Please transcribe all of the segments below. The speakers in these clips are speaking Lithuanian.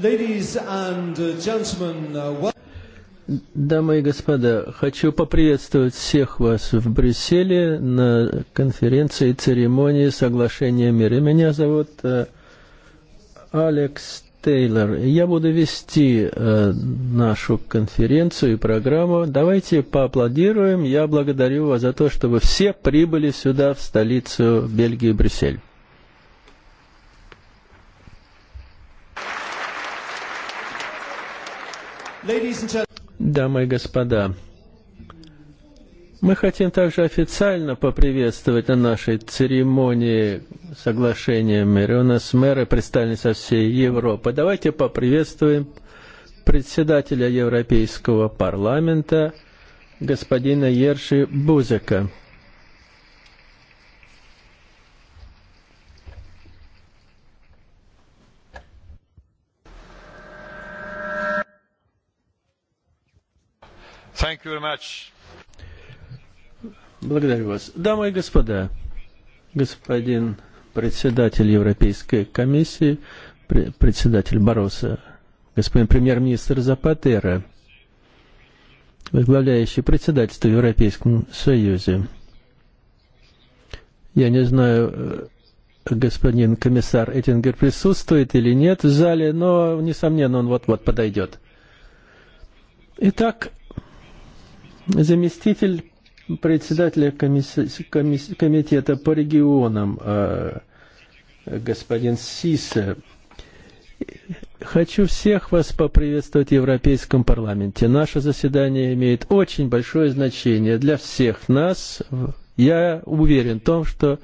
Uh, uh, Дамы и господа, хочу поприветствовать всех вас в Брюсселе на конференции церемонии соглашения мира. Меня зовут э, Алекс Тейлор. Я буду вести э, нашу конференцию и программу. Давайте поаплодируем. Я благодарю вас за то, что вы все прибыли сюда, в столицу Бельгии, Брюссель. Дамы и господа, мы хотим также официально поприветствовать на нашей церемонии соглашения мэра. У нас мэры представлены со всей Европы. Давайте поприветствуем председателя Европейского парламента господина Ерши Бузека. Thank you very much. Благодарю вас. Дамы и господа, господин председатель Европейской комиссии, председатель Бароса, господин премьер-министр Запатера, возглавляющий председательство в Европейском Союзе. Я не знаю, э, господин комиссар Эттингер присутствует или нет в зале, но, несомненно, он вот-вот подойдет. Итак, заместитель председателя комис... Комис... комитета по регионам, э, господин Сисе. Хочу всех вас поприветствовать в Европейском парламенте. Наше заседание имеет очень большое значение для всех нас. Я уверен в том, что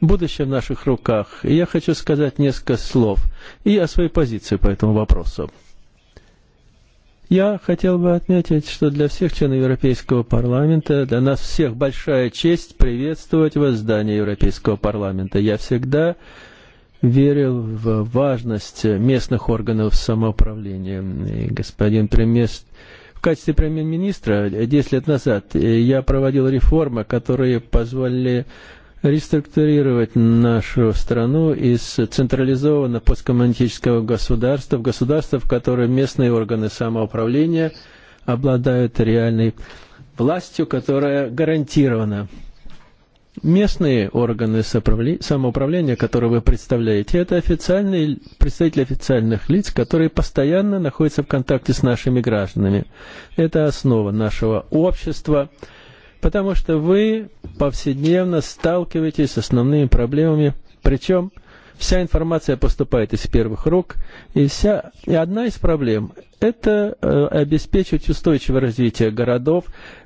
будущее в наших руках. И я хочу сказать несколько слов и о своей позиции по этому вопросу. Я хотел бы отметить, что для всех членов Европейского парламента, для нас всех большая честь приветствовать вас в здании Европейского парламента. Я всегда верил в важность местных органов самоуправления. И господин премьер, в качестве премьер-министра 10 лет назад я проводил реформы, которые позволили реструктурировать нашу страну из централизованно посткоммунистического государства в государство, в которое местные органы самоуправления обладают реальной властью, которая гарантирована. Местные органы самоуправления, которые вы представляете, это официальные, представители официальных лиц, которые постоянно находятся в контакте с нашими гражданами. Это основа нашего общества, потому что вы повседневно сталкиваетесь с основными проблемами, причем вся информация поступает из первых рук, и, вся, и одна из проблем – это э, обеспечивать устойчивое развитие городов,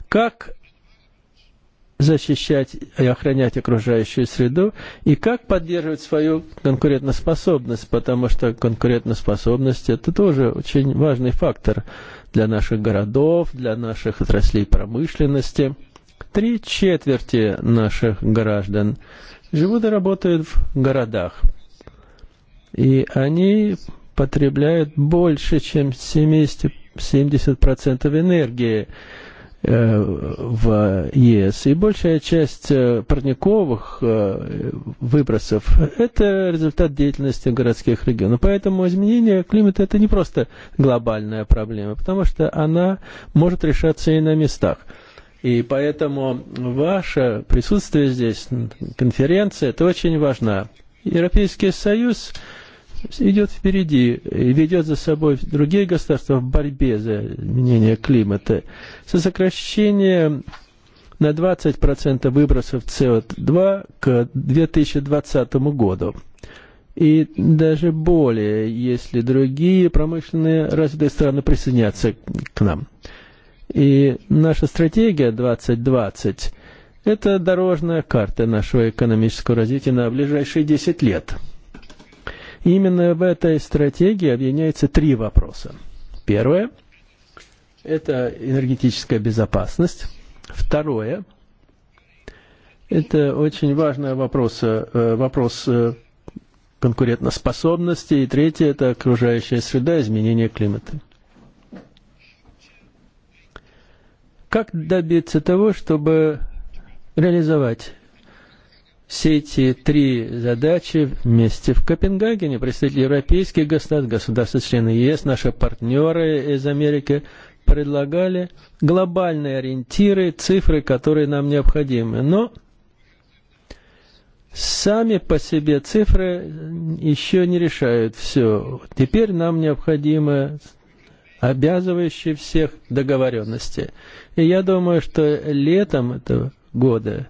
как защищать и охранять окружающую среду, и как поддерживать свою конкурентоспособность, потому что конкурентоспособность – это тоже очень важный фактор для наших городов, для наших отраслей промышленности – три четверти наших граждан живут и работают в городах. И они потребляют больше, чем 70%, 70 энергии э, в ЕС. И большая часть э, парниковых э, выбросов – это результат деятельности городских регионов. Поэтому изменение климата – это не просто глобальная проблема, потому что она может решаться и на местах – И поэтому ваше присутствие здесь, конференция, это очень важно. Европейский Союз идет впереди и ведет за собой другие государства в борьбе за изменение климата. Со сокращением на 20% выбросов СО2 к 2020 году. И даже более, если другие промышленные развитые страны присоединятся к нам и наша стратегия 2020 – это дорожная карта нашего экономического развития на ближайшие 10 лет. И именно в этой стратегии объединяются три вопроса. Первое – это энергетическая безопасность. Второе – это очень важный вопрос, э, вопрос э, конкурентоспособности. И третье – это окружающая среда, изменение климата. Как добиться того, чтобы реализовать все эти три задачи вместе в Копенгагене? Представители европейских государств, государства члены ЕС, наши партнеры из Америки предлагали глобальные ориентиры, цифры, которые нам необходимы. Но сами по себе цифры еще не решают все. Теперь нам необходимо обязывающий всех договоренности. И я думаю, что летом этого года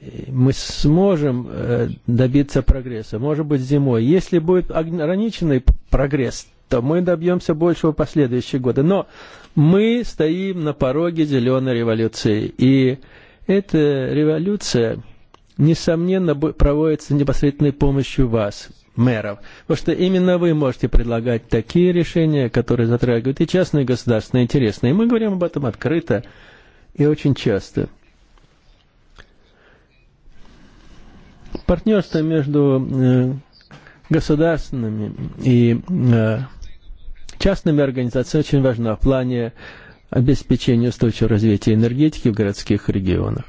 э, мы сможем э, добиться прогресса, может быть, зимой. Если будет ограниченный прогресс, то мы добьемся большего последующие годы. Но мы стоим на пороге зеленой революции. И эта революция, несомненно, проводится непосредственной помощью вас – мэров. Потому что именно вы можете предлагать такие решения, которые затрагивают и частные государственные интересы. И мы говорим об этом открыто и очень часто. Партнерство между э, государственными и э, частными организациями очень важно в плане обеспечения устойчивого развития энергетики в городских регионах.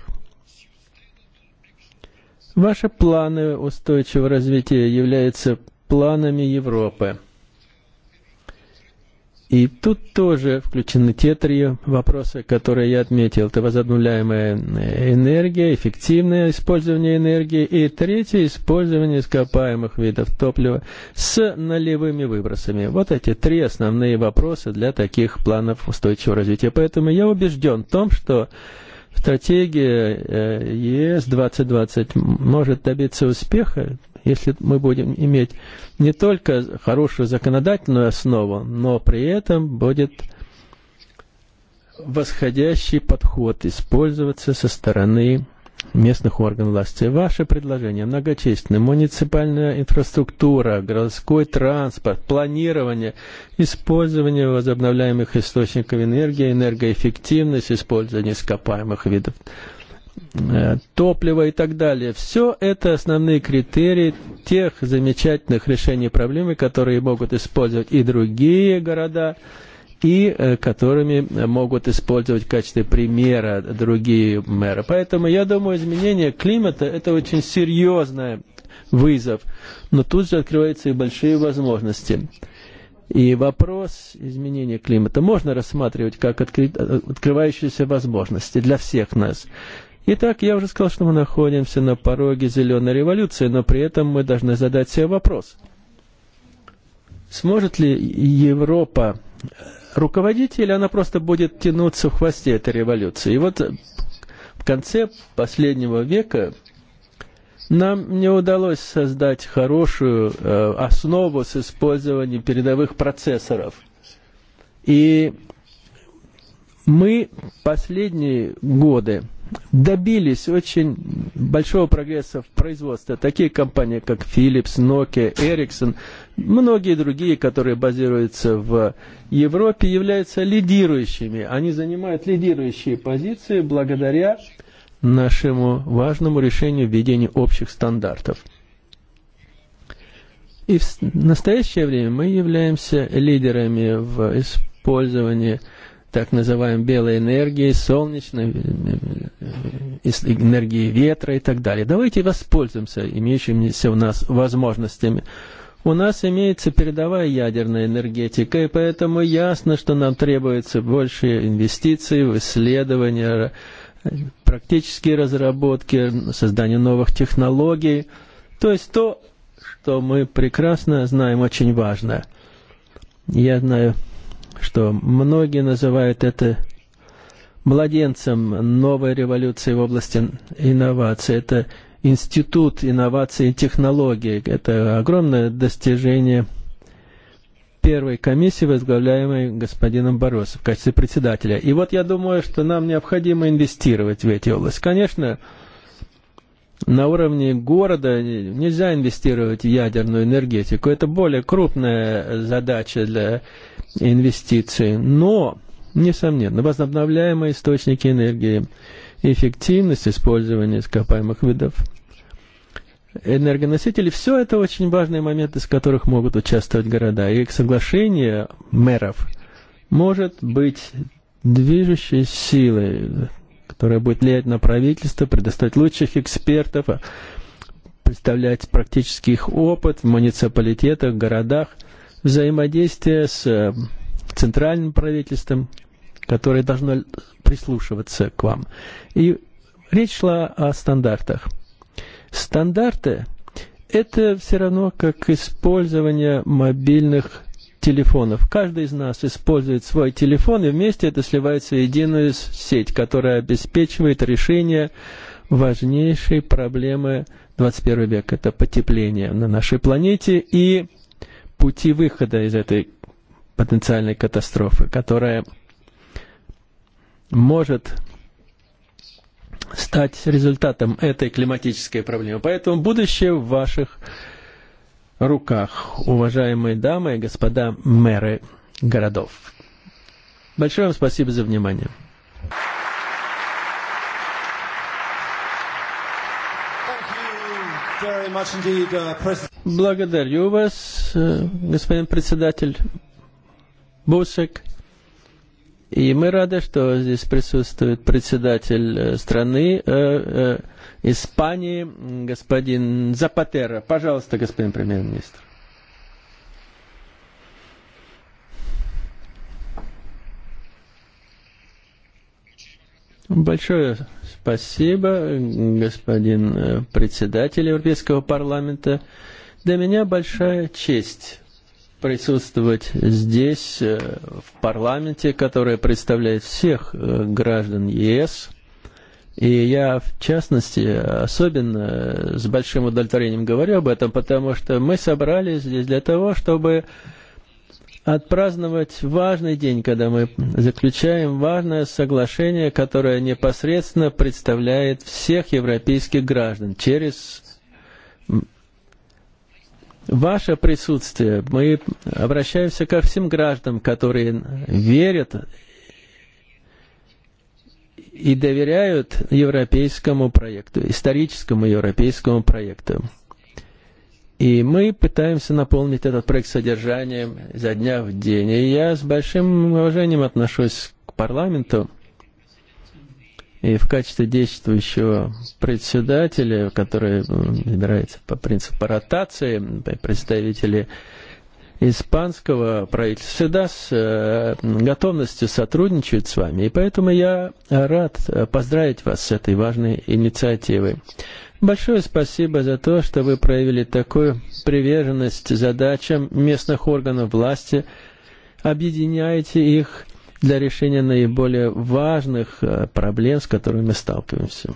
Ваши планы устойчивого развития являются планами Европы. И тут тоже включены те три вопроса, которые я отметил. Это возобновляемая энергия, эффективное использование энергии и третье – использование ископаемых видов топлива с нулевыми выбросами. Вот эти три основные вопроса для таких планов устойчивого развития. Поэтому я убежден в том, что Стратегия э, ЕС 2020 может добиться успеха, если мы будем иметь не только хорошую законодательную основу, но при этом будет восходящий подход использоваться со стороны местных органов власти. Ваши предложения многочисленны. Муниципальная инфраструктура, городской транспорт, планирование, использование возобновляемых источников энергии, энергоэффективность, использование ископаемых видов э, топлива и так далее. Все это основные критерии тех замечательных решений проблемы, которые могут использовать и другие города, и и э, которыми могут использовать в качестве примера другие мэры. Поэтому я думаю, изменение климата – это очень серьезный вызов, но тут же открываются и большие возможности. И вопрос изменения климата можно рассматривать как откры... открывающиеся возможности для всех нас. Итак, я уже сказал, что мы находимся на пороге зеленой революции, но при этом мы должны задать себе вопрос. Сможет ли Европа руководителя, она просто будет тянуться в хвосте этой революции. И вот в конце последнего века нам не удалось создать хорошую э, основу с использованием передовых процессоров. И мы последние годы добились очень большого прогресса в производстве. Такие компании, как Philips, Nokia, Ericsson, многие другие, которые базируются в Европе, являются лидирующими. Они занимают лидирующие позиции благодаря нашему важному решению введения общих стандартов. И в настоящее время мы являемся лидерами в использовании э, так называемой белой энергией, солнечной э, э, энергией ветра и так далее. Давайте воспользуемся имеющимися у нас возможностями. У нас имеется передовая ядерная энергетика, и поэтому ясно, что нам требуется больше инвестиций в исследования, практические разработки, создание новых технологий. То есть то, что мы прекрасно знаем, очень важно. Я знаю, что многие называют это младенцем новой революции в области инноваций. Это институт инноваций и технологий. Это огромное достижение первой комиссии, возглавляемой господином Боросом в качестве председателя. И вот я думаю, что нам необходимо инвестировать в эти области. Конечно, на уровне города нельзя инвестировать в ядерную энергетику. Это более крупная задача для инвестиций. Но, несомненно, возобновляемые источники энергии, эффективность использования ископаемых видов энергоносители. Все это очень важные моменты, с которых могут участвовать города. И соглашение мэров может быть движущей силой которое будет влиять на правительство, предоставить лучших экспертов, представлять практически их опыт в муниципалитетах, городах, взаимодействие с э, центральным правительством, которое должно прислушиваться к вам. И речь шла о стандартах. Стандарты – это все равно как использование мобильных телефонов. Каждый из нас использует свой телефон, и вместе это сливается в единую сеть, которая обеспечивает решение важнейшей проблемы 21 века. Это потепление на нашей планете и пути выхода из этой потенциальной катастрофы, которая может стать результатом этой климатической проблемы. Поэтому будущее в ваших руках руках. Уважаемые дамы и господа мэры городов. Большое вам спасибо за внимание. Благодарю вас, э, господин председатель Бусек. И мы рады, что здесь присутствует председатель э, страны э, э, Испании, господин Запатера. Пожалуйста, господин премьер-министр. Большое спасибо, господин э, председатель Европейского парламента. Для меня большая честь присутствовать здесь, э, в парламенте, который представляет всех э, граждан ЕС. И я, в частности, особенно э, с большим удовлетворением говорю об этом, потому что мы собрались здесь для того, чтобы отпраздновать важный день, когда мы заключаем важное соглашение, которое непосредственно представляет всех европейских граждан через ваше присутствие. Мы обращаемся ко всем гражданам, которые верят и доверяют европейскому проекту, историческому европейскому проекту. И мы пытаемся наполнить этот проект содержанием изо дня в день. И я с большим уважением отношусь к парламенту – И в качестве действующего председателя, который выбирается по принципу ротации, представители испанского правительства всегда с э, готовностью сотрудничают с вами. И поэтому я рад э, поздравить вас с этой важной инициативой. Большое спасибо за то, что вы проявили такую приверженность задачам местных органов власти, объединяете их для решения наиболее важных э, проблем, с которыми мы сталкиваемся.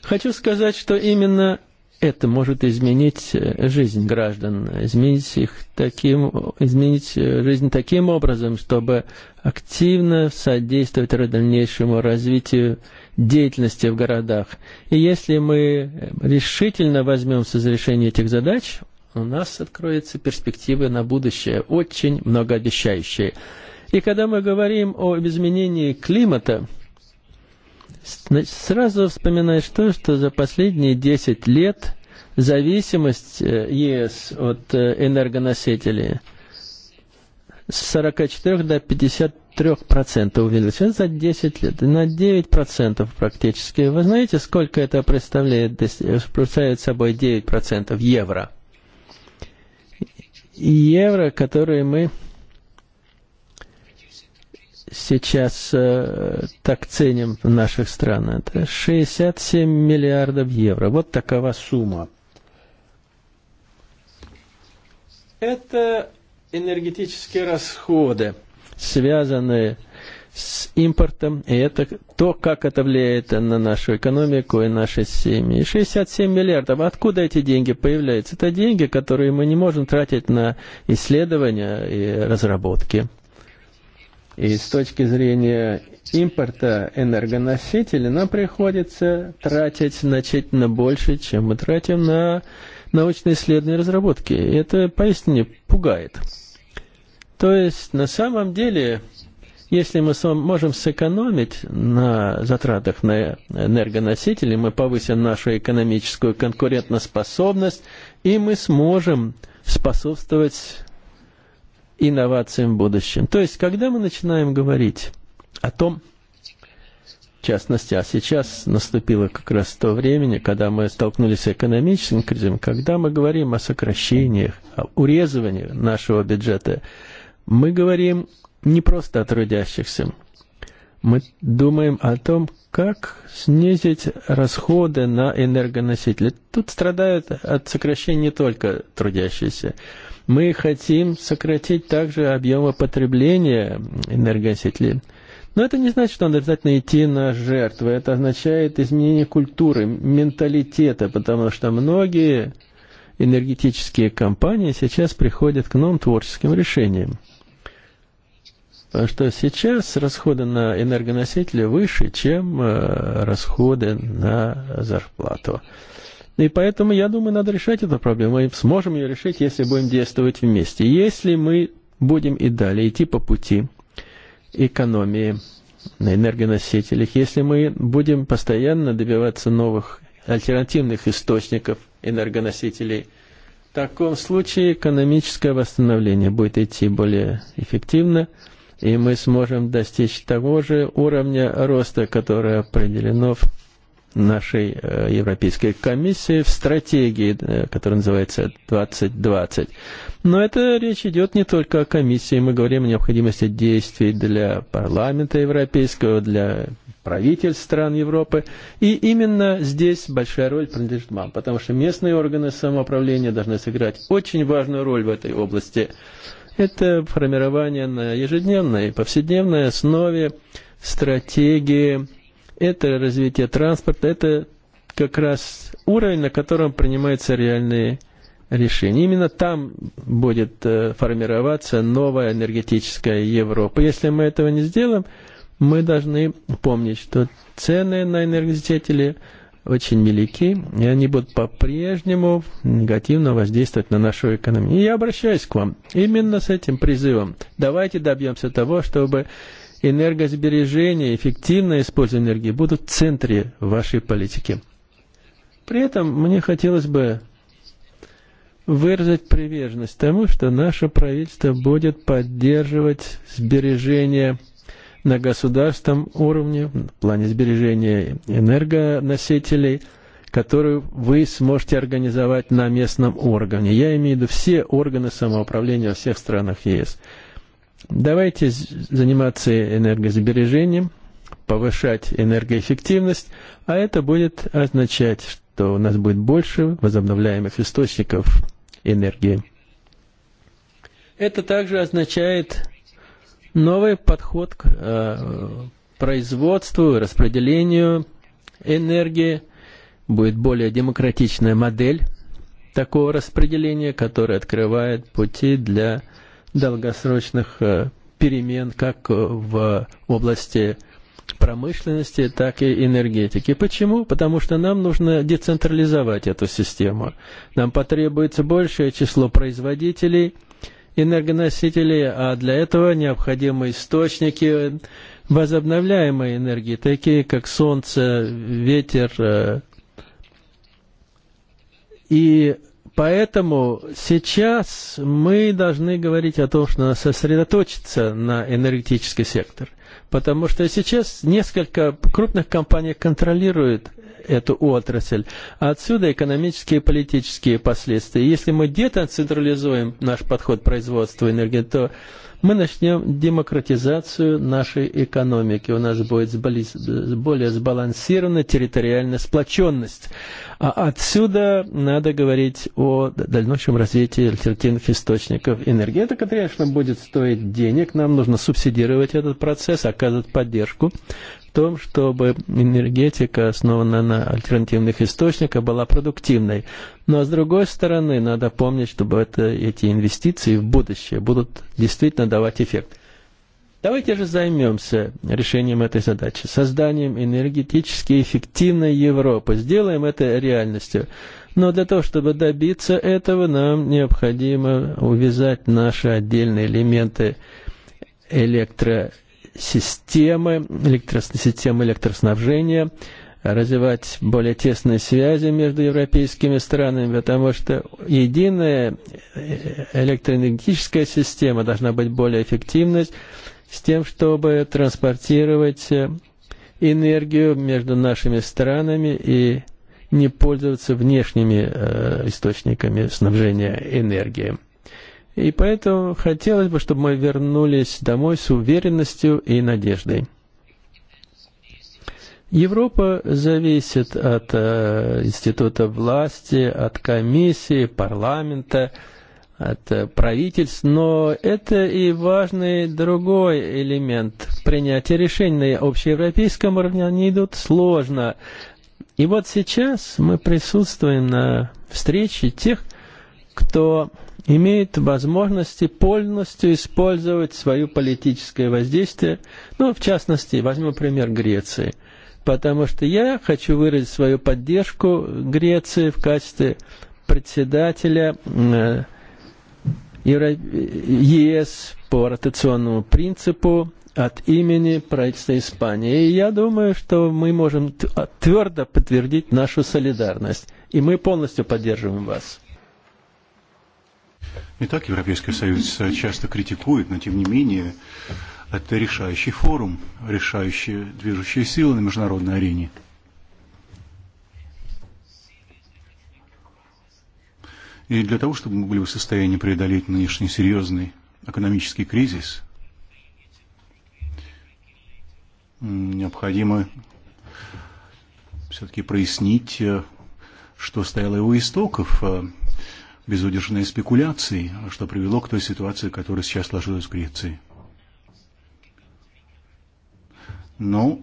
Хочу сказать, что именно это может изменить э, жизнь граждан, изменить их таким, изменить э, жизнь таким образом, чтобы активно содействовать дальнейшему развитию деятельности в городах. И если мы решительно возьмемся за решение этих задач – у нас откроются перспективы на будущее очень многообещающие. И когда мы говорим о изменении климата, значит, сразу вспоминаешь то, что за последние 10 лет зависимость э, ЕС от э, энергоносителей с 44 до 53 процентов увеличилась за 10 лет, на 9 процентов практически. Вы знаете, сколько это представляет, представляет собой 9 процентов евро? евро, которые мы сейчас э, так ценим в наших странах. Это 67 миллиардов евро. Вот такова сумма. Это энергетические расходы, связанные с с импортом, и это то, как это влияет на нашу экономику и наши семьи. 67 миллиардов. Откуда эти деньги появляются? Это деньги, которые мы не можем тратить на исследования и разработки. И с точки зрения импорта энергоносителей нам приходится тратить значительно больше, чем мы тратим на научные исследования и разработки. И это поистине пугает. То есть на самом деле Если мы можем сэкономить на затратах на энергоносители, мы повысим нашу экономическую конкурентоспособность, и мы сможем способствовать инновациям в будущем. То есть, когда мы начинаем говорить о том, в частности, а сейчас наступило как раз то время, когда мы столкнулись с экономическим кризисом, когда мы говорим о сокращениях, о урезывании нашего бюджета, мы говорим непросто трудящихся. Мы думаем о том, как снизить расходы на энергоносители. Тут страдают от сокращения не только трудящиеся. Мы хотим сократить также объемы потребления энергоносителей. Но это не значит, что надо обязательно идти на жертвы. Это означает изменение культуры, менталитета, потому что многие энергетические компании сейчас приходят к новым творческим решениям что сейчас расходы на энергоносители выше, чем э, расходы на зарплату. И поэтому, я думаю, надо решать эту проблему. Мы сможем ее решить, если будем действовать вместе. Если мы будем и далее идти по пути экономии на энергоносителях, если мы будем постоянно добиваться новых альтернативных источников энергоносителей, в таком случае экономическое восстановление будет идти более эффективно – и мы сможем достичь того же уровня роста, который определено в нашей э, Европейской комиссии в стратегии, э, которая называется 2020. Но это речь идет не только о комиссии. Мы говорим о необходимости действий для парламента европейского, для правительств стран Европы. И именно здесь большая роль принадлежит вам, потому что местные органы самоуправления должны сыграть очень важную роль в этой области. Это формирование на ежедневной, повседневной основе стратегии, это развитие транспорта, это как раз уровень, на котором принимаются реальные решений. Именно там будет э, формироваться новая энергетическая Европа. Если мы этого не сделаем, мы должны помнить, что цены на энергосетели очень велики, и они будут по-прежнему негативно воздействовать на нашу экономику. И я обращаюсь к вам именно с этим призывом. Давайте добьемся того, чтобы энергосбережение, эффективное использование энергии будут в центре вашей политики. При этом мне хотелось бы выразить приверженность тому, что наше правительство будет поддерживать сбережение энергии на государственном уровне, в плане сбережения энергоносителей, которую вы сможете организовать на местном органе. Я имею в виду все органы самоуправления во всех странах ЕС. Давайте заниматься энергосбережением, повышать энергоэффективность, а это будет означать, что у нас будет больше возобновляемых источников энергии. Это также означает новый подход к э, производству, распределению энергии, будет более демократичная модель такого распределения, которая открывает пути для долгосрочных э, перемен как в области промышленности, так и энергетики. Почему? Потому что нам нужно децентрализовать эту систему. Нам потребуется большее число производителей – энергоносителей, а для этого необходимы источники возобновляемой энергии, такие как солнце, ветер. Э, и поэтому сейчас мы должны говорить о том, что надо сосредоточиться на энергетический сектор. Потому что сейчас несколько крупных компаний контролируют эту отрасль. Отсюда экономические и политические последствия. Если мы где-то централизуем наш подход к производству энергии, то мы начнем демократизацию нашей экономики. У нас будет более сбалансированная территориальная сплоченность. А отсюда надо говорить о дальнейшем развитии альтернативных источников энергии. Это, конечно, будет стоить денег. Нам нужно субсидировать этот процесс, оказывать поддержку том, чтобы энергетика, основанная на альтернативных источниках, была продуктивной. Но с другой стороны, надо помнить, чтобы это, эти инвестиции в будущее будут действительно давать эффект. Давайте же займемся решением этой задачи, созданием энергетически эффективной Европы. Сделаем это реальностью. Но для того, чтобы добиться этого, нам необходимо увязать наши отдельные элементы электроэнергии системы, электросной системы электроснабжения, развивать более тесные связи между европейскими странами, потому что единая электроэнергетическая система должна быть более эффективной с тем, чтобы транспортировать энергию между нашими странами и не пользоваться внешними э, источниками снабжения энергии. И поэтому хотелось бы, чтобы мы вернулись домой с уверенностью и надеждой. Европа зависит от э, института власти, от комиссии, парламента, от э, правительств, но это и важный другой элемент принятия решений на общеевропейском уровне, они идут сложно. И вот сейчас мы присутствуем на встрече тех, кто имеет возможности полностью использовать свое политическое воздействие. Ну, в частности, возьму пример Греции. Потому что я хочу выразить свою поддержку Греции в качестве председателя э, ЕС по ротационному принципу от имени правительства Испании. И я думаю, что мы можем твердо подтвердить нашу солидарность. И мы полностью поддерживаем вас. И так Европейский Союз часто критикует, но тем не менее это решающий форум, решающая движущая сила на международной арене. И для того, чтобы мы были в состоянии преодолеть нынешний серьезный экономический кризис, необходимо все-таки прояснить, э, что стояло его истоков, э, безудержные спекуляции, что привело к той ситуации, которая сейчас сложилась в Греции. Но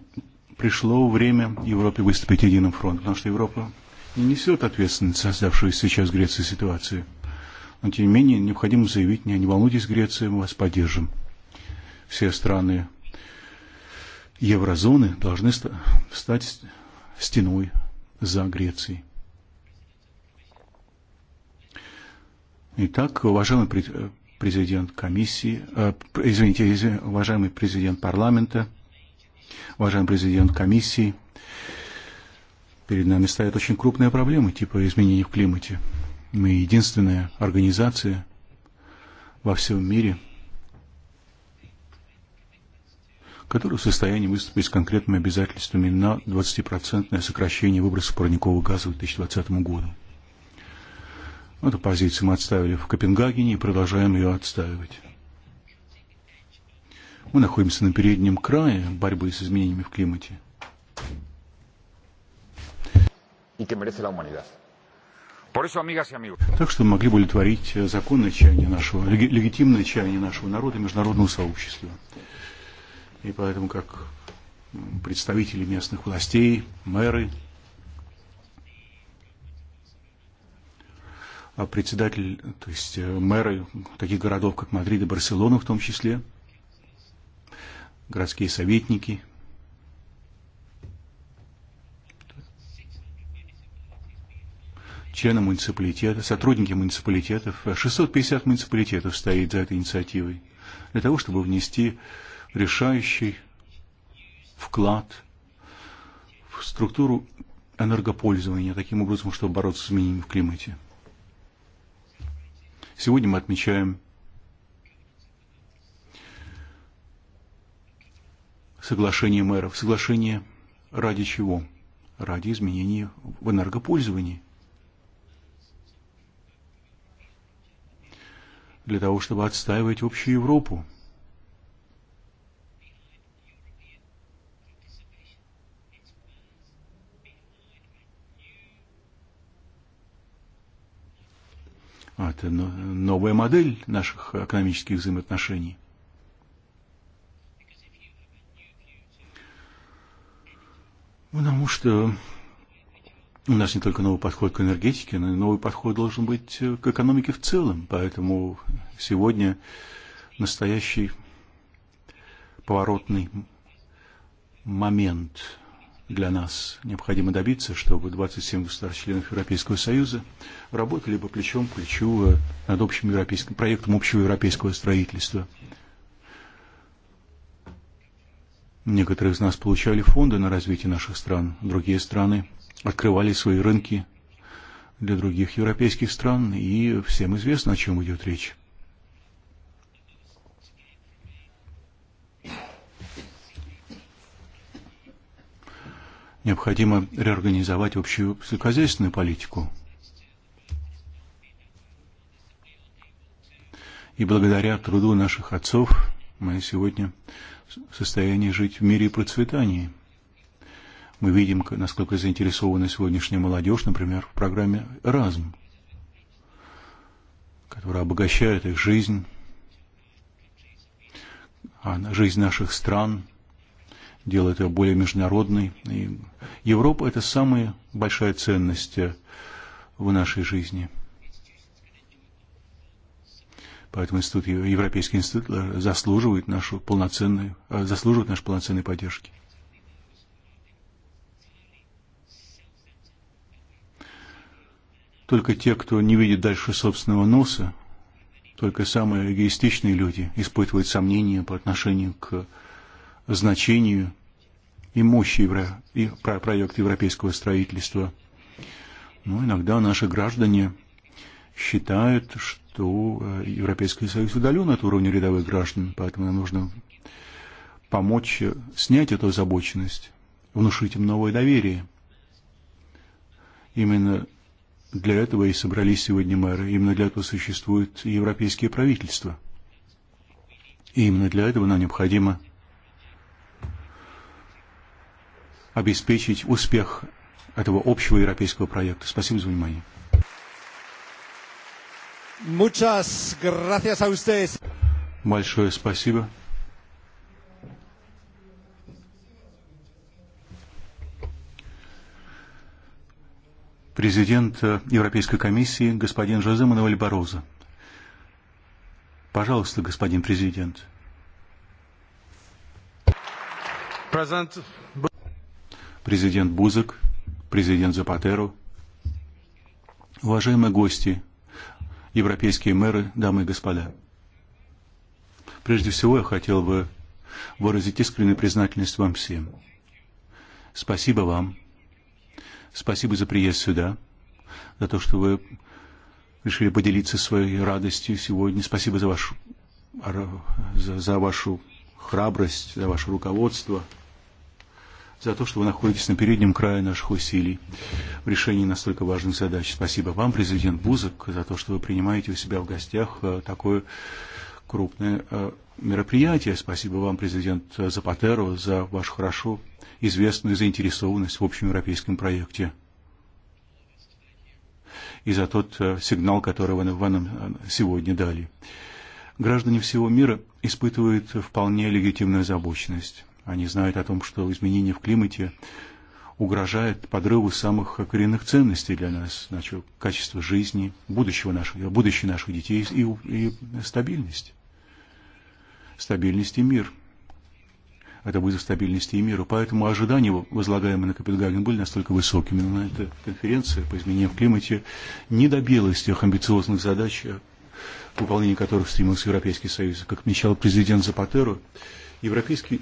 пришло время Европе выступить единым фронтом, потому что Европа не несет ответственность за создавшуюся сейчас в Греции ситуацию. Но, тем не менее, необходимо заявить, не, не волнуйтесь, Греция, мы вас поддержим. Все страны еврозоны должны стать стеной за Грецией. Итак, уважаемый э, президент комиссии, э, извините, уважаемый президент парламента, уважаемый президент комиссии, перед нами стоят очень крупные проблемы типа изменений в климате. Мы единственная организация во всем мире, который в состоянии выступить с конкретными обязательствами на 20% сокращение выбросов парниковых газов к 2020 году. Эту позицию мы отставили в Копенгагене и продолжаем ее отстаивать. Мы находимся на переднем крае борьбы с изменениями в климате. Так что мы могли бы удовлетворить э, законное чаяние нашего, легитимное чаяние нашего народа и международного сообщества. И поэтому, как представители местных властей, мэры, председатель, то есть э, мэры таких городов, как Мадрид и Барселона в том числе, городские советники. члены муниципалитета, сотрудники муниципалитетов. 650 муниципалитетов стоит за этой инициативой для того, чтобы внести решающий вклад в структуру энергопользования, таким образом, чтобы бороться с изменениями в климате. Сегодня мы отмечаем соглашение мэров. Соглашение ради чего? Ради изменений в энергопользовании. Для того, чтобы отстаивать общую Европу. Это новая модель наших экономических взаимоотношений. Потому что у нас не только новый подход к энергетике, но и новый подход должен быть к экономике в целом. Поэтому сегодня настоящий поворотный момент – для нас необходимо добиться, чтобы 27 государств-членов Европейского Союза работали бы плечом к плечу э, над общим европейским проектом общего европейского строительства. Некоторые из нас получали фонды на развитие наших стран, другие страны открывали свои рынки для других европейских стран, и всем известно, о чем идет речь. необходимо реорганизовать общую сельскохозяйственную политику. И благодаря труду наших отцов мы сегодня в состоянии жить в мире и процветании. Мы видим, насколько заинтересована сегодняшняя молодежь, например, в программе «Разм», которая обогащает их жизнь, жизнь наших стран, дело это более международной. И Европа – это самая большая ценность э, в нашей жизни. Поэтому институт, Европейский институт э, заслуживает, нашу полноценную, э, заслуживает нашей полноценной поддержки. Только те, кто не видит дальше собственного носа, только самые эгоистичные люди испытывают сомнения по отношению к значению и мощи евро, и про проекта европейского строительства. Но иногда наши граждане считают, что э, Европейский Союз удален от уровня рядовых граждан, поэтому нам нужно помочь снять эту озабоченность, внушить им новое доверие. Именно для этого и собрались сегодня мэры, именно для этого существуют европейские правительства. И именно для этого нам необходимо обеспечить успех этого общего европейского проекта. Спасибо за внимание. Muchas gracias a ustedes. Большое спасибо. Президент э, Европейской комиссии господин Жозе Мануэль Бароза. Пожалуйста, господин президент. President президент Бузок, президент Запатеро, уважаемые гости, европейские мэры, дамы и господа. Прежде всего, я хотел бы выразить искреннюю признательность вам всем. Спасибо вам. Спасибо за приезд сюда, за то, что вы решили поделиться своей радостью сегодня. Спасибо за вашу, за, за вашу храбрость, за ваше руководство – за то, что вы находитесь на переднем крае наших усилий в решении настолько важных задач. Спасибо вам, президент Бузок, за то, что вы принимаете у себя в гостях э, такое крупное э, мероприятие. Спасибо вам, президент Запатеро, за вашу хорошо известную заинтересованность в общеевропейском проекте и за тот э, сигнал, который вы нам сегодня дали. Граждане всего мира испытывают вполне легитимную озабоченность Они знают о том, что изменения в климате угрожают подрыву самых коренных ценностей для нас, значит, качество жизни, будущего нашего, будущее наших детей и, и стабильность. Стабильность и мир. Это вызов стабильности и миру. Поэтому ожидания, возлагаемые на Копенгаген, были настолько высокими. Но эта конференция по изменениям в климате не добилась тех амбициозных задач, выполнение которых стремился Европейский Союз. Как отмечал президент Запатеро, Европейский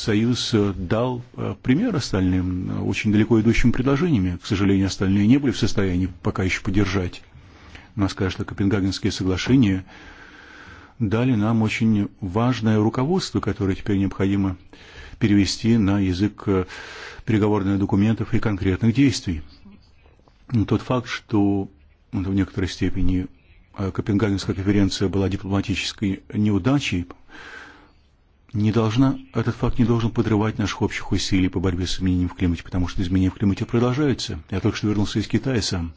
Союз э, дал э, пример остальным э, очень далеко идущими предложениями. К сожалению, остальные не были в состоянии пока еще поддержать. Нас, конечно, Копенгагенские соглашения дали нам очень важное руководство, которое теперь необходимо перевести на язык переговорных документов и конкретных действий. Но тот факт, что в некоторой степени Копенгагенская конференция была дипломатической неудачей, не должна, этот факт не должен подрывать наших общих усилий по борьбе с изменением в климате, потому что изменения в климате продолжаются. Я только что вернулся из Китая сам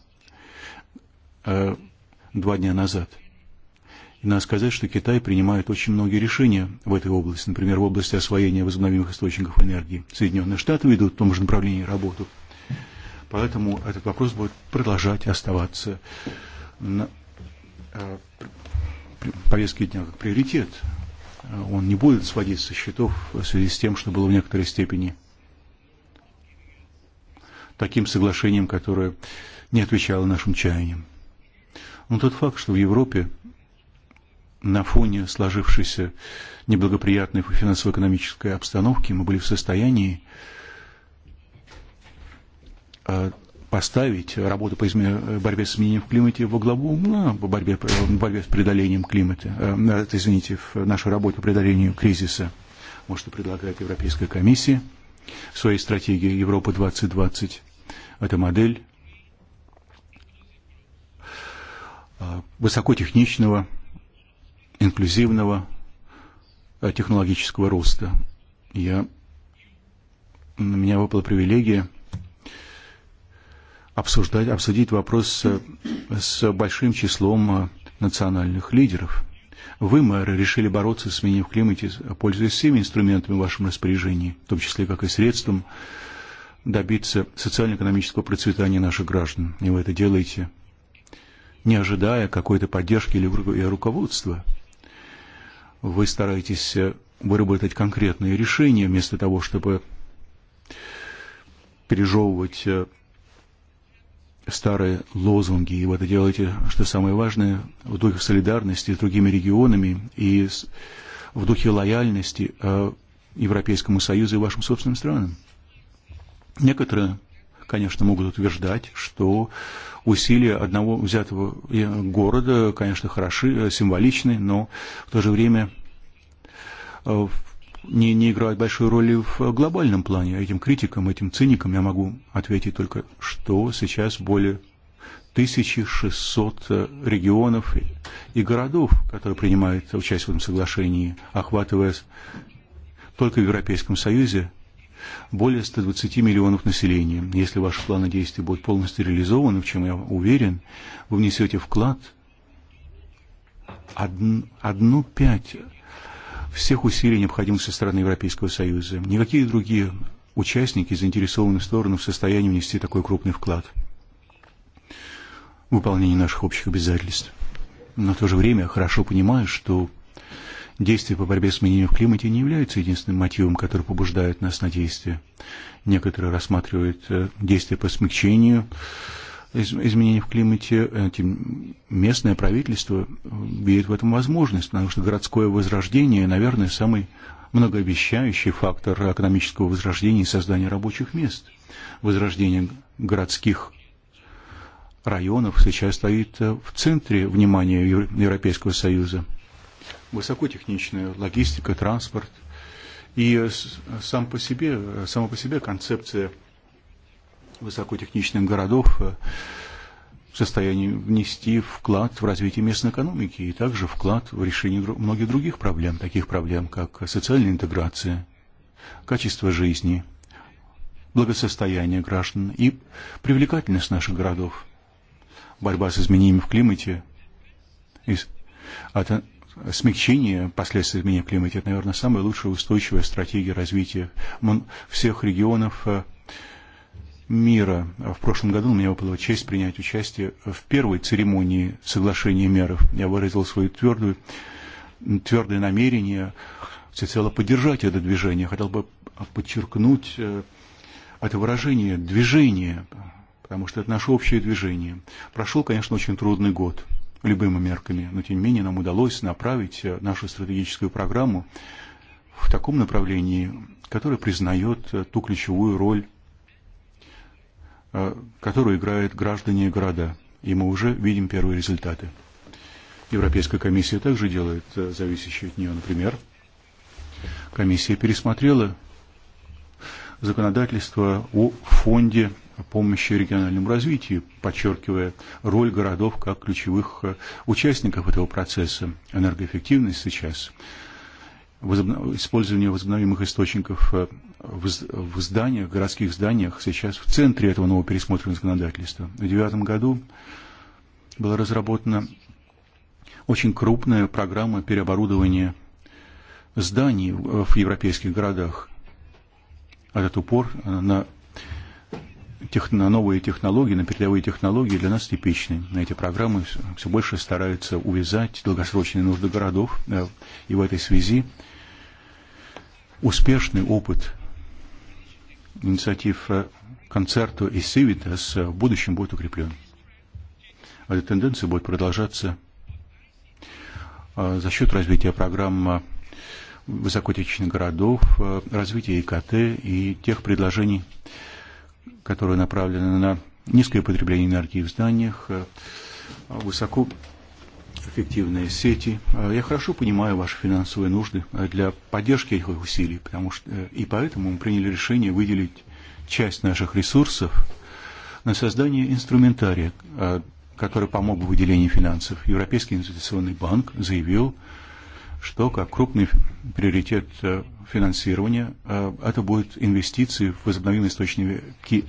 э, два дня назад. И надо сказать, что Китай принимает очень многие решения в этой области, например, в области освоения возобновимых источников энергии. Соединенные Штаты ведут в том же направлении работу. Поэтому этот вопрос будет продолжать оставаться на э, повестке дня как приоритет он не будет сводить со счетов в связи с тем, что было в некоторой степени таким соглашением, которое не отвечало нашим чаяниям. Но тот факт, что в Европе на фоне сложившейся неблагоприятной финансово-экономической обстановки мы были в состоянии поставить работу по измене, борьбе с изменением климата во главу угла в борьбе, в борьбе с преодолением климата, э, э извините, в нашей работе по преодолению кризиса. Вот что предлагает Европейская комиссия в своей стратегии Европа 2020. Это модель э, высокотехничного, инклюзивного э, технологического роста. Я, на меня выпала привилегия обсуждать, обсудить вопрос с большим числом э, национальных лидеров. Вы, мэры, решили бороться с изменением в климате, пользуясь всеми инструментами в вашем распоряжении, в том числе как и средством добиться социально-экономического процветания наших граждан. И вы это делаете, не ожидая какой-то поддержки или руководства. Вы стараетесь э, выработать конкретные решения, вместо того, чтобы пережевывать э, старые лозунги. И вы это делаете, что самое важное, в духе солидарности с другими регионами и в духе лояльности э, Европейскому Союзу и вашим собственным странам. Некоторые, конечно, могут утверждать, что усилия одного взятого э, города, конечно, хороши, э, символичны, но в то же время в не, не играют большой роли в глобальном плане. Этим критикам, этим циникам я могу ответить только, что сейчас более 1600 э, регионов и городов, которые принимают участие в этом соглашении, охватывая только в Европейском Союзе более 120 миллионов населения. Если ваши планы действий будут полностью реализованы, в чем я уверен, вы внесете вклад одну пять всех усилий, необходимых со стороны Европейского Союза. Никакие другие участники, заинтересованные стороны, в состоянии внести такой крупный вклад в выполнение наших общих обязательств. Но в то же время хорошо понимаю, что действия по борьбе с изменением в климате не являются единственным мотивом, который побуждает нас на действия. Некоторые рассматривают э, действия по смягчению э, изменений в климате, э, этим местное правительство видит в этом возможность, потому что городское возрождение, наверное, самый многообещающий фактор экономического возрождения и создания рабочих мест. Возрождение городских районов сейчас стоит э, в центре внимания Европейского Союза. Высокотехничная логистика, транспорт. И э, сам по себе, сама по себе концепция – высокотехничных городов э, в состоянии внести вклад в развитие местной экономики и также вклад в решение многих других проблем, таких проблем, как социальная интеграция, качество жизни, благосостояние граждан и привлекательность наших городов, борьба с изменениями в климате, и от смягчение последствий изменения климата – это, наверное, самая лучшая устойчивая стратегия развития всех регионов э, мира. В прошлом году у меня выпала честь принять участие в первой церемонии соглашения меров. Я выразил свою твердую, твердое намерение всецело поддержать это движение. Хотел бы подчеркнуть э, это выражение «движение», потому что это наше общее движение. Прошел, конечно, очень трудный год любыми мерками, но тем не менее нам удалось направить э, нашу стратегическую программу в таком направлении, которое признает э, ту ключевую роль Э, которую играют граждане и города. И мы уже видим первые результаты. Европейская комиссия также делает э, зависящие от нее, например. Комиссия пересмотрела законодательство о фонде помощи региональному развитию, подчеркивая роль городов как ключевых э, участников этого процесса. Энергоэффективность сейчас, использование возобновимых источников в, в зданиях, городских зданиях, сейчас в центре этого нового пересмотра законодательства. В 2009 году была разработана очень крупная программа переоборудования зданий в э, европейских городах. Этот упор на, тех, на новые технологии, на передовые технологии для нас типичны. Эти программы все больше стараются увязать долгосрочные нужды городов. Э, и в этой связи успешный опыт инициатив концерту и Сивитас в будущем будет укреплен. Эта тенденция будет продолжаться за счет развития программ высокотечных городов, развития ИКТ и тех предложений, которые направлены на низкое потребление энергии в зданиях, высоко эффективные сети. Э, я хорошо понимаю ваши финансовые нужды э, для поддержки этих усилий, потому что э, и поэтому мы приняли решение выделить часть наших ресурсов на создание инструментария, который помог в выделении финансов. Европейский инвестиционный банк заявил, что как крупный приоритет финансирования. Это будут инвестиции в возобновимые источники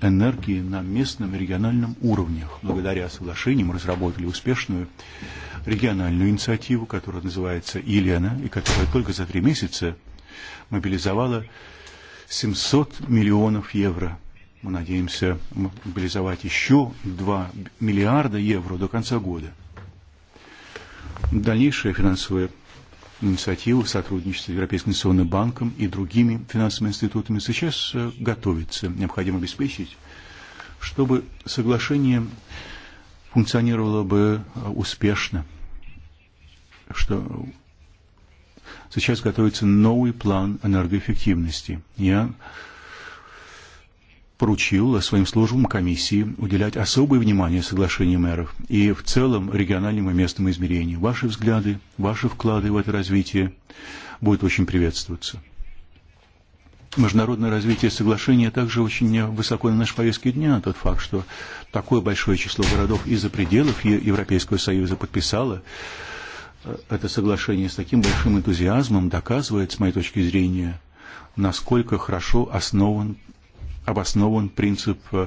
энергии на местном и региональном уровнениях. Благодаря соглашению мы разработали успешную региональную инициативу, которая называется «Елена», и которая только за три месяца мобилизовала 700 миллионов евро. Мы надеемся мобилизовать еще 2 миллиарда евро до конца года. Дальнейшее финансовое инициативу в сотрудничестве с Европейским инвестиционным банком и другими финансовыми институтами сейчас э, готовится. Необходимо обеспечить, чтобы соглашение функционировало бы э, успешно, что сейчас готовится новый план энергоэффективности. Я поручил своим службам комиссии уделять особое внимание соглашению мэров и в целом региональным и местным измерениям. Ваши взгляды, ваши вклады в это развитие будут очень приветствоваться. Международное развитие соглашения также очень высоко на нашей повестке дня. Тот факт, что такое большое число городов из-за пределов Европейского Союза подписало э, это соглашение с таким большим энтузиазмом, доказывает, с моей точки зрения, насколько хорошо основан обоснован принцип э,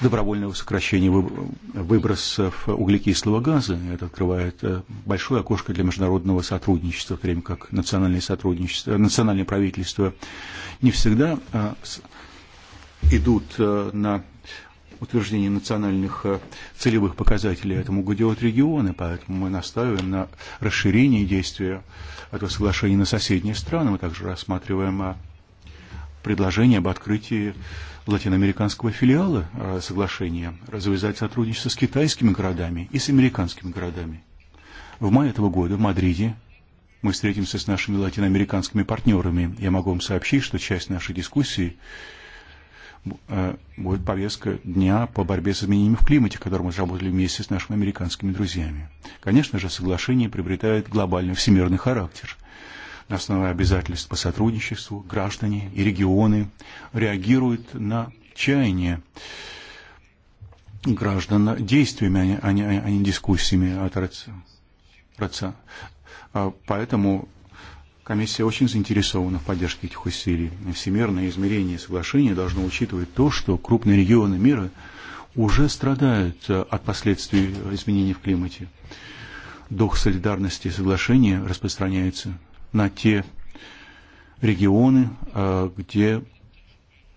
добровольного сокращения выбросов углекислого газа. Это открывает э, большое окошко для международного сотрудничества, в то время как национальное, сотрудничество, национальное правительство не всегда э, идут на утверждение национальных целевых показателей. Этому гудеют регионы, поэтому мы настаиваем на расширении действия этого соглашения на соседние страны. Мы также рассматриваем предложение об открытии латиноамериканского филиала соглашения развязать сотрудничество с китайскими городами и с американскими городами. В мае этого года в Мадриде мы встретимся с нашими латиноамериканскими партнерами. Я могу вам сообщить, что часть нашей дискуссии будет повестка дня по борьбе с изменениями в климате, которую мы работали вместе с нашими американскими друзьями. Конечно же, соглашение приобретает глобальный всемирный характер на основе обязательств по сотрудничеству граждане и регионы реагируют на чаяние граждан действиями, а не, а не дискуссиями от РЦА. Поэтому Комиссия очень заинтересована в поддержке этих усилий. Всемирное измерение соглашения должно учитывать то, что крупные регионы мира уже страдают от последствий изменений в климате. Дух солидарности и соглашения распространяется на те регионы, э, где,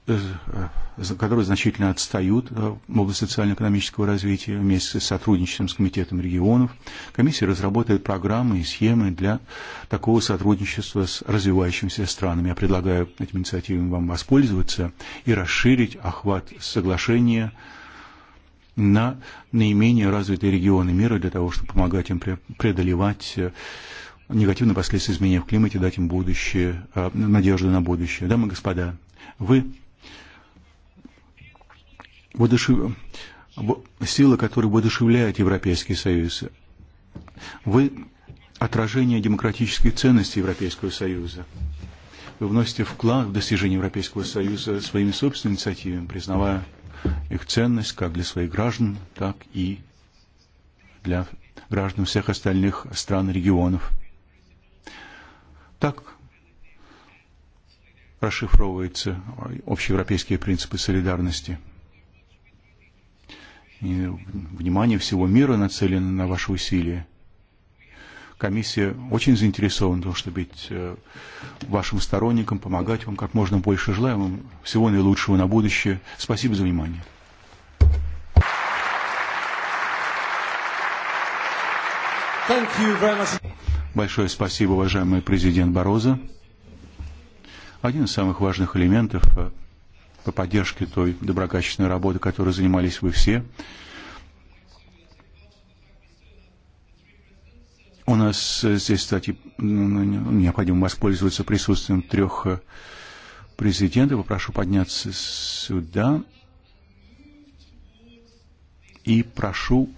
э, э, которые значительно отстают в области социально-экономического развития вместе с сотрудничеством с Комитетом регионов. Комиссия разработает программы и схемы для такого сотрудничества с развивающимися странами. Я предлагаю этим инициативам вам воспользоваться и расширить охват соглашения на наименее развитые регионы мира для того, чтобы помогать им преодолевать негативно последствия изменения в климате, дать им будущее, надежду на будущее. Дамы и господа, вы водушев... сила, которая воодушевляет Европейский Союз, вы отражение демократических ценностей Европейского Союза. Вы вносите вклад в достижение Европейского Союза своими собственными инициативами, признавая их ценность как для своих граждан, так и для граждан всех остальных стран и регионов. Так расшифровываются общеевропейские принципы солидарности. И внимание всего мира нацелено на ваши усилия. Комиссия очень заинтересована в том, чтобы быть э, вашим сторонником, помогать вам как можно больше. Желаем вам всего наилучшего на будущее. Спасибо за внимание. Thank you very much. Большое спасибо, уважаемый президент Бороза. Один из самых важных элементов э, по поддержке той доброкачественной работы, которой занимались вы все, У нас э, здесь, кстати, необходимо воспользоваться присутствием трех э, президентов. Попрошу подняться сюда. И прошу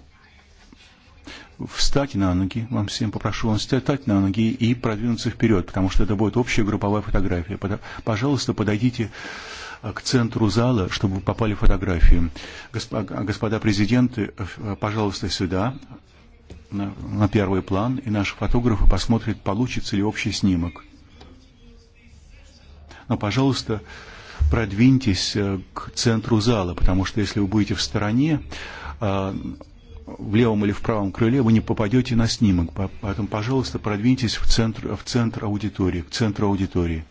встать на ноги, вам всем попрошу вам встать на ноги и продвинуться вперед, потому что это будет общая групповая фотография. Пожалуйста, подойдите э, к центру зала, чтобы вы попали в фотографию. Господа президенты, э, э, пожалуйста, сюда, на, на первый план, и наши фотографы посмотрят, получится ли общий снимок. Но, пожалуйста, продвиньтесь к центру зала, потому что если вы будете в стороне, в левом или в правом крыле, вы не попадете на снимок. Поэтому, пожалуйста, продвиньтесь в центр, в центр аудитории, к центру аудитории.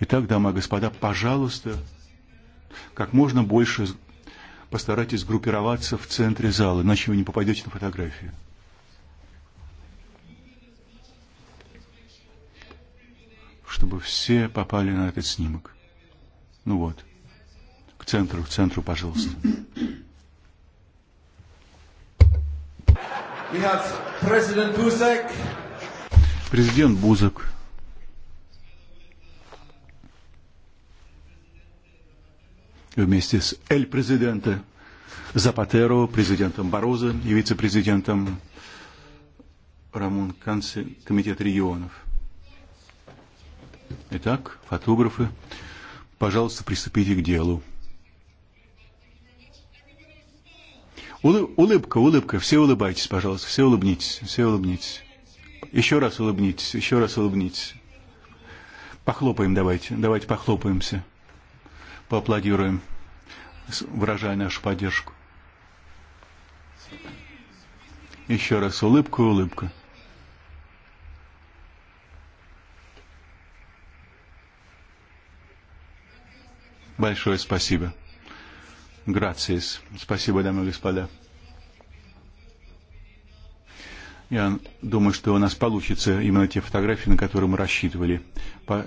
Итак, дамы и господа, пожалуйста, как можно больше постарайтесь группироваться в центре зала, иначе вы не попадете на фотографию. Чтобы все попали на этот снимок. Ну вот. К центру, к центру, пожалуйста. Президент Бузек. Президент Бузек. Вместе с Эль президента Запатеро, президентом Бароза и вице-президентом Рамон Канси, Комитет регионов. Итак, фотографы, пожалуйста, приступите к делу. Улыбка, улыбка, все улыбайтесь, пожалуйста, все улыбнитесь, все улыбнитесь. Еще раз улыбнитесь, еще раз улыбнитесь. Похлопаем давайте, давайте похлопаемся. Поаплодируем, выражая нашу поддержку. Еще раз улыбка, улыбка. Большое спасибо. Грациис. Спасибо, дамы и господа. Я думаю, что у нас получится именно те фотографии, на которые мы рассчитывали. По... Э,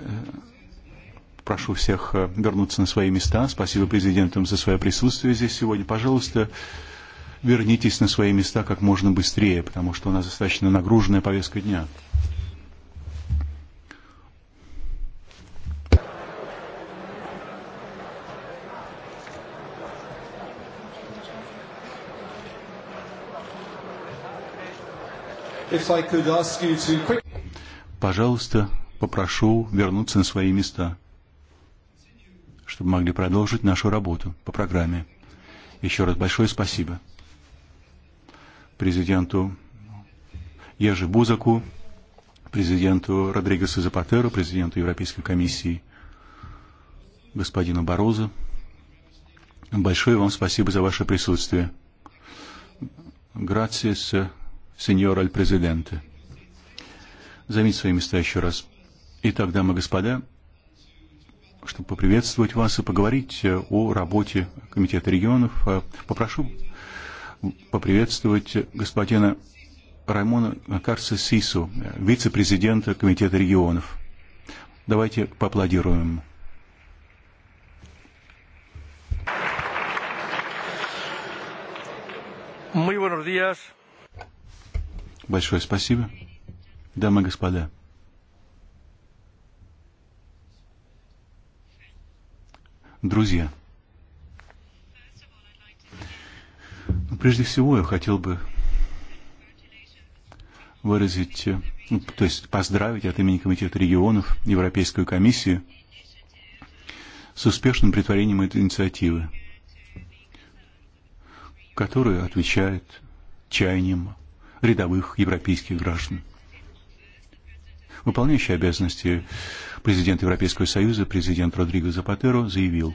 прошу всех э, вернуться на свои места. Спасибо президентам за свое присутствие здесь сегодня. Пожалуйста, вернитесь на свои места как можно быстрее, потому что у нас достаточно нагруженная повестка дня. To... Пожалуйста, попрошу вернуться на свои места, чтобы могли продолжить нашу работу по программе. Еще раз большое спасибо президенту Ежи Бузаку, президенту Родригесу Запатеро, президенту Европейской комиссии господину Борозу. Большое вам спасибо за ваше присутствие. Gracias сеньор президент. Займите свои места еще раз. Итак, дамы и господа, чтобы поприветствовать вас и поговорить э, о работе Комитета регионов, э, попрошу поприветствовать господина Раймона Карса Сису, вице-президента Комитета регионов. Давайте поаплодируем. Muy buenos días. Большое спасибо. Дамы и господа. Друзья. Ну, прежде всего, я хотел бы выразить, ну, то есть поздравить от имени Комитета регионов Европейскую комиссию с успешным притворением этой инициативы, которая отвечает чаяниям рядовых европейских граждан. Выполняющий обязанности президент Европейского Союза, президент Родриго Запатеро, заявил,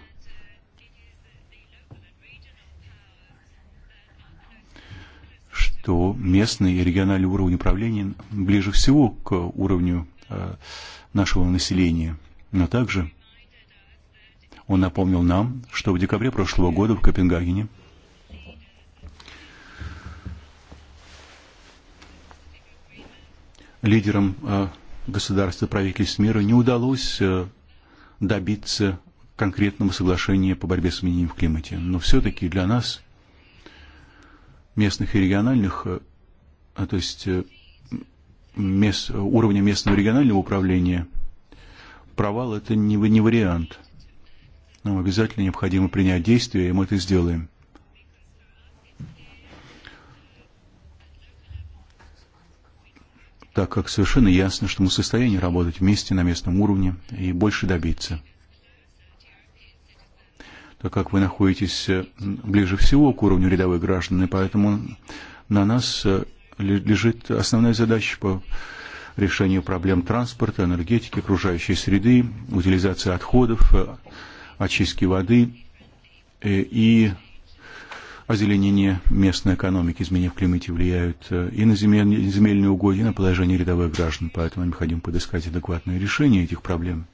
что местный и региональный уровень управления ближе всего к уровню э, нашего населения, но также он напомнил нам, что в декабре прошлого года в Копенгагене лидерам э, государства правительств мира не удалось э, добиться конкретного соглашения по борьбе с изменением в климате. Но все-таки для нас, местных и региональных, э, то есть мест, уровня местного регионального управления, провал – это не, не вариант. Нам обязательно необходимо принять действия, и мы это сделаем. так как совершенно ясно, что мы в состоянии работать вместе на местном уровне и больше добиться. Так как вы находитесь э, ближе всего к уровню рядовой граждан, и поэтому на нас э, лежит основная задача по решению проблем транспорта, энергетики, окружающей среды, утилизации отходов, э, очистки воды и озеленение местной экономики, изменения в климате влияют э, и на земель, земельные угодья, и на положение рядовых граждан, поэтому необходимо подыскать адекватное решение этих проблем.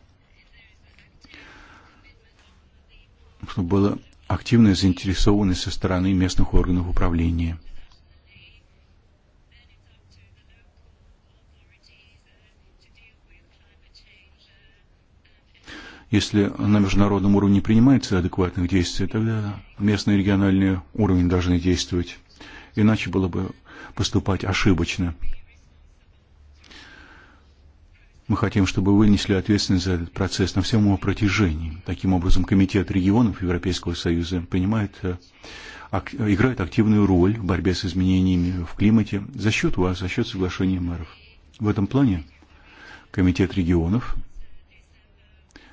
Чтобы было активная заинтересованность со стороны местных органов управления – Если на международном уровне принимается адекватных действий, тогда местные и региональные уровни должны действовать. Иначе было бы поступать ошибочно. Мы хотим, чтобы вы несли ответственность за этот процесс на всем его протяжении. Таким образом, Комитет регионов Европейского Союза принимает, э, ак, э, играет активную роль в борьбе с изменениями в климате за счет вас, за счет соглашения мэров. В этом плане Комитет регионов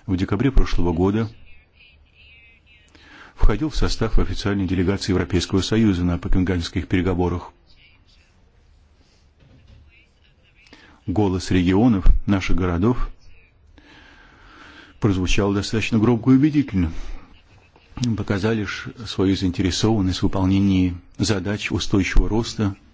в декабре прошлого года входил в состав официальной делегации Европейского Союза на копенгагенских переговорах. Голос регионов, наших городов, прозвучал достаточно громко и убедительно. Показали свою заинтересованность в выполнении задач устойчивого роста –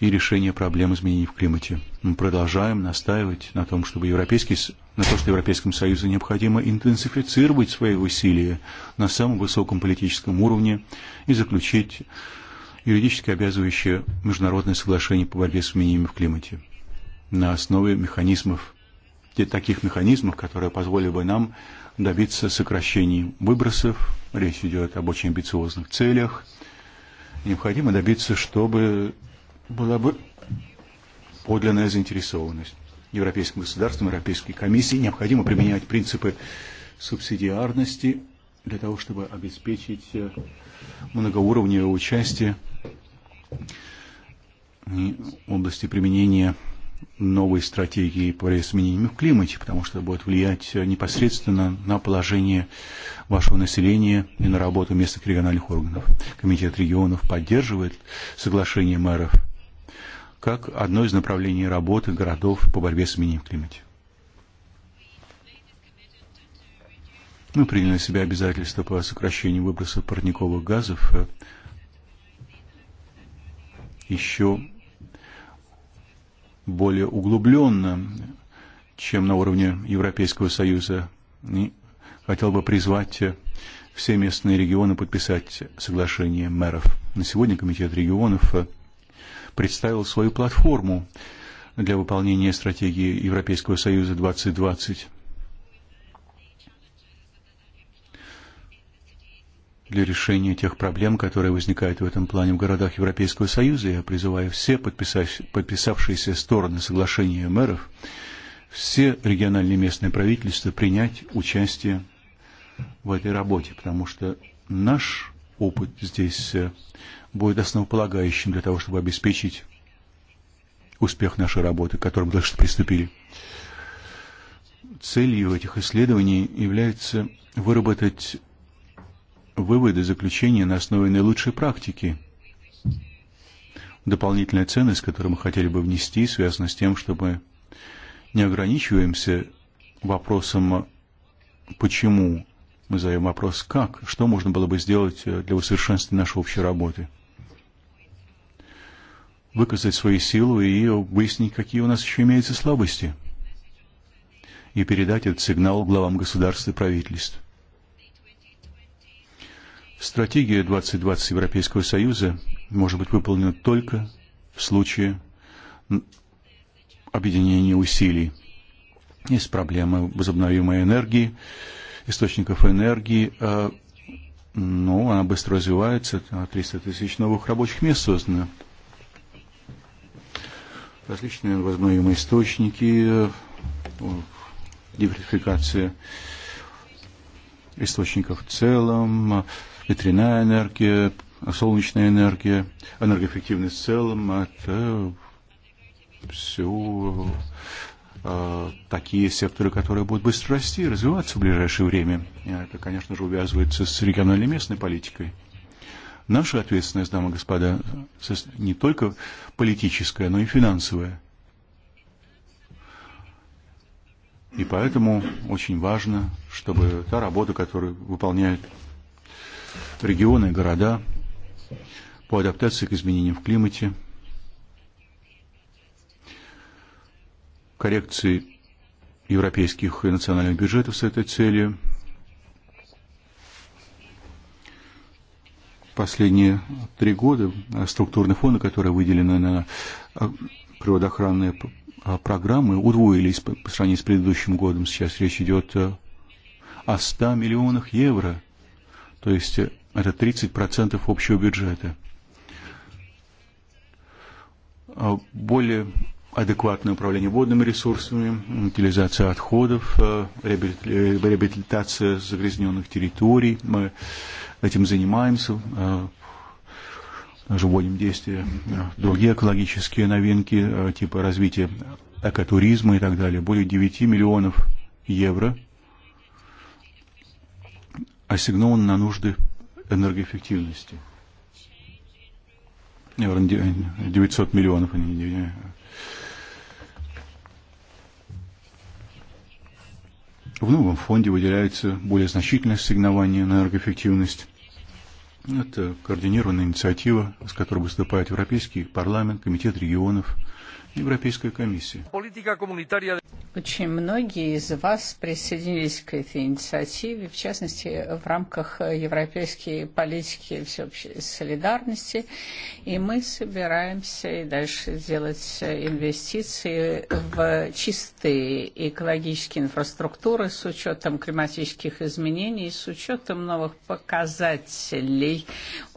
и решения проблем изменений в климате. Мы продолжаем настаивать на том, чтобы Европейский, на то, что Европейскому Союзу необходимо интенсифицировать свои усилия на самом высоком политическом уровне и заключить юридически обязывающее международное соглашение по борьбе с изменениями в климате на основе механизмов, таких механизмов, которые позволили бы нам добиться сокращений выбросов. Речь идет об очень амбициозных целях. Необходимо добиться, чтобы была бы подлинная заинтересованность. Европейским государствам, Европейской комиссии необходимо применять принципы субсидиарности для того, чтобы обеспечить э, многоуровневое участие в области применения новой стратегии по изменениям в климате, потому что это будет влиять непосредственно на положение вашего населения и на работу местных региональных органов. Комитет регионов поддерживает соглашение мэров как одно из направлений работы городов по борьбе с изменением климата. Мы приняли на себя обязательства по сокращению выбросов парниковых газов еще более углубленно, чем на уровне Европейского Союза. И хотел бы призвать все местные регионы подписать соглашение мэров. На сегодня Комитет регионов – представил свою платформу для выполнения стратегии Европейского Союза 2020. для решения тех проблем, которые возникают в этом плане в городах Европейского Союза. Я призываю все подписавшиеся стороны соглашения мэров, все региональные местные правительства принять участие в этой работе, потому что наш опыт здесь э, будет основополагающим для того, чтобы обеспечить успех нашей работы, к которой мы даже приступили. Целью этих исследований является выработать выводы, заключения на основе наилучшей практики. Дополнительная ценность, которую мы хотели бы внести, связана с тем, что мы не ограничиваемся вопросом «почему?», мы задаем вопрос «как?», что можно было бы сделать э, для усовершенствования нашей общей работы выказать свои силы и выяснить, какие у нас еще имеются слабости, и передать этот сигнал главам государств и правительств. Стратегия 2020 Европейского Союза может быть выполнена только в случае объединения усилий. Есть проблема возобновимой энергии, источников энергии. Ну, она быстро развивается, 300 тысяч новых рабочих мест создано различные возобновляемые источники, э, диверсификация источников в целом, ветряная энергия, солнечная энергия, энергоэффективность в целом, это все э, такие секторы, которые будут быстро расти и развиваться в ближайшее время. Это, конечно же, увязывается с региональной местной политикой. Наша ответственность, дамы и господа, не только политическая, но и финансовая. И поэтому очень важно, чтобы та работа, которую выполняют регионы и города по адаптации к изменениям в климате, коррекции европейских и национальных бюджетов с этой целью, последние три года э, структурные фонды, которые выделены на э, природоохранные э, программы, удвоились по сравнению с предыдущим годом. Сейчас речь идет о 100 миллионах евро, то есть это 30% общего бюджета. Более адекватное управление водными ресурсами, утилизация отходов, э, э, реабилитация загрязненных территорий. Мы этим занимаемся, даже э, вводим в действие другие экологические новинки, типа развития экотуризма и так далее. Более 9 миллионов евро ассигновано на нужды энергоэффективности. Наверное, 900 миллионов, В новом фонде выделяются более значительные сигнования на энергоэффективность. Это координированная инициатива, с которой выступает Европейский парламент, Комитет регионов – Европейскую комиссию. Очень многие из вас присоединились к этой инициативе, в частности, в рамках европейской политики всеобщей солидарности. И мы собираемся и дальше делать инвестиции в чистые экологические инфраструктуры с учетом климатических изменений, с учетом новых показателей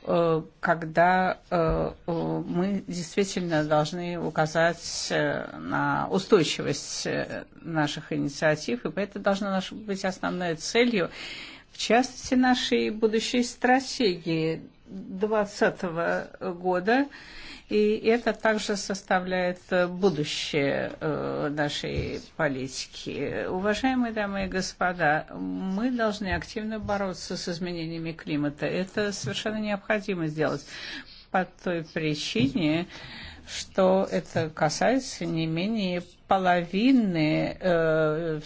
Э, когда э, э, мы действительно должны указать на устойчивость наших инициатив, и это должно быть основной целью, в частности, нашей будущей стратегии 2020 года. -го И это также составляет э, будущее э, нашей политики. Уважаемые дамы и господа, мы должны активно бороться с изменениями климата. Это совершенно необходимо сделать по той причине, что это касается не менее половины э,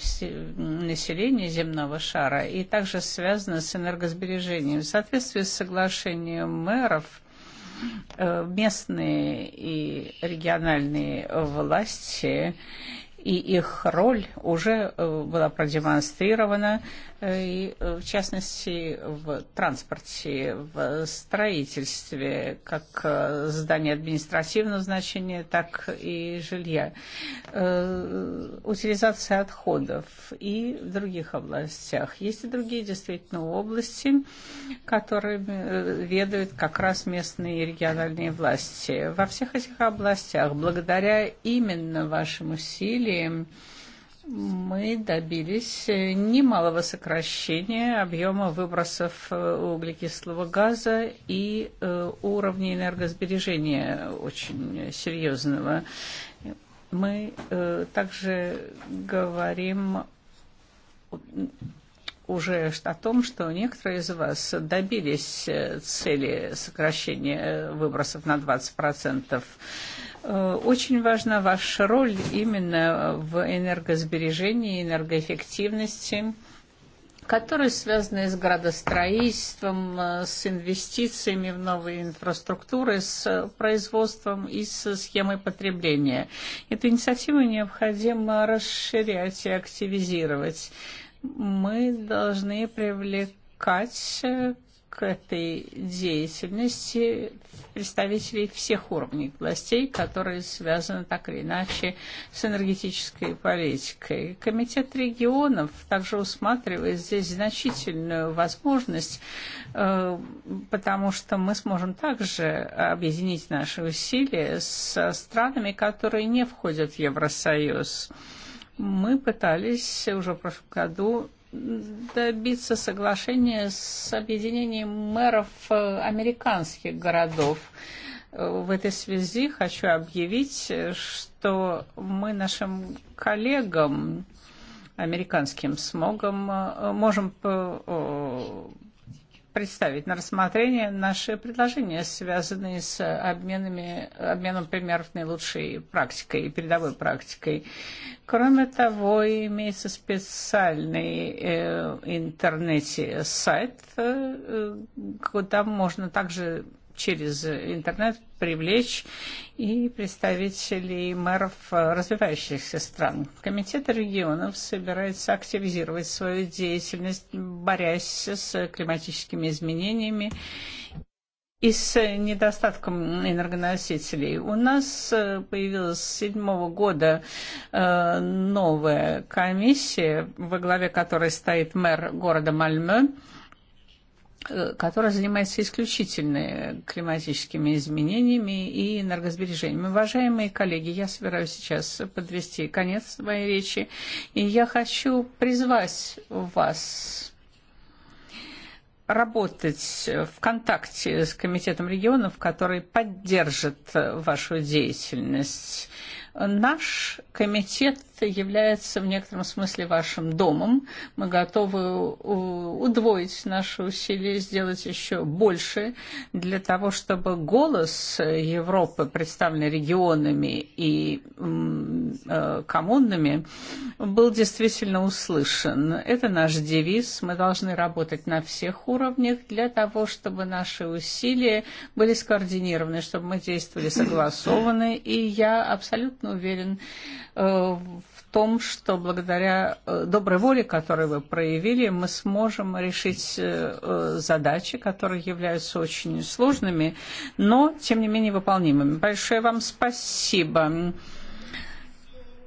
населения земного шара и также связано с энергосбережением. В соответствии с соглашением мэров Э, местные и региональные власти и их роль уже э, была продемонстрирована Э, и, э, в частности, в транспорте, в строительстве, как э, здания административного значения, так и жилья, утилизация отходов и в других областях. Есть и другие действительно области, которыми ведают как раз местные и региональные власти. Во всех этих областях, благодаря именно вашим усилиям, мы добились э, немалого сокращения объема выбросов э, углекислого газа и э, уровня энергосбережения очень серьезного. Мы также говорим уже о том, что некоторые из вас добились цели сокращения выбросов на 20 процентов. Э, очень важна ваша роль именно в энергосбережении, энергоэффективности, которые связаны с градостроительством, э, с инвестициями в новые инфраструктуры, с производством и с схемой потребления. Эту инициативу необходимо расширять и активизировать. Мы должны привлекать привлекать к этой деятельности представителей всех уровней властей, которые связаны так или иначе с энергетической политикой. Комитет регионов также усматривает здесь значительную возможность, э, потому что мы сможем также объединить наши усилия с странами, которые не входят в Евросоюз мы пытались уже в прошлом году добиться соглашения с объединением мэров американских городов. В этой связи хочу объявить, что мы нашим коллегам, американским смогом, можем представить на рассмотрение наши предложения, связанные с обменами, обменом примеров наилучшей практикой и передовой практикой. Кроме того, имеется специальный э, интернете сайт, э, куда можно также через интернет привлечь и представителей мэров э, развивающихся стран. Комитет регионов собирается активизировать свою деятельность, борясь с климатическими изменениями и с недостатком энергоносителей. У нас э, появилась с седьмого года э, новая комиссия, во главе которой стоит мэр города Мальме, которые занимаются исключительно климатическими изменениями и энергосбережением. Уважаемые коллеги, я собираюсь сейчас подвести конец моей речи, и я хочу призвать вас работать в контакте с Комитетом регионов, который поддержит вашу деятельность. Наш комитет является в некотором смысле вашим домом. Мы готовы удвоить наши усилия, сделать еще больше для того, чтобы голос Европы, представленный регионами и э, коммунами, был действительно услышан. Это наш девиз. Мы должны работать на всех уровнях для того, чтобы наши усилия были скоординированы, чтобы мы действовали согласованно. И я абсолютно абсолютно уверен в том, что благодаря доброй воле, которую вы проявили, мы сможем решить э, э, задачи, которые являются очень сложными, но, тем не менее, выполнимыми. Большое вам спасибо.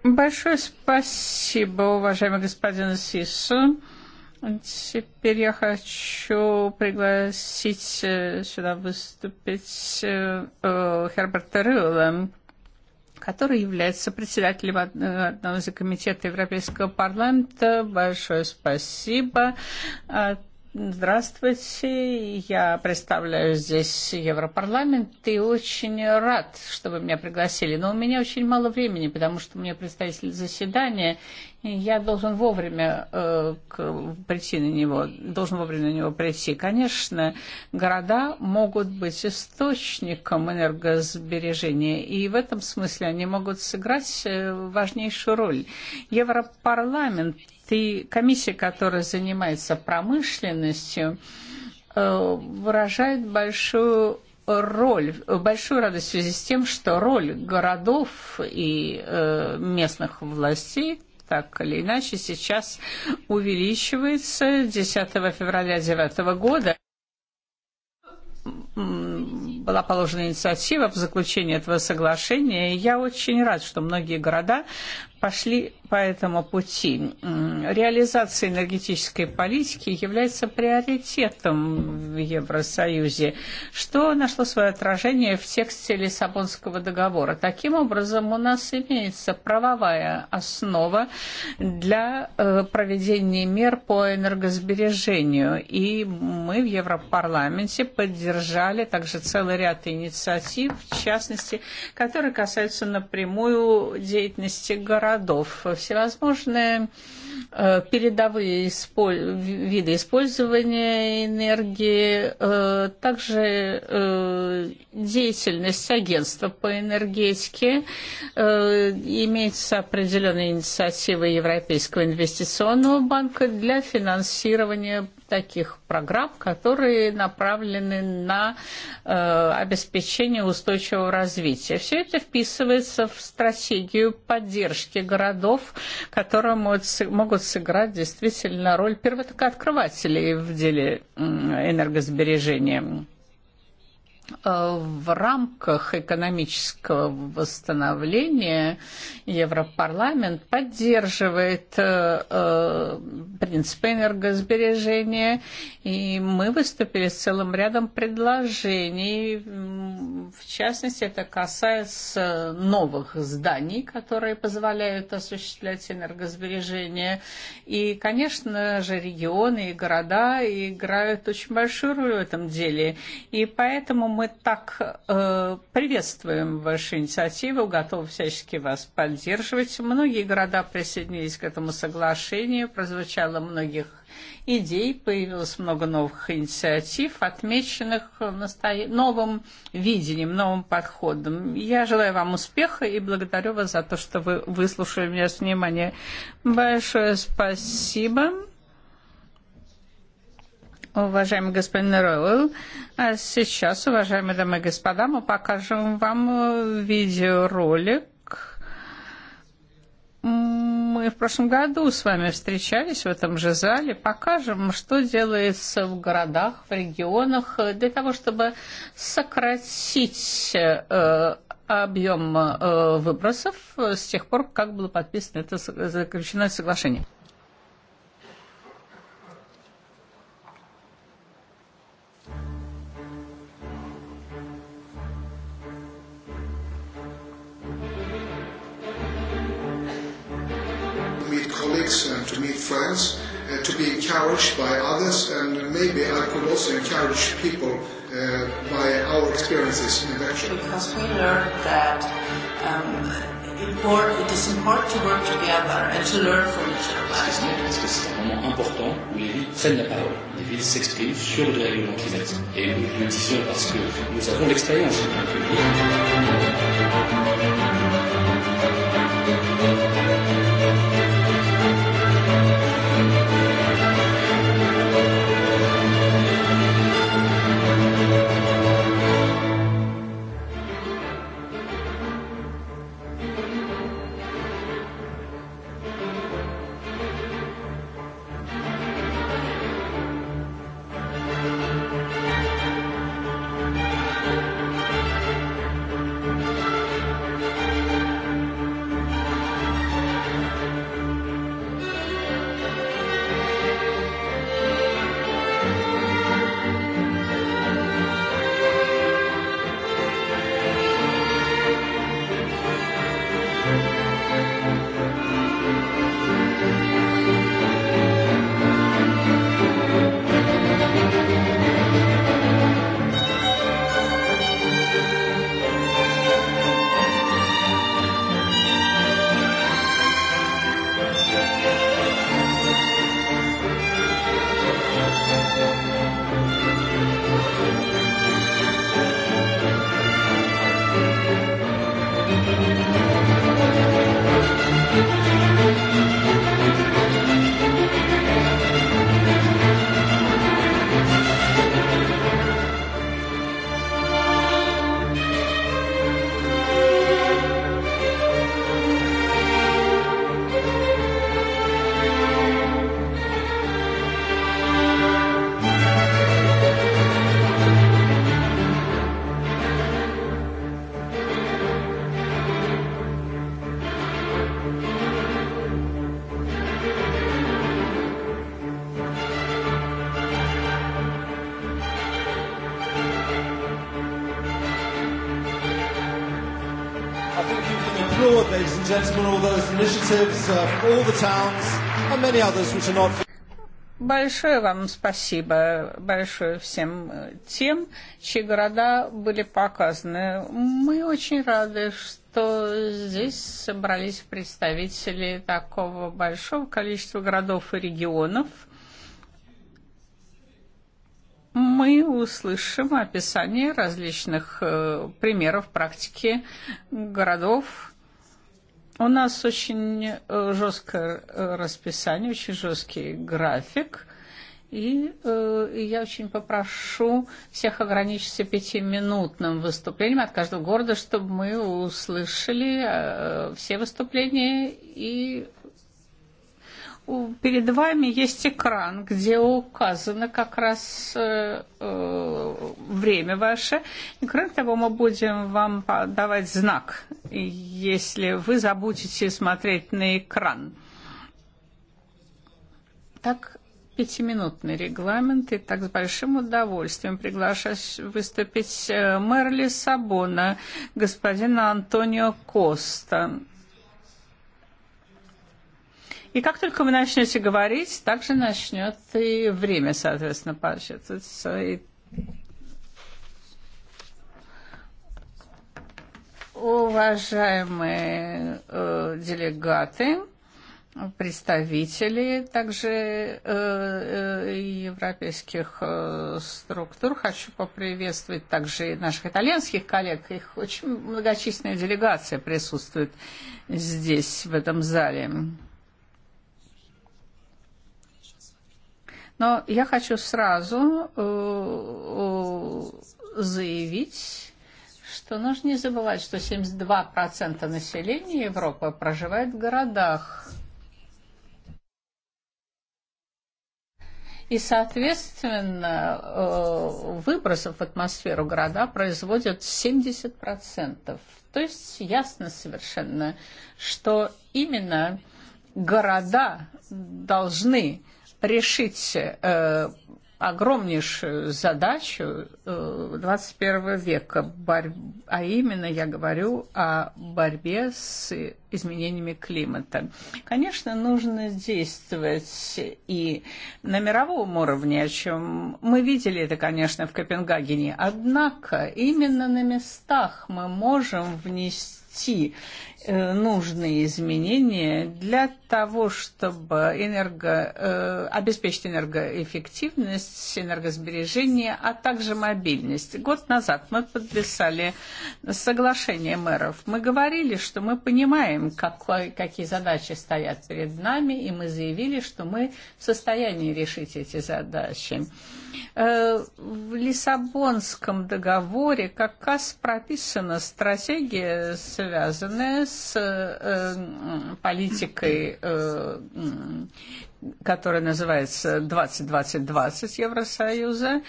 Большое спасибо, уважаемый господин Сису. Теперь я хочу пригласить э, сюда выступить э, Херберта Рюла который является председателем одного из комитетов Европейского парламента. Большое спасибо. Здравствуйте, я представляю здесь Европарламент и очень рад, что вы меня пригласили. Но у меня очень мало времени, потому что мне предстоит заседание, Я должен вовремя э, к, прийти на него, должен вовремя на него прийти. Конечно, города могут быть источником энергосбережения, и в этом смысле они могут сыграть э, важнейшую роль. Европарламент и комиссия, которая занимается промышленностью, э, выражает большую роль, большую радость в связи с тем, что роль городов и э, местных властей спектакля. Иначе сейчас увеличивается 10 февраля 2009 года была положена инициатива по заключению этого соглашения, и я очень рад, что многие города пошли Поэтому пути реализации энергетической политики является приоритетом в Евросоюзе, что нашло свое отражение в тексте Лиссабонского договора. Таким образом, у нас имеется правовая основа для э, проведения мер по энергосбережению. И мы в Европарламенте поддержали также целый ряд инициатив, в частности, которые касаются напрямую деятельности городов vševozможné Э, передовые виды использования энергии, э, также э, деятельность агентства по энергетике, имеется определенная инициатива Европейского инвестиционного банка для финансирования таких программ, которые направлены на э, обеспечение устойчивого развития. Все это вписывается в стратегию поддержки городов, которые могут, могут могут сыграть действительно роль первооткрывателей в деле энергосбережения. Э, в рамках экономического восстановления Европарламент поддерживает э, э, принципы энергосбережения, и мы выступили с целым рядом предложений. В частности, это касается новых зданий, которые позволяют осуществлять энергосбережение. И, конечно же, регионы и города играют очень большую роль в этом деле. И поэтому мы так э, приветствуем ваши инициативы, готовы всячески вас поддерживать. Многие города присоединились к этому соглашению, прозвучало многих идей, появилось много новых инициатив, отмеченных настоя... новым видением, новым подходом. Я желаю вам успеха и благодарю вас за то, что вы выслушали меня с вниманием. Большое спасибо. Уважаемый господин Роуэлл, а сейчас, уважаемые дамы и господа, мы покажем вам видеоролик. Мы в прошлом году с вами встречались в этом же зале, покажем, что делается в городах, в регионах для того, чтобы сократить э, объем э, выбросов с тех пор, как было подписано это заключено соглашение. colleagues uh, and to meet friends, uh, to be encouraged by others, and maybe I could also encourage people uh, by our experiences in Belgium. Because we learned that um, import, it is important to work together and to learn from each other. Parce que je pense que c'est un moment important où les villes prennent la parole, les villes s'expriment sur le dérèglement climatique. Et nous le disons parce que nous avons l'expérience en tant que villes. representatives of all the towns and many others which are not. Большое вам спасибо, большое всем э, тем, чьи города были показаны. Мы очень рады, что здесь собрались представители такого большого количества городов и регионов. Мы услышим описание различных э, примеров практики городов У нас очень э, жесткое э, расписание, очень жесткий график. И, э, и я очень попрошу всех ограничиться пятиминутным выступлением от каждого города, чтобы мы услышали э, все выступления и перед вами есть экран, где указано как раз э, э, время ваше. И кроме того, мы будем вам давать знак, если вы забудете смотреть на экран. Так, пятиминутный регламент, и так с большим удовольствием приглашаю выступить э, мэра Лиссабона, господина Антонио Коста. И как только вы начнете говорить, также начнет и время, соответственно, подсчитываться. И... Уважаемые э, делегаты, представители также э, э, европейских э, структур. Хочу поприветствовать также и наших итальянских коллег. Их очень многочисленная делегация присутствует здесь, в этом зале. Но я хочу сразу э, э, заявить, что нужно не забывать, что 72% населения Европы проживает в городах. И, соответственно, э, выбросов в атмосферу города производят 70%. То есть ясно совершенно, что именно города должны э, решить э, огромнейшую задачу 21 э, века, а именно я говорю о борьбе с изменениями климата. Конечно, нужно действовать и на мировом уровне, о чем мы видели это, конечно, в Копенгагене. Однако именно на местах мы можем внести Э, нужные изменения для того, чтобы энерго, э, обеспечить энергоэффективность, энергосбережение, а также мобильность. Год назад мы подписали соглашение мэров. Мы говорили, что мы понимаем, какой, какие задачи стоят перед нами, и мы заявили, что мы в состоянии решить эти задачи. Э, в Лиссабонском договоре как раз прописана стратегия, связанная с Э, э, политикой, э, которая называется 20-20-20 Евросоюза.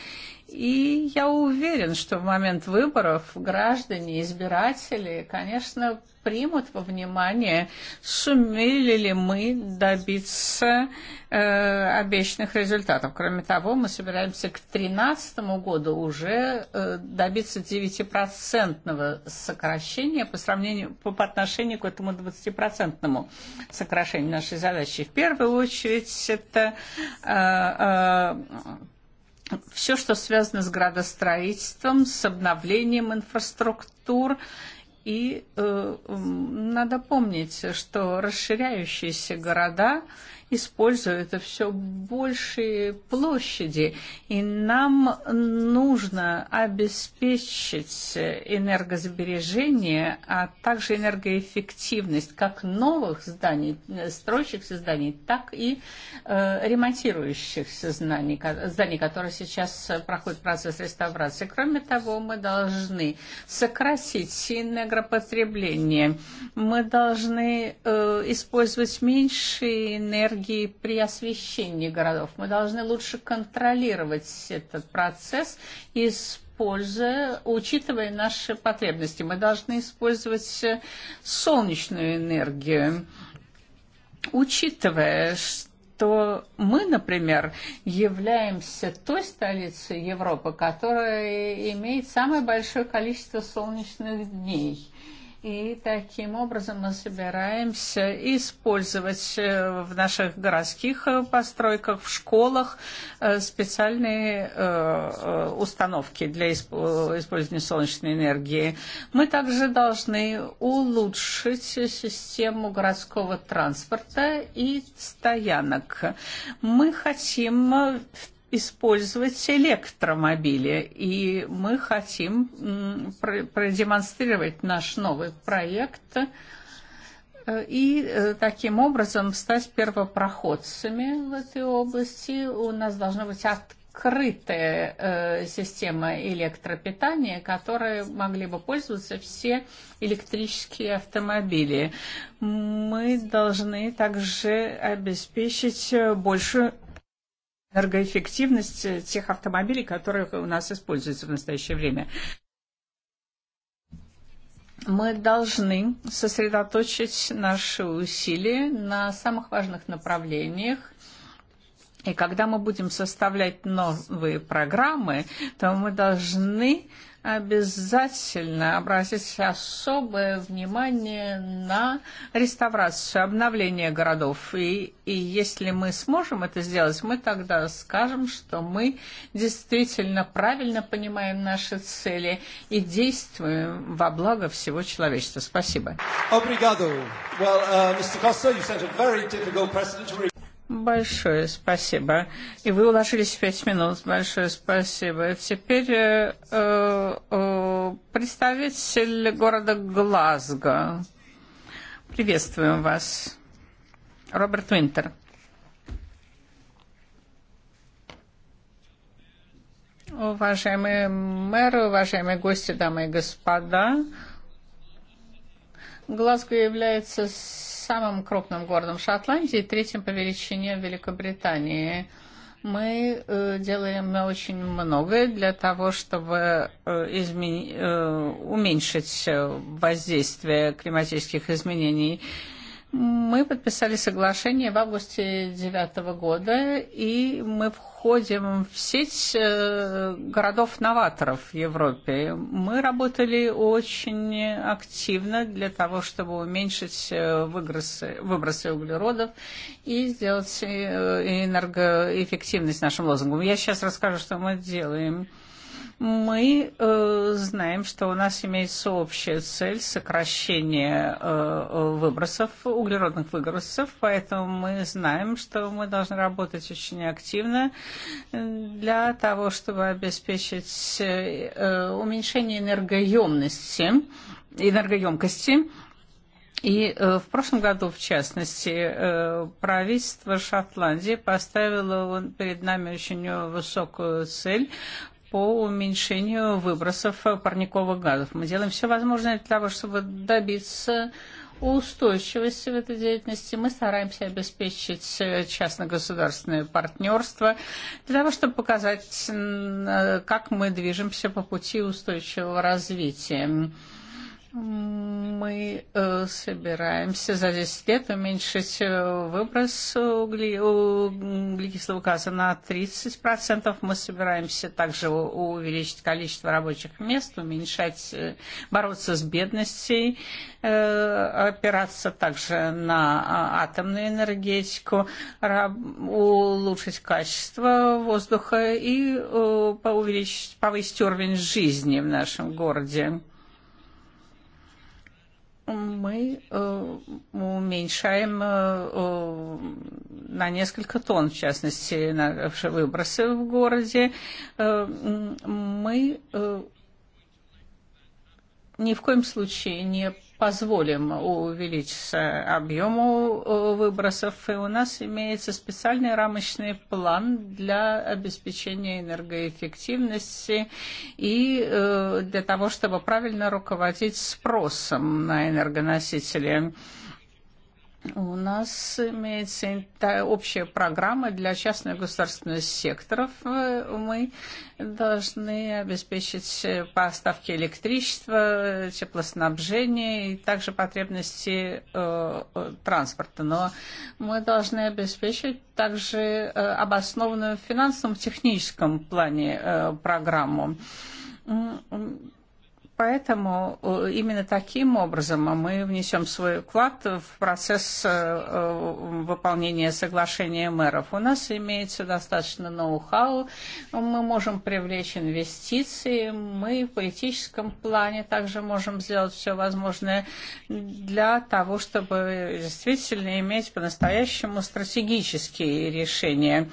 И я уверен, что в момент выборов граждане, избиратели, конечно, примут во внимание, сумели ли мы добиться э, обещанных результатов. Кроме того, мы собираемся к 2013 году уже э, добиться 9-процентного сокращения по, сравнению, по, по отношению к этому 20-процентному сокращению нашей задачи. В первую очередь это э, э, все, что связано с градостроительством, с обновлением инфраструктур И э, надо помнить, что расширяющиеся города используют все большие площади, и нам нужно обеспечить энергосбережение, а также энергоэффективность как новых зданий, э, строящихся зданий, так и э, ремонтирующихся зданий, зданий, которые сейчас проходят процесс реставрации. Кроме того, мы должны сократить энергопотребление, мы должны э, использовать меньше энергии, энергии при освещении городов. Мы должны лучше контролировать этот процесс, используя, учитывая наши потребности. Мы должны использовать э, солнечную энергию, учитывая, что то мы, например, являемся той столицей Европы, которая имеет самое большое количество солнечных дней и таким образом мы собираемся использовать э, в наших городских э, постройках, в школах э, специальные установки для использования солнечной энергии. Мы также должны улучшить систему городского транспорта и стоянок. Мы хотим в использовать электромобили. И мы хотим продемонстрировать наш новый проект э, и э, таким образом стать первопроходцами в этой области. У нас должна быть открытая э, система электропитания, которой могли бы пользоваться все электрические автомобили. Мы должны также обеспечить э, большую энергоэффективность э, тех автомобилей, которые у нас используются в настоящее время. Мы должны сосредоточить наши усилия на самых важных направлениях И когда мы будем составлять новые программы, то мы должны обязательно обратить особое внимание на реставрацию, обновление городов. И, и если мы сможем это сделать, мы тогда скажем, что мы действительно правильно понимаем наши цели и действуем во благо всего человечества. Спасибо. Obrigado. Well, uh, Mr. Costa, you set a very difficult precedent to read. Большое спасибо. И вы уложились в пять минут. Большое спасибо. Теперь э, э, э представитель города Глазго. Приветствуем вас. Роберт Винтер. Уважаемые мэры, уважаемые гости, дамы и господа, э, Глазго является самым крупным городом Шотландии, третьим по величине Великобритании. Мы э, делаем очень многое для того, чтобы э, измени, э, уменьшить э, воздействие климатических изменений. Э, Мы подписали соглашение в августе 2009 года, и мы входим в сеть э, городов-новаторов в Европе. Мы работали очень активно для того, чтобы уменьшить э, выбросы, выбросы углеродов и сделать э, энергоэффективность нашим лозунгом. Я сейчас расскажу, что мы делаем мы э, знаем, что у нас имеется общая цель сокращения э, э, выбросов, углеродных выбросов, поэтому мы знаем, что мы должны работать очень активно э, для того, чтобы обеспечить э, э, уменьшение энергоемности, энергоемкости И э, в прошлом году, в частности, э, правительство Шотландии поставило перед нами очень высокую цель по уменьшению выбросов парниковых газов. Мы делаем все возможное для того, чтобы добиться устойчивости в этой деятельности. Мы стараемся обеспечить частно-государственное партнерство для того, чтобы показать, э, как мы движемся по пути устойчивого развития. Мы э, собираемся завести это, уменьшить выброс угли, углекислого газа на 30%. Мы собираемся также увеличить количество рабочих мест, уменьшать, э, бороться с бедностью, э, опираться также на атомную энергетику, улучшить качество воздуха и увеличить, повысить уровень жизни в нашем городе мы уменьшаем на несколько тонн, в частности, наши выбросы в городе. Мы ни в коем случае не позволим увеличить объему выбросов, и у нас имеется специальный рамочный план для обеспечения энергоэффективности и э, для того, чтобы правильно руководить спросом на энергоносители. У нас имеется общая программа для частных государственных секторов. Мы должны обеспечить поставки электричества, теплоснабжения и также потребности э, э, транспорта. Но мы должны обеспечить также э, обоснованную в финансовом техническом плане э, программу Поэтому э, именно таким образом мы внесем свой вклад в процесс э, э, выполнения соглашения мэров. У нас имеется достаточно ноу-хау, мы можем привлечь инвестиции, мы в политическом плане также можем сделать все возможное для того, чтобы действительно иметь по-настоящему стратегические решения,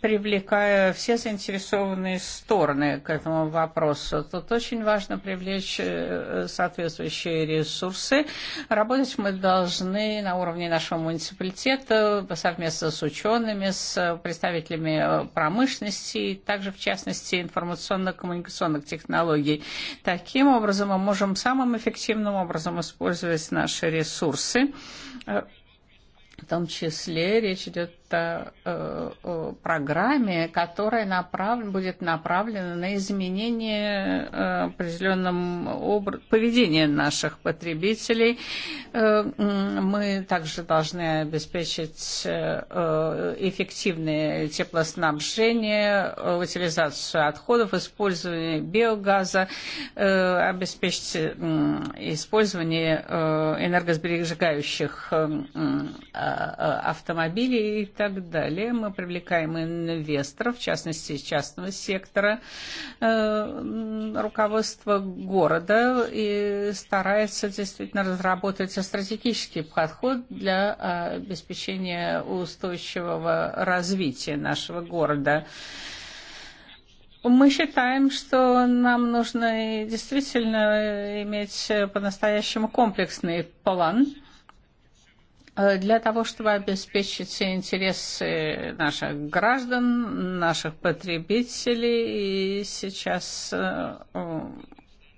привлекая все заинтересованные стороны к этому вопросу. Тут очень важно привлечь соответствующие ресурсы. Работать мы должны на уровне нашего муниципалитета совместно с учеными, с представителями э, промышленности, и также в частности информационно-коммуникационных технологий. Таким образом мы можем самым эффективным образом использовать наши ресурсы. Э, в том числе речь идет Э, э, программе, которая направ... будет направлена на изменение э, определенном поведения наших потребителей. Мы также должны обеспечить эффективное теплоснабжение, утилизацию отходов, использование биогаза, обеспечить использование энергосберегающих автомобилей и так далее. Мы привлекаем инвесторов, в частности, частного сектора. Э, Руководство города и старается действительно разработать стратегический подход для обеспечения устойчивого развития нашего города. Мы считаем, что нам нужно действительно иметь по-настоящему комплексный план – для того, чтобы обеспечить все интересы наших граждан, наших потребителей. И сейчас э,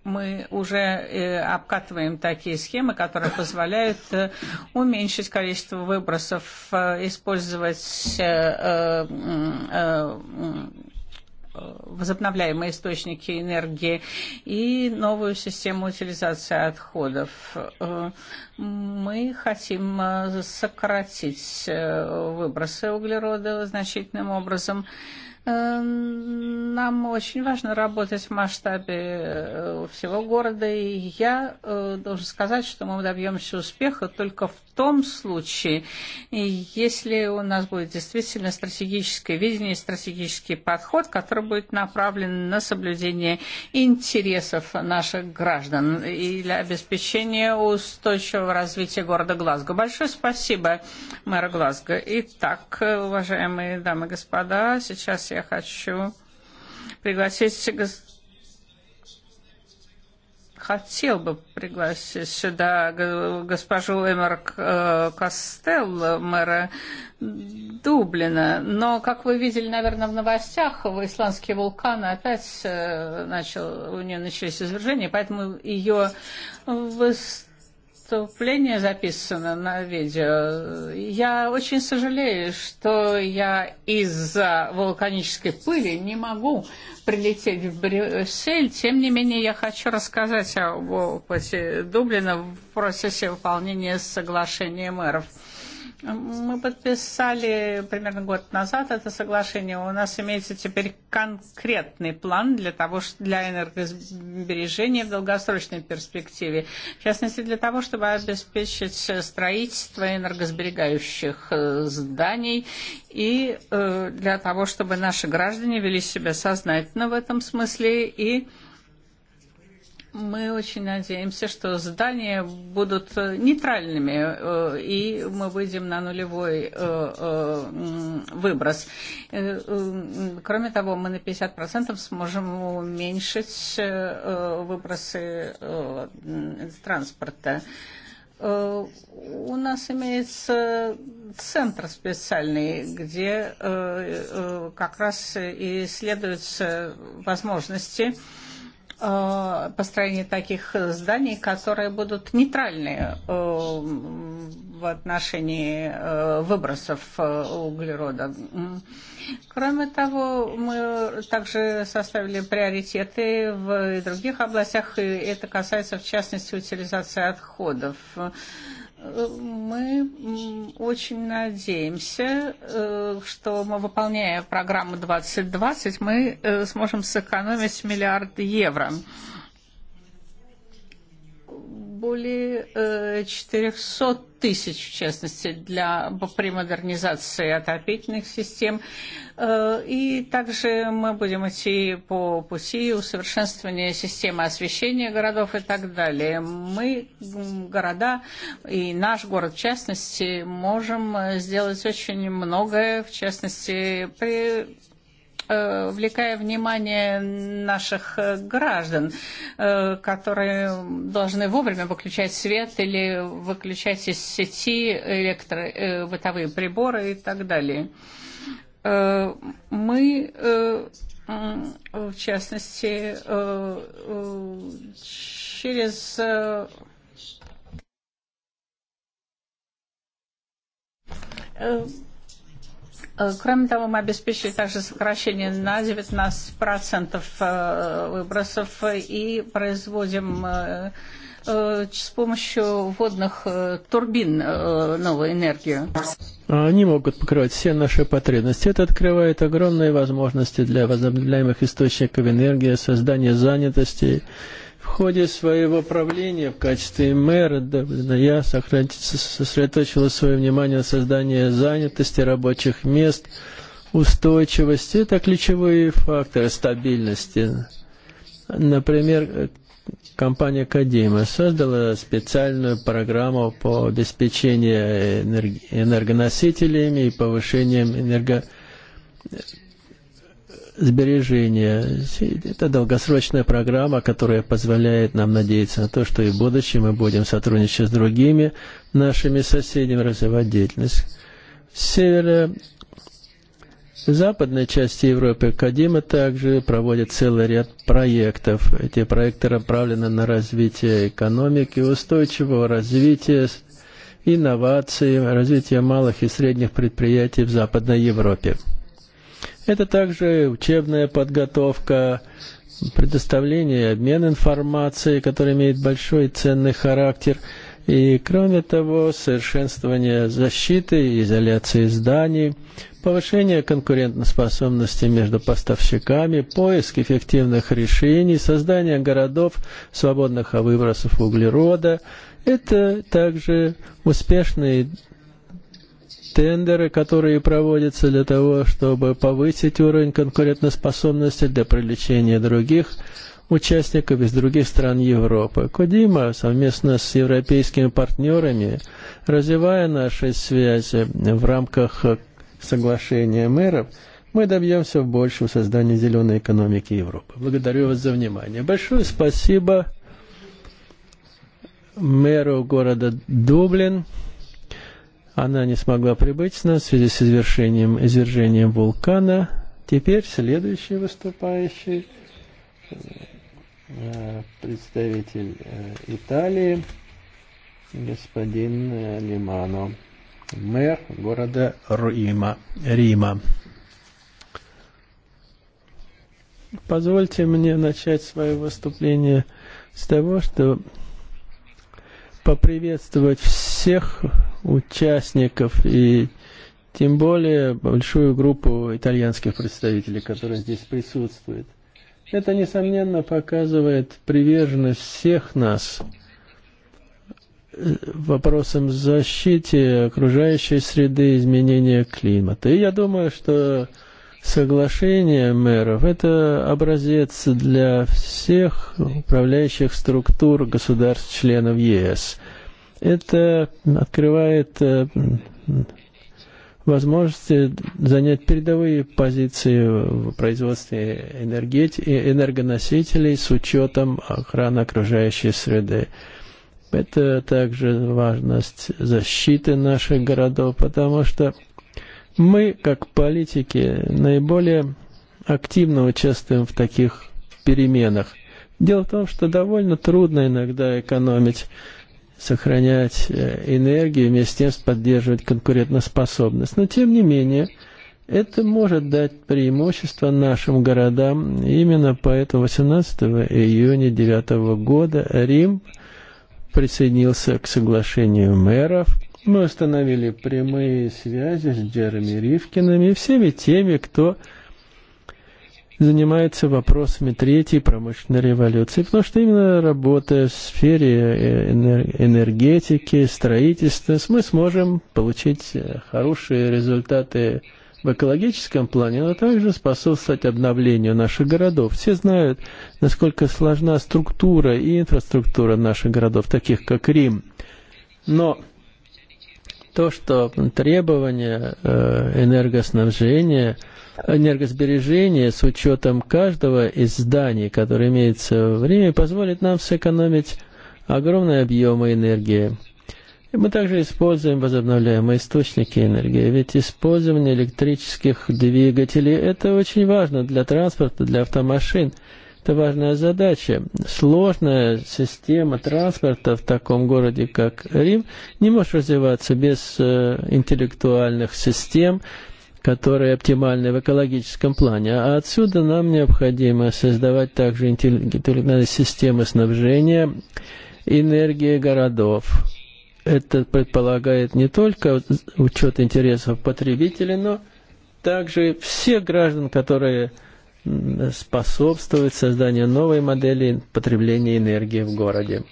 мы уже э, обкатываем такие схемы, которые позволяют э, уменьшить количество выбросов, использовать возобновляемые источники энергии и новую систему утилизации отходов. Э, мы хотим э, сократить э, выбросы углерода значительным образом. Образом Нам очень важно работать в масштабе э, всего города, и я э, должен сказать, что мы добьемся успеха только в том случае, если у нас будет действительно стратегическое видение, стратегический подход, который будет направлен на соблюдение интересов наших граждан и для обеспечения устойчивого развития города Глазго. Большое спасибо, мэр Глазго. Итак, уважаемые дамы и господа, сейчас я я хочу пригласить хотел бы пригласить сюда госпожу Эмер э, Костелло, мэра Дублина. Но, как вы видели, наверное, в новостях, исландский вулкан опять э, начал, у нее начались извержения, поэтому ее выставка выступление записано на видео. Я очень сожалею, что я из-за вулканической пыли не могу прилететь в Брюссель. Тем не менее, я хочу рассказать об опыте Дублина в процессе выполнения соглашения мэров. Мы подписали примерно год назад это соглашение. У нас имеется теперь конкретный план для того, для энергосбережения в долгосрочной перспективе. В частности, для того, чтобы обеспечить строительство энергосберегающих э, зданий и э, для того, чтобы наши граждане вели себя сознательно в этом смысле и Мы очень надеемся, что здания будут э, нейтральными, э, и мы выйдем на нулевой э, выброс. Кроме того, мы на 50% сможем уменьшить выбросы транспорта. У нас имеется центр специальный, где как раз и исследуются возможности возможности Э, построение таких зданий, которые будут нейтральны э, в отношении э, выбросов углерода. Кроме того, мы также составили приоритеты в других областях, и это касается в частности утилизации отходов. Мы очень надеемся, э, что мы, выполняя программу 2020, мы э, сможем сэкономить миллиард евро более э, 400 тысяч, в частности, для, при модернизации отопительных систем. Э, и также мы будем идти по пути усовершенствования системы освещения городов и так далее. Мы, города, и наш город в частности, можем э, сделать очень многое, в частности, при Э, влекая внимание наших э, граждан, э, которые должны вовремя выключать свет или выключать из сети электро бытовые приборы и так далее. Мы в частности, через Кроме того, мы обеспечили также сокращение на 19% выбросов и производим с помощью водных турбин новую энергию. Они могут покрывать все наши потребности. Это открывает огромные возможности для возобновляемых источников энергии, создания занятости, В ходе своего правления в качестве мэра я сосредоточила свое внимание на создании занятости, рабочих мест, устойчивости. Это ключевые факторы стабильности. Например, э, компания Кадима создала специальную программу по обеспечению энерг... энергоносителями и повышением энерго сбережения. Это долгосрочная программа, которая позволяет нам надеяться на то, что и в будущем мы будем сотрудничать с другими нашими соседями, развивать деятельность. Северо в западной части Европы Кадима также проводит целый ряд проектов. Эти проекты направлены на развитие экономики, устойчивого развития, инноваций, развитие малых и средних предприятий в Западной Европе. Это также учебная подготовка, предоставление, обмен информацией, который имеет большой ценный характер. И, кроме того, совершенствование защиты, изоляции зданий, повышение конкурентоспособности между поставщиками, поиск эффективных решений, создание городов, свободных от выбросов углерода. Это также успешный тендеры, которые проводятся для того, чтобы повысить уровень конкурентоспособности для привлечения других участников из других стран Европы. Кодима совместно с европейскими партнерами, развивая наши связи в рамках соглашения мэров, мы добьемся большего создания зеленой экономики Европы. Благодарю вас за внимание. Большое спасибо мэру города Дублин. Она не смогла прибыть с нас в связи с извержением, извержением вулкана. Теперь следующий выступающий э, представитель э, Италии, господин э, Лимано, мэр города Руима, Рима. Позвольте мне начать свое выступление с того, что поприветствовать всех участников и тем более большую группу итальянских представителей, которые здесь присутствуют. Это, несомненно, показывает приверженность всех нас вопросам защиты окружающей среды, изменения климата. И я думаю, что соглашение мэров – это образец для всех управляющих структур государств-членов ЕС – это uh, открывает э, возможности занять передовые позиции в производстве энергоносителей с учетом охраны окружающей среды. Это также важность защиты наших городов, потому что мы, как политики, наиболее активно участвуем в таких переменах. Дело в том, что довольно трудно иногда экономить сохранять э, энергию, вместе с тем поддерживать конкурентоспособность. Но тем не менее, это может дать преимущество нашим городам. Именно поэтому 18 июня 2009 года Рим присоединился к соглашению мэров. Мы установили прямые связи с Джереми Ривкиным и всеми теми, кто занимается вопросами третьей промышленной революции, потому что именно работая в сфере э, энергетики, строительства, мы сможем получить э, хорошие результаты в экологическом плане, но также способствовать обновлению наших городов. Все знают, насколько сложна структура и инфраструктура наших городов, таких как Рим. Но то, что требования э, энергоснабжения, энергосбережения с учетом каждого из зданий, которое имеется в Риме, позволит нам сэкономить огромные объемы энергии. И мы также используем возобновляемые источники энергии, ведь использование электрических двигателей – это очень важно для транспорта, для автомашин – Это важная задача. Сложная система транспорта в таком городе, как Рим, не может развиваться без э, интеллектуальных систем, которые оптимальны в экологическом плане. А отсюда нам необходимо создавать также интеллектуальные системы снабжения, энергии городов. Это предполагает не только учет интересов потребителей, но также всех граждан, которые способствует созданию новой модели потребления энергии в городе.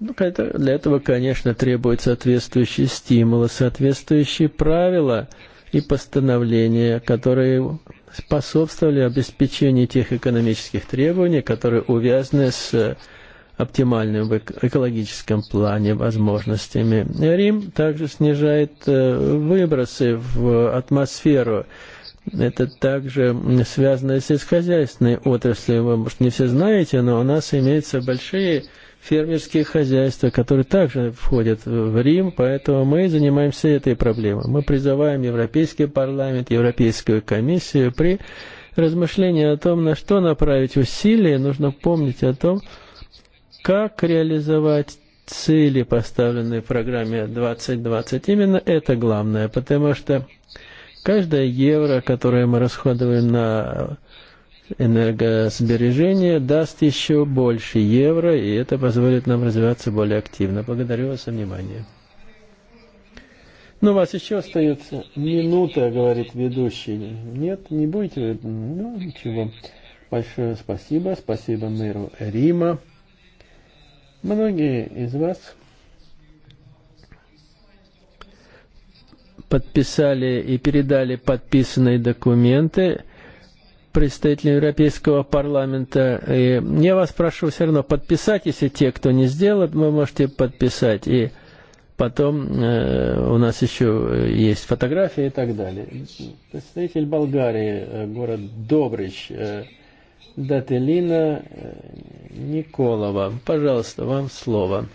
Ну, для этого, конечно, требуют соответствующие стимулы, соответствующие правила и постановления, которые способствовали обеспечению тех экономических требований, которые увязаны с э, оптимальным в экологическом плане возможностями. Рим также снижает э, выбросы в атмосферу. Это также связано с сельскохозяйственной отраслью. Вы, может, не все знаете, но у нас имеются большие фермерские хозяйства, которые также входят в Рим, поэтому мы занимаемся этой проблемой. Мы призываем Европейский парламент, Европейскую комиссию при размышлении о том, на что направить усилия, нужно помнить о том, как реализовать цели, поставленные в программе 2020. Именно это главное, потому что Каждое евро, которое мы расходуем на энергосбережение, даст еще больше евро, и это позволит нам развиваться более активно. Благодарю вас за внимание. Ну, у вас еще остается минута, говорит ведущий. Нет, не будете? Ну, ничего. Большое спасибо. Спасибо мэру Рима. Многие из вас подписали и передали подписанные документы представителям Европейского парламента. И я вас прошу все равно подписать, если те, кто не сделает, вы можете подписать. И потом э, у нас еще есть фотографии и так далее. Представитель Болгарии, э, город Добрич, э, Дателина э, Николова. Пожалуйста, вам слово.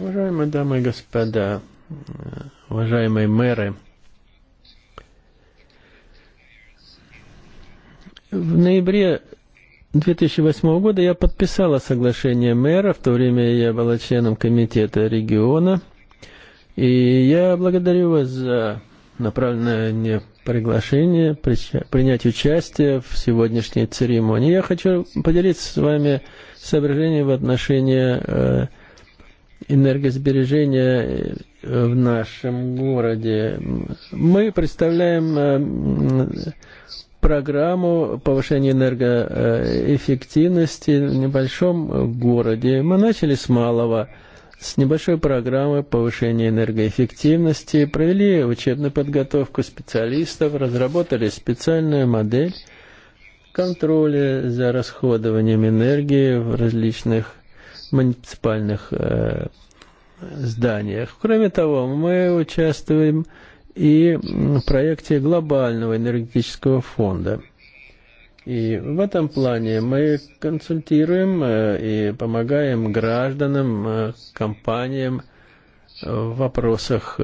Уважаемые дамы и господа, уважаемые мэры, в ноябре 2008 года я подписала соглашение мэра, в то время я была членом комитета региона, и я благодарю вас за направленное мне приглашение принять участие в сегодняшней церемонии. Я хочу поделиться с вами соображением в отношении э, энергосбережения в нашем городе. Мы представляем э, программу повышения энергоэффективности в небольшом городе. Мы начали с малого, с небольшой программы повышения энергоэффективности, провели учебную подготовку специалистов, разработали специальную модель контроля за расходованием энергии в различных муниципальных э, зданиях. Кроме того, мы участвуем и в проекте глобального энергетического фонда. И в этом плане мы консультируем э, и помогаем гражданам, э, компаниям в вопросах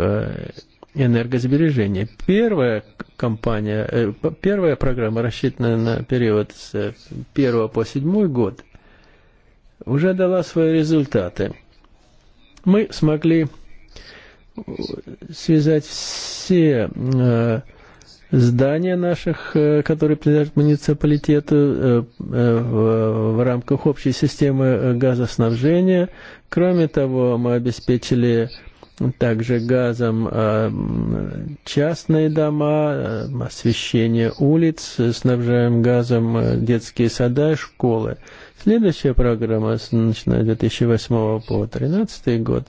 энергосбережения. Первая компания, первая программа рассчитана на период с 1 по 7 год – уже дала свои результаты. Мы смогли связать все э, здания наших, э, которые принадлежат муниципалитету э, э в, в рамках общей системы э, газоснабжения. Кроме того, мы обеспечили также газом э, частные дома, освещение улиц, снабжаем газом детские сада и школы. Э, Следующая программа, начиная с 2008 по 2013 год,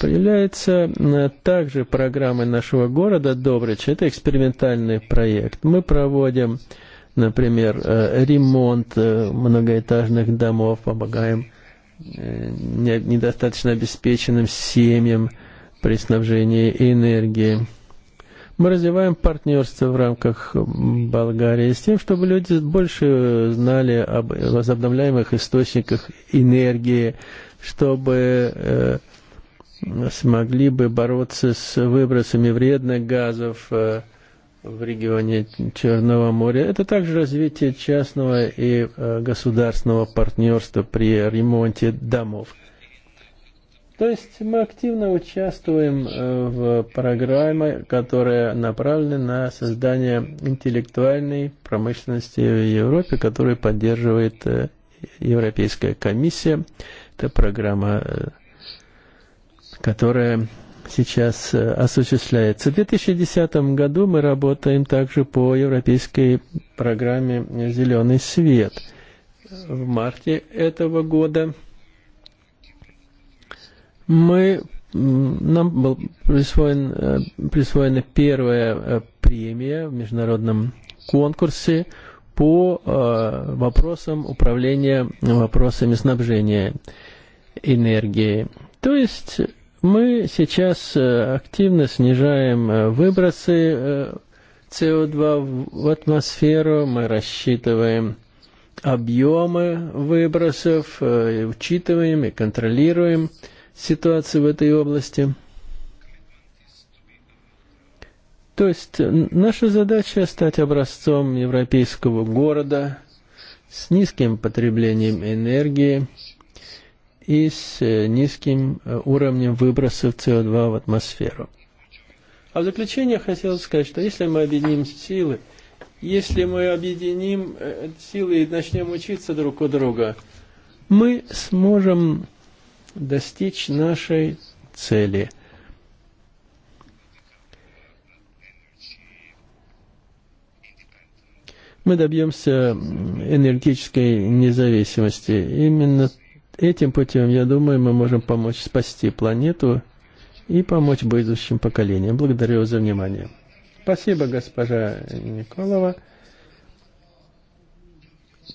Появляется э, также программы нашего города Добрич. Это экспериментальный проект. Мы проводим, например, э, ремонт э, многоэтажных домов, помогаем недостаточно обеспеченным семьям при снабжении энергии. Мы развиваем партнерство в рамках Болгарии с тем, чтобы люди больше знали об возобновляемых источниках энергии, чтобы э, смогли бы бороться с выбросами вредных газов э, в регионе Черного моря. Это также развитие частного и э, государственного партнерства при ремонте домов. То есть мы активно участвуем э, в программе, которая направлена на создание интеллектуальной промышленности в Европе, которую поддерживает э, Европейская комиссия. Это программа, э, которая сейчас осуществляется. В 2010 году мы работаем также по европейской программе «Зеленый свет». В марте этого года – Мы нам был присвоен, э, присвоена первая э, премия в международном конкурсе по э, вопросам управления вопросами снабжения энергией. То есть мы сейчас активно снижаем выбросы СО2 в атмосферу, мы рассчитываем объемы выбросов, учитываем и контролируем. Э, ситуацию в этой области. То есть наша задача стать образцом европейского города с низким потреблением энергии и с э, низким э, уровнем выбросов СО2 в атмосферу. А в заключение хотел сказать, что если мы объединим силы, если мы объединим э, силы и начнем учиться друг у друга, мы сможем достичь нашей цели. Мы добьемся энергетической независимости. Именно этим путем, я думаю, мы можем помочь спасти планету и помочь будущим поколениям. Благодарю вас за внимание. Спасибо, госпожа Николова.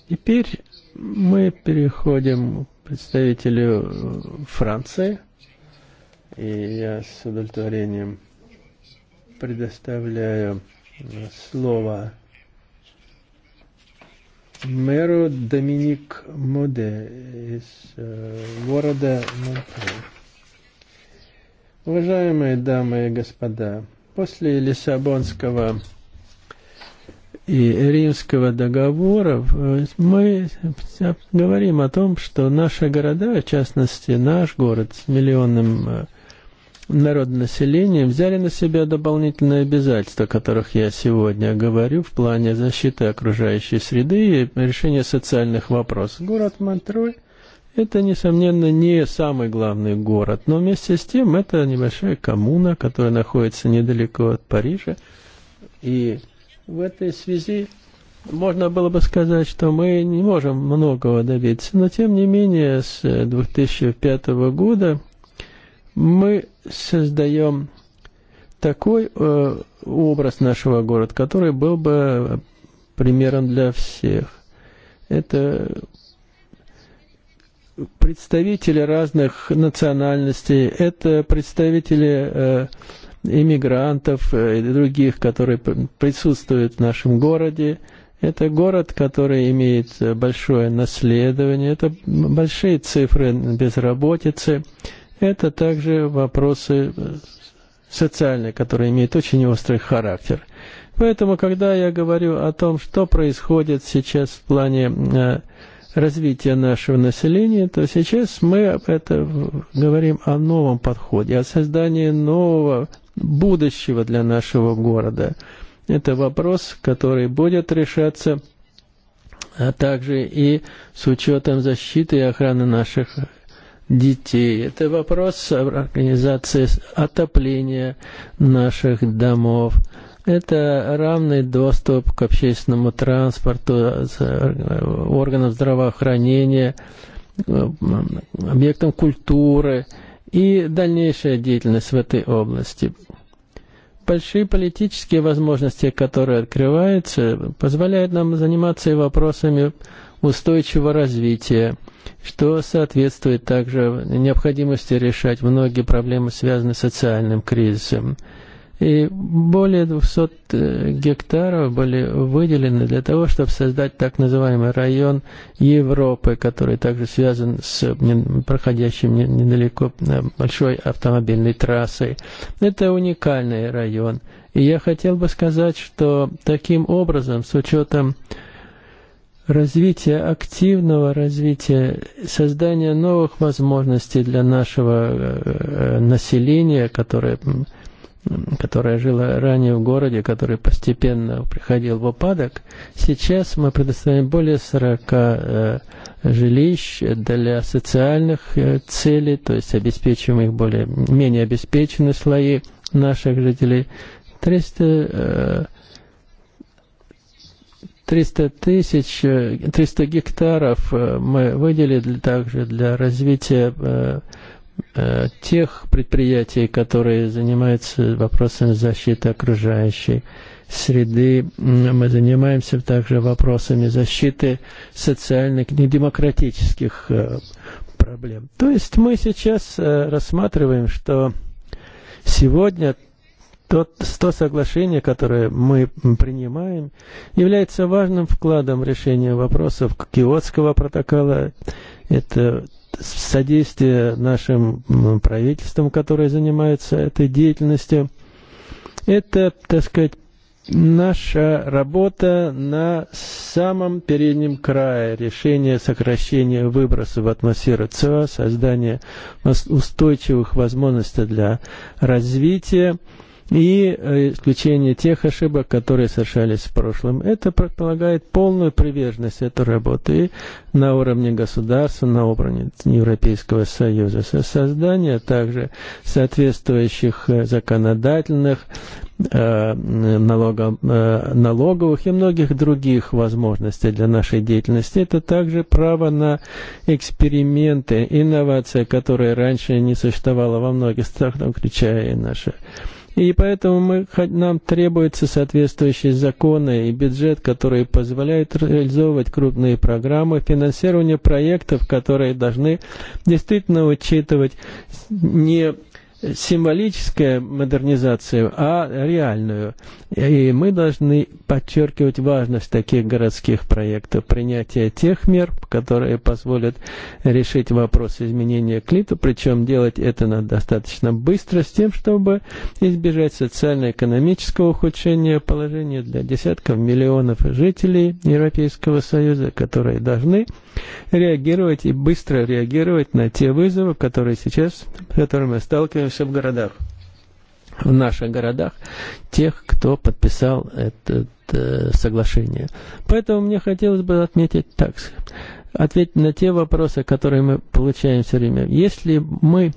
Теперь мы переходим представителю э, Франции и я с удовлетворением предоставляю э, слово мэру Доминик Моде из э, города Монтрeux. Уважаемые дамы и господа, после Лиссабонского и Римского договора, мы говорим о том, что наши города, в частности наш город с миллионным э, народонаселением, взяли на себя дополнительные обязательства, о которых я сегодня говорю, в плане защиты окружающей среды и решения социальных вопросов. Город Монтрой – это, несомненно, не самый главный город, но вместе с тем это небольшая коммуна, которая находится недалеко от Парижа, и в этой связи можно было бы сказать, что мы не можем многого добиться, но тем не менее с 2005 э, года мы создаем такой э, образ нашего города, который был бы примером для всех. Это представители разных национальностей, это представители э, иммигрантов э, и других, которые присутствуют в нашем городе. Это город, который имеет э, большое наследование, это большие цифры безработицы, это также вопросы э, социальные, которые имеют очень острый характер. Поэтому, когда я говорю о том, что происходит сейчас в плане развития нашего населения, то сейчас мы это говорим о новом подходе, о создании нового будущего для нашего города. Это вопрос, который будет решаться, а также и с учетом защиты и охраны наших детей. Это вопрос организации отопления наших домов. Это равный доступ к общественному транспорту, э, органам здравоохранения, э, объектам культуры – и дальнейшая деятельность в этой области. Большие политические возможности, которые открываются, позволяют нам заниматься и вопросами устойчивого развития, что соответствует также необходимости решать многие проблемы, связанные с социальным кризисом. И более 200 э, гектаров были выделены для того, чтобы создать так называемый район Европы, который также связан с проходящим недалеко э, большой автомобильной трассой. Это уникальный район. И я хотел бы сказать, что таким образом, с учетом развития, активного развития, создания новых возможностей для нашего э, населения, которое которая жила ранее в городе, который постепенно приходил в упадок, сейчас мы предоставляем более 40 э, жилищ для социальных э, целей, то есть обеспечиваем их более менее обеспеченные слои наших жителей. 300, э, 300 тысяч, 300 э, гектаров э, мы выделили также для развития э, Э, тех предприятий, которые занимаются вопросами защиты окружающей среды. Мы занимаемся также вопросами защиты социальных, недемократических э, проблем. То есть мы сейчас э, рассматриваем, что сегодня тот, то соглашение, которое мы принимаем, является важным вкладом в решение вопросов Киотского протокола. Это содействие нашим правительствам, которые занимаются этой деятельностью. Это, так сказать, наша работа на самом переднем крае решения сокращения выбросов в атмосферу СО, создание устойчивых возможностей для развития И э, исключение тех ошибок, которые совершались в прошлом. Это предполагает полную приверженность этой работы на уровне государства, на уровне Европейского Союза. Создание также соответствующих э, законодательных, э, налогом, налоговых и многих других возможностей для нашей деятельности. Это также право на эксперименты, инновации, которые раньше не существовало во многих странах, включая и наши И поэтому мы, нам требуются соответствующие законы и бюджет, которые позволяют реализовывать крупные программы, финансирование проектов, которые должны действительно учитывать не символическая модернизация, а реальную. И мы должны подчеркивать важность таких городских проектов, принятие тех мер, которые позволят решить вопрос изменения клита, причем делать это надо достаточно быстро, с тем, чтобы избежать социально-экономического ухудшения положения для десятков миллионов жителей Европейского Союза, которые должны реагировать и быстро реагировать на те вызовы, которые сейчас, с которыми мы сталкиваемся находимся в городах, в наших городах, тех, кто подписал это э, соглашение. Поэтому мне хотелось бы отметить так, ответить на те вопросы, которые мы получаем все время. Если мы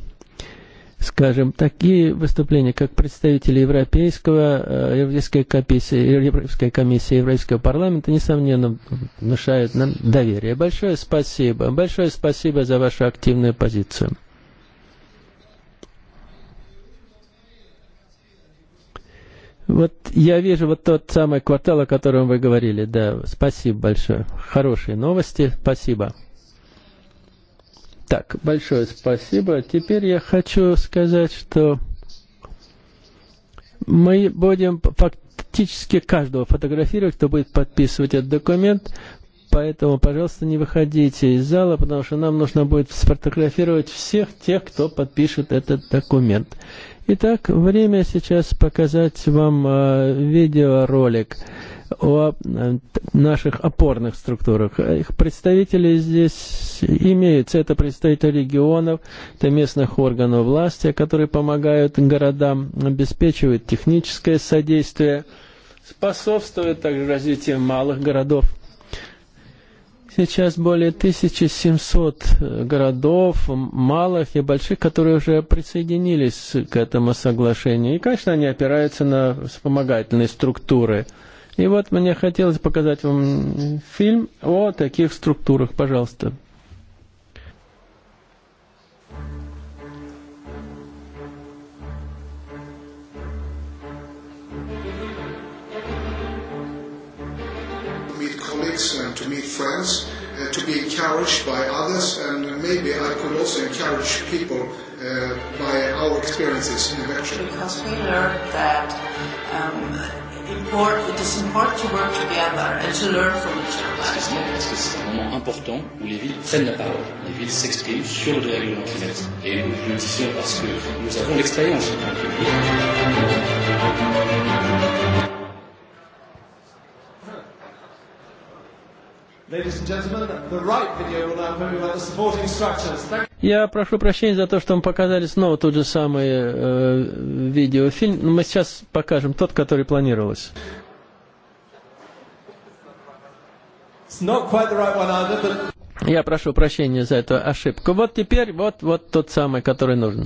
скажем, такие выступления, как представители Европейского, э, Европейской комиссии, Европейской комиссии, Европейского парламента, несомненно, внушают нам доверие. Большое спасибо. Большое спасибо за вашу активную позицию. Вот я вижу вот тот самый квартал, о котором вы говорили. Да, спасибо большое. Хорошие новости, спасибо. Так, большое спасибо. Теперь я хочу сказать, что мы будем фактически каждого фотографировать, кто будет подписывать этот документ. Поэтому, пожалуйста, не выходите из зала, потому что нам нужно будет сфотографировать всех тех, кто подпишет этот документ. Итак, время сейчас показать вам э, видеоролик о э, наших опорных структурах. Их представители здесь имеются. Это представители регионов, это местных органов власти, которые помогают городам, обеспечивают техническое содействие, способствуют также развитию малых городов Сейчас более 1700 э, городов, малых и больших, которые уже присоединились к этому соглашению. И, конечно, они опираются на вспомогательные структуры. И вот мне хотелось показать вам фильм о таких структурах. Пожалуйста. colleagues and to meet friends, uh, to be encouraged by others, and maybe I could also encourage people uh, by our experiences in adventure. Because we learned that um, import, it is important to work together and to learn from each other. Précisément parce que c'est un moment important où les villes prennent la parole, les villes s'expriment sur le dérèglement climatique. Et nous le disons parce que nous avons l'expérience en tant que villes. Я прошу прощения за то, что мы показали снова тот же самый э, видеофильм. Мы сейчас покажем тот, который планировалось. Я прошу прощения за эту ошибку. Вот теперь вот, вот тот самый, который нужен.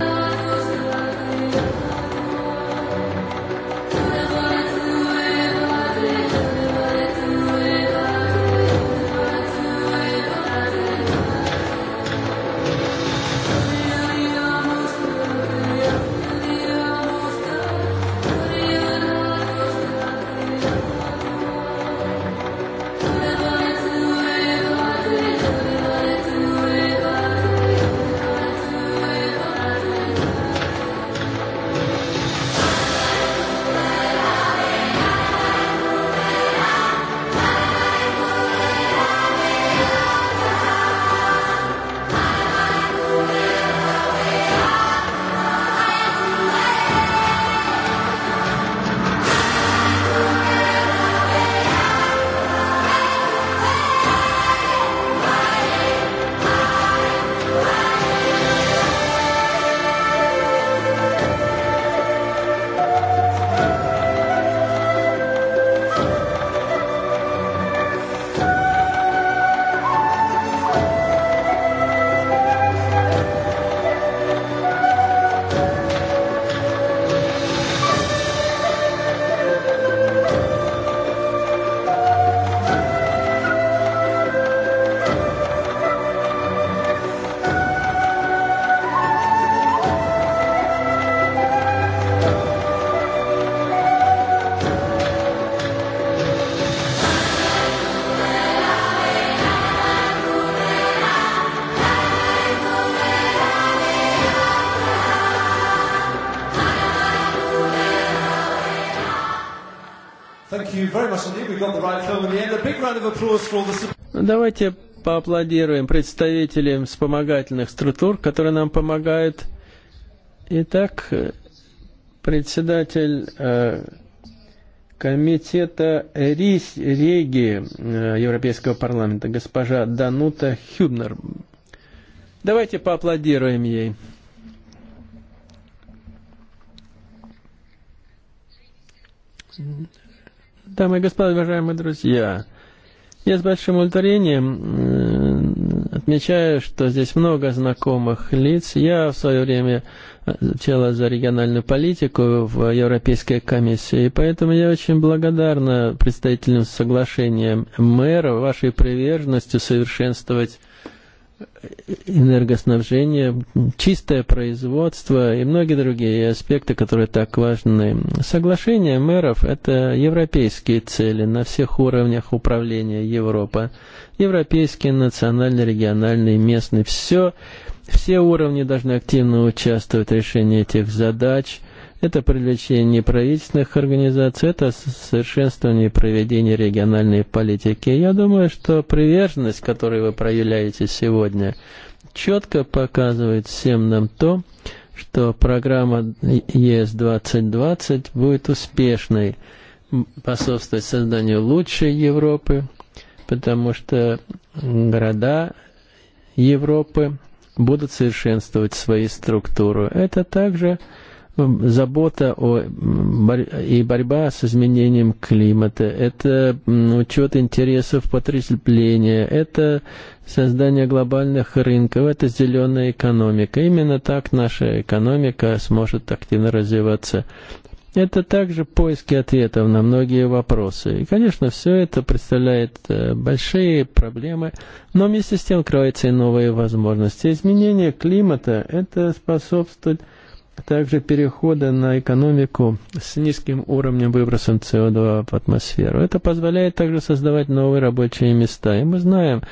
Давайте поаплодируем представителям вспомогательных структур, которые нам помогают. Итак, председатель э, комитета РИС, Реги э, Европейского парламента, госпожа Данута Хюбнер. Давайте поаплодируем ей. Дамы и господа, уважаемые друзья, Я с большим удовлетворением э, отмечаю, что здесь много знакомых лиц. Я в свое время отвечала э, за региональную политику в Европейской комиссии, и поэтому я очень благодарна представителям соглашения мэра вашей приверженности совершенствовать энергоснабжения, чистое производство и многие другие аспекты, которые так важны. Соглашение мэров – это европейские цели на всех уровнях управления Европа. Европейские, национальные, региональные, местные. Все, все уровни должны активно участвовать в решении этих задач – Это привлечение правительственных организаций, это совершенствование и проведение региональной политики. Я думаю, что приверженность, которую вы проявляете сегодня, четко показывает всем нам то, что программа ЕС-2020 будет успешной, способствовать созданию лучшей Европы, потому что города Европы будут совершенствовать свои структуры. Это также забота о, и борьба с изменением климата, это учет интересов потребления, это создание глобальных рынков, это зеленая экономика. Именно так наша экономика сможет активно развиваться. Это также поиски ответов на многие вопросы. И, конечно, все это представляет э, большие проблемы, но вместе с тем кроются и новые возможности. Изменение климата – это способствует также перехода на экономику с низким уровнем выбросом СО2 в атмосферу. Это позволяет также создавать новые рабочие места. И мы знаем,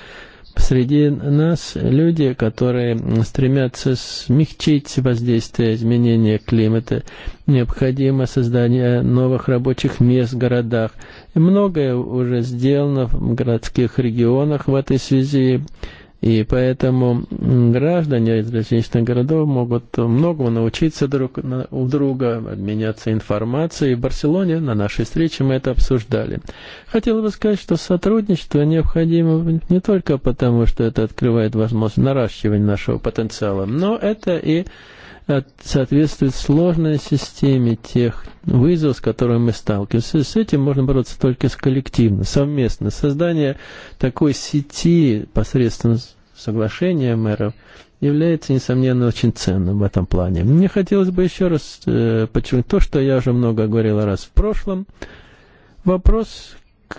среди нас люди, которые стремятся смягчить воздействие изменения климата, необходимо создание новых рабочих мест в городах. И многое уже сделано в городских регионах в этой связи. И поэтому граждане из различных городов могут многому научиться друг у друга, обменяться информацией. В Барселоне на нашей встрече мы это обсуждали. Хотел бы сказать, что сотрудничество необходимо не только потому, что это открывает возможность наращивания нашего потенциала, но это и соответствует сложной системе тех вызовов, с которыми мы сталкиваемся. С этим можно бороться только с коллективно, совместно. Создание такой сети посредством соглашения мэров является, несомненно, очень ценным в этом плане. Мне хотелось бы еще раз э, подчеркнуть то, что я уже много говорил раз в прошлом. Вопрос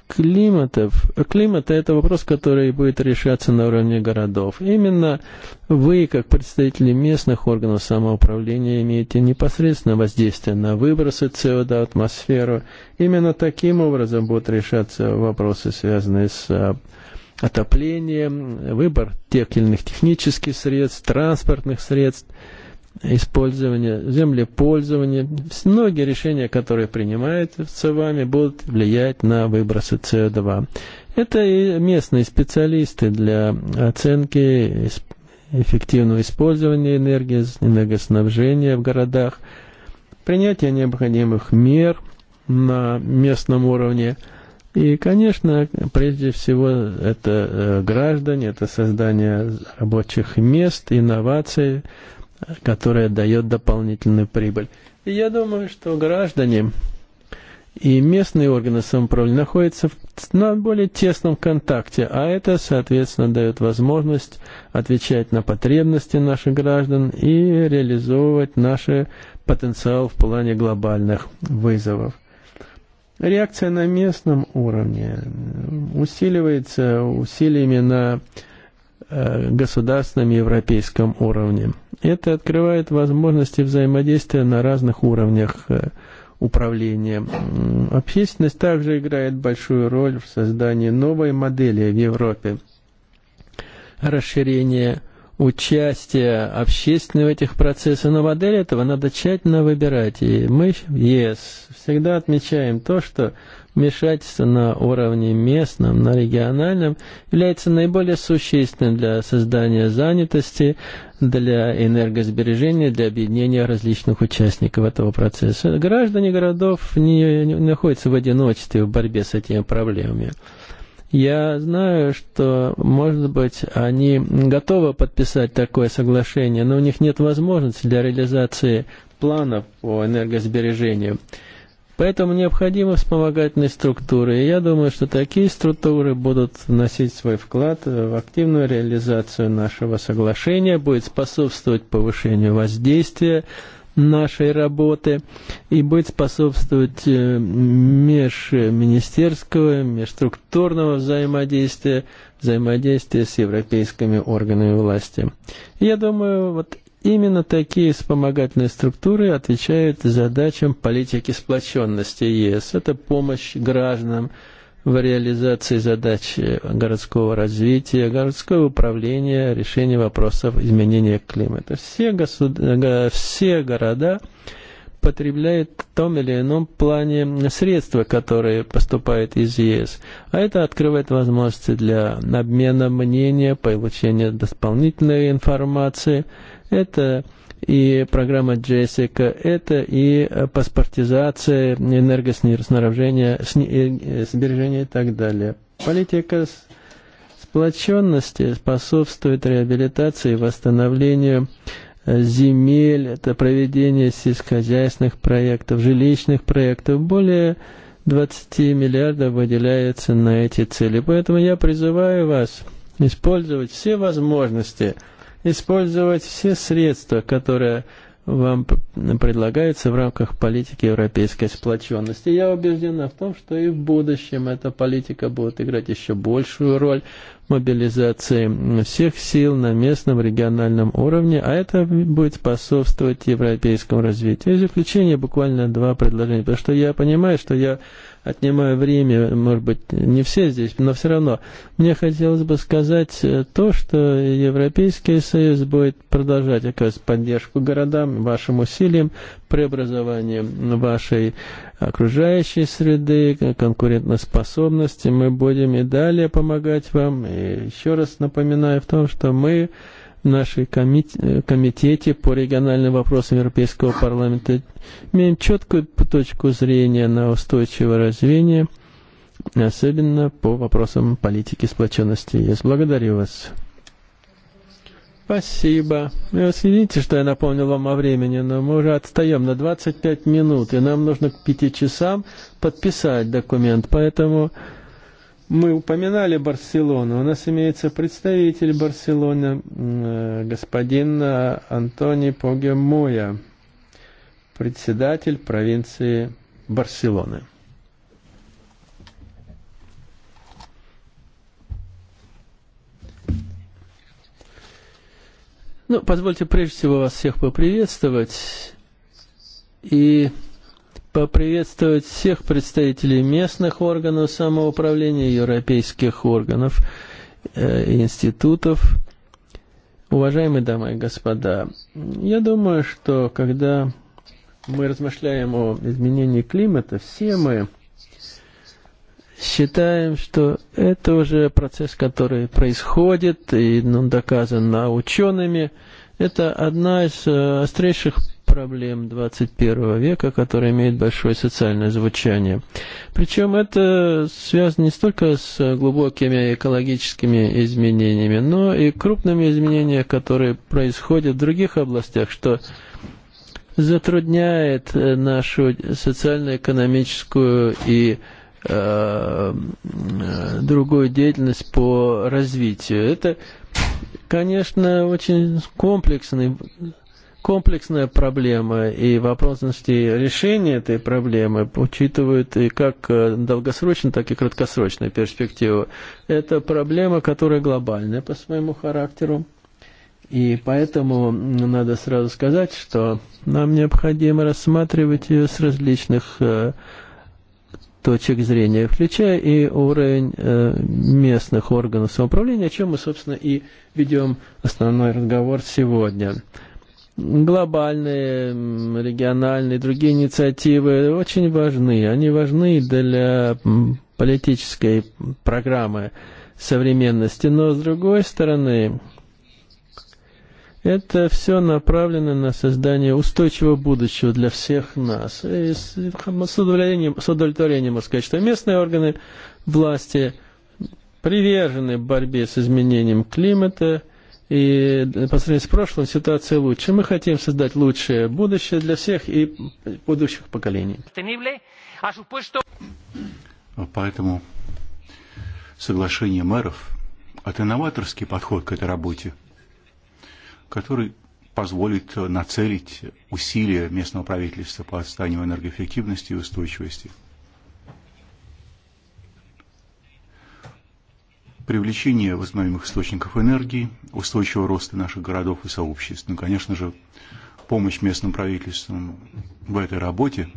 климатов, климата – это вопрос, который будет решаться на уровне городов. Именно вы, как представители местных органов самоуправления, имеете непосредственное воздействие на выбросы СО2 в атмосферу. Именно таким образом будут решаться вопросы, связанные с отоплением, выбор тех или иных технических средств, транспортных средств – использования, землепользования, многие решения, которые принимаются вами, будут влиять на выбросы СО2. Это и местные специалисты для оценки эффективного использования энергии, энергоснабжения в городах, принятия необходимых мер на местном уровне. И, конечно, прежде всего, это э, граждане, это создание рабочих мест, инноваций, которая дает дополнительную прибыль. И я думаю, что граждане и местные органы самоуправления находятся в, на более тесном контакте, а это, соответственно, дает возможность отвечать на потребности наших граждан и реализовывать наш потенциал в плане глобальных вызовов. Реакция на местном уровне усиливается усилиями на э, Э, государственном и европейском уровне. Это открывает возможности взаимодействия на разных уровнях э, управления. Общественность также играет большую роль в создании новой модели в Европе. Расширение участия общественного в этих процессах, но модель этого надо тщательно выбирать. И мы в ЕС всегда отмечаем то, что вмешательства на уровне местном, на региональном является наиболее существенным для создания занятости, для энергосбережения, для объединения различных участников этого процесса. Граждане городов не, не находятся в одиночестве в борьбе с этими проблемами. Я знаю, что, может быть, они готовы подписать такое соглашение, но у них нет возможности для реализации планов по энергосбережению. Поэтому необходимо вспомогательные структуры. И я думаю, что такие структуры будут вносить свой вклад в активную реализацию нашего соглашения, будет способствовать повышению воздействия нашей работы и будет способствовать э, межминистерского, межструктурного взаимодействия, взаимодействия с европейскими органами власти. Я думаю, вот Именно такие вспомогательные структуры отвечают задачам политики сплоченности ЕС. Это помощь гражданам в реализации задач городского развития, городского управления, решения вопросов изменения климата. Все, госуд... все города потребляет в том или ином плане средства, которые поступают из ЕС. А это открывает возможности для обмена мнения, получения дополнительной информации – Это и программа Джессика, это и паспортизация, энергоснабжение, э, э, сбережение и так далее. Политика сплоченности способствует реабилитации и восстановлению э, земель, это проведение сельскохозяйственных проектов, жилищных проектов. Более 20 миллиардов выделяется на эти цели. Поэтому я призываю вас использовать все возможности – использовать все средства, которые вам предлагается в рамках политики европейской сплоченности. Я убеждена в том, что и в будущем эта политика будет играть еще большую роль мобилизации всех сил на местном, региональном уровне, а это будет способствовать европейскому развитию. И в заключение буквально два предложения, потому что я понимаю, что я отнимаю время, может быть, не все здесь, но все равно. Мне хотелось бы сказать э, то, что Европейский Союз будет продолжать оказывать поддержку городам, вашим усилиям, преобразованием вашей окружающей среды, конкурентоспособности. Мы будем и далее помогать вам. И еще раз напоминаю в том, что мы нашей комит... комитете по региональным вопросам Европейского парламента имеем четкую точку зрения на устойчивое развитие, особенно по вопросам политики сплоченности ЕС. Благодарю вас. Спасибо. Вы извините, что я напомнил вам о времени, но мы уже отстаем на 25 минут, и нам нужно к 5 часам подписать документ, поэтому... Мы упоминали Барселону. У нас имеется представитель Барселоны, э, господин э, Антони Погио Моя, председатель провинции Барселоны. Ну, позвольте прежде всего вас всех поприветствовать и поприветствовать всех представителей местных органов самоуправления, европейских органов э, и институтов. Уважаемые дамы и господа, я думаю, что когда мы размышляем о изменении климата, все мы считаем, что это уже процесс, который происходит и ну, доказан учеными. Это одна из э, острейших проблем 21 века, которые имеют большое социальное звучание. Причем это связано не столько с глубокими экологическими изменениями, но и крупными изменениями, которые происходят в других областях, что затрудняет э, нашу социально-экономическую и э, э, другую деятельность по развитию. Это, конечно, очень комплексный комплексная проблема, и возможности решения этой проблемы учитывают и как э, долгосрочную, так и краткосрочную перспективу. Это проблема, которая глобальная по своему характеру. И поэтому надо сразу сказать, что нам необходимо рассматривать ее с различных э, точек зрения, включая и уровень э, местных органов самоуправления, о чем мы, собственно, и ведем основной разговор сегодня глобальные, региональные, другие инициативы очень важны. Они важны для политической программы современности. Но с другой стороны, это все направлено на создание устойчивого будущего для всех нас. И с удовлетворением, с удовлетворением можно сказать, что местные органы власти привержены борьбе с изменением климата – И по сравнению с прошлым ситуация лучше. Мы хотим создать лучшее будущее для всех и будущих поколений. Поэтому соглашение мэров – это новаторский подход к этой работе, который позволит нацелить усилия местного правительства по отстанию энергоэффективности и устойчивости. привлечение возобновляемых источников энергии, устойчивого роста наших городов и сообществ. Ну, конечно же, помощь местным правительствам в этой работе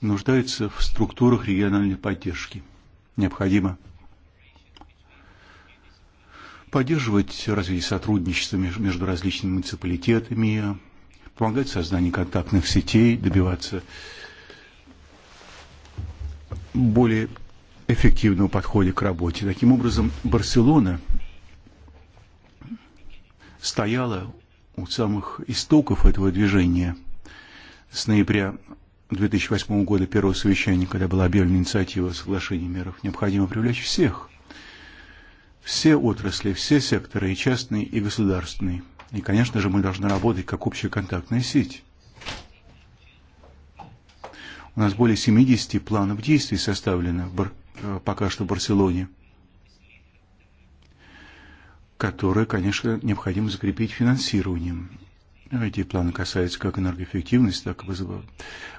нуждается в структурах региональной поддержки. Необходимо поддерживать развитие сотрудничества между различными муниципалитетами, помогать в создании контактных сетей, добиваться более эффективного подходе к работе. Таким образом, Барселона стояла у самых истоков этого движения с ноября 2008 года первого совещания, когда была объявлена инициатива соглашения меров. Необходимо привлечь всех, все отрасли, все секторы, и частные, и государственные. И, конечно же, мы должны работать как общая контактная сеть. У нас более 70 планов действий составлено в Бар Э, пока что в Барселоне, которое, конечно, необходимо закрепить финансированием. Эти планы касаются как энергоэффективности, так и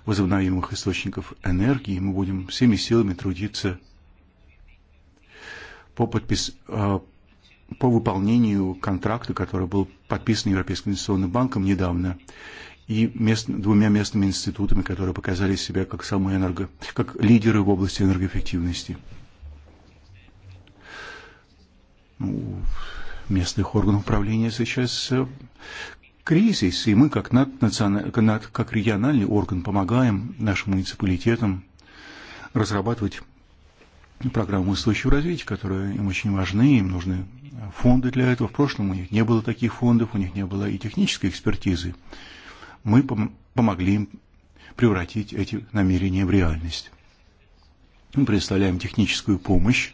возобновимых источников энергии. Мы будем всеми силами трудиться по, подпис... Э, по выполнению контракта, который был подписан Европейским инвестиционным банком недавно и мест, двумя местными институтами, которые показали себя как, самые энерго, как лидеры в области энергоэффективности. Ну, местных органов управления сейчас э, кризис, и мы как, национ... как региональный орган помогаем нашим муниципалитетам разрабатывать программы устойчивого развития, которые им очень важны, им нужны фонды для этого. В прошлом у них не было таких фондов, у них не было и технической экспертизы. Uh, мы помогли им превратить эти намерения в реальность. Мы представляем техническую помощь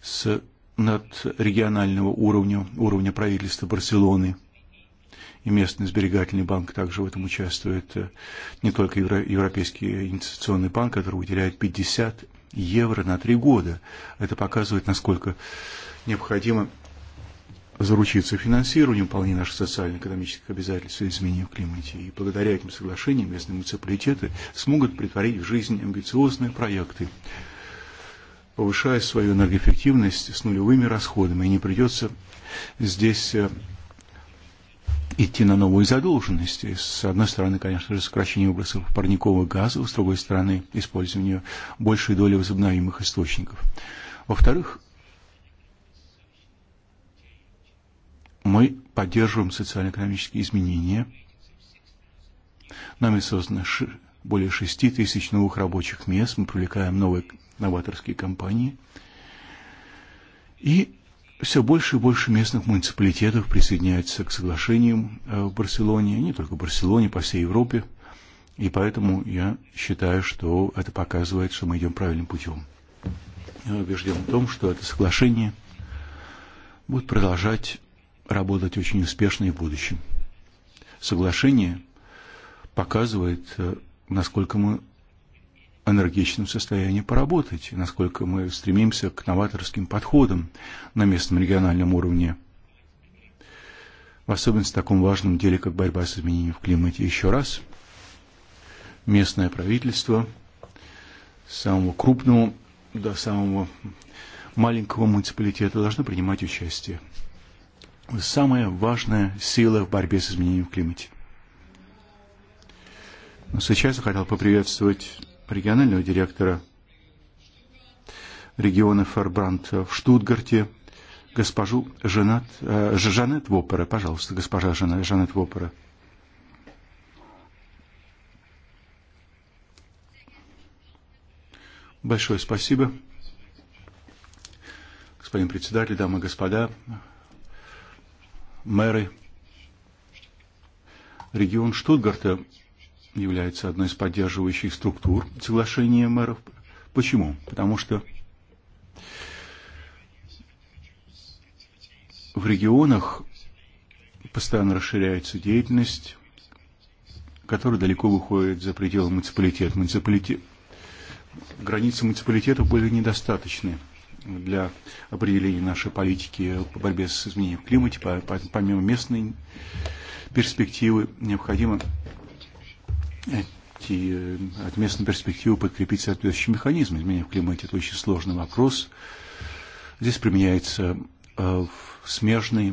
с надрегионального уровня, уровня правительства Барселоны. И местный сберегательный банк также в этом участвует. Не только Европейский инвестиционный банк, который выделяет 50 евро на три года. Это показывает, насколько необходимо заручиться финансированием выполнения наших социально-экономических обязательств и изменения в климате. И благодаря этим соглашениям местные муниципалитеты смогут притворить в жизнь амбициозные проекты, повышая свою энергоэффективность с нулевыми расходами. И не придется здесь э, идти на новые задолженности. С одной стороны, конечно же, сокращение выбросов парниковых газов, с другой стороны, использование большей доли возобновимых источников. Во-вторых, Мы поддерживаем социально-экономические изменения. Нами создано более 6 тысяч новых рабочих мест, мы привлекаем новые новаторские компании. И все больше и больше местных муниципалитетов присоединяются к соглашениям э, в Барселоне, не только в Барселоне, по всей Европе. И поэтому я считаю, что это показывает, что мы идем правильным путем. Я убежден в том, что это соглашение будет продолжать работать очень успешно и в будущем. Соглашение показывает, э, насколько мы энергичном состоянии поработать, насколько мы стремимся к новаторским подходам на местном региональном уровне. В особенности в таком важном деле, как борьба с изменением в климате. Еще раз, местное правительство, с самого крупного до самого маленького муниципалитета должно принимать участие самая важная сила в борьбе с изменением климата. Но сейчас я хотел поприветствовать регионального директора региона Фербрант в Штутгарте, госпожу Женат, э, Жанет Вопера. Пожалуйста, госпожа Жанет, Жанет Вопера. Большое спасибо. Господин председатель, дамы и господа, мэри регион Штутгарта является одной из поддерживающих структур соглашения мэров. Почему? Потому что в регионах постоянно расширяется деятельность, которая далеко выходит за пределы муниципалитета. Муниципалитет... Границы муниципалитета были недостаточны для определения нашей политики по борьбе с изменением климата, помимо местной перспективы, необходимо эти, э, от местной перспективы подкрепить соответствующий механизм изменения в климате. Это очень сложный вопрос. Здесь применяется э, смежный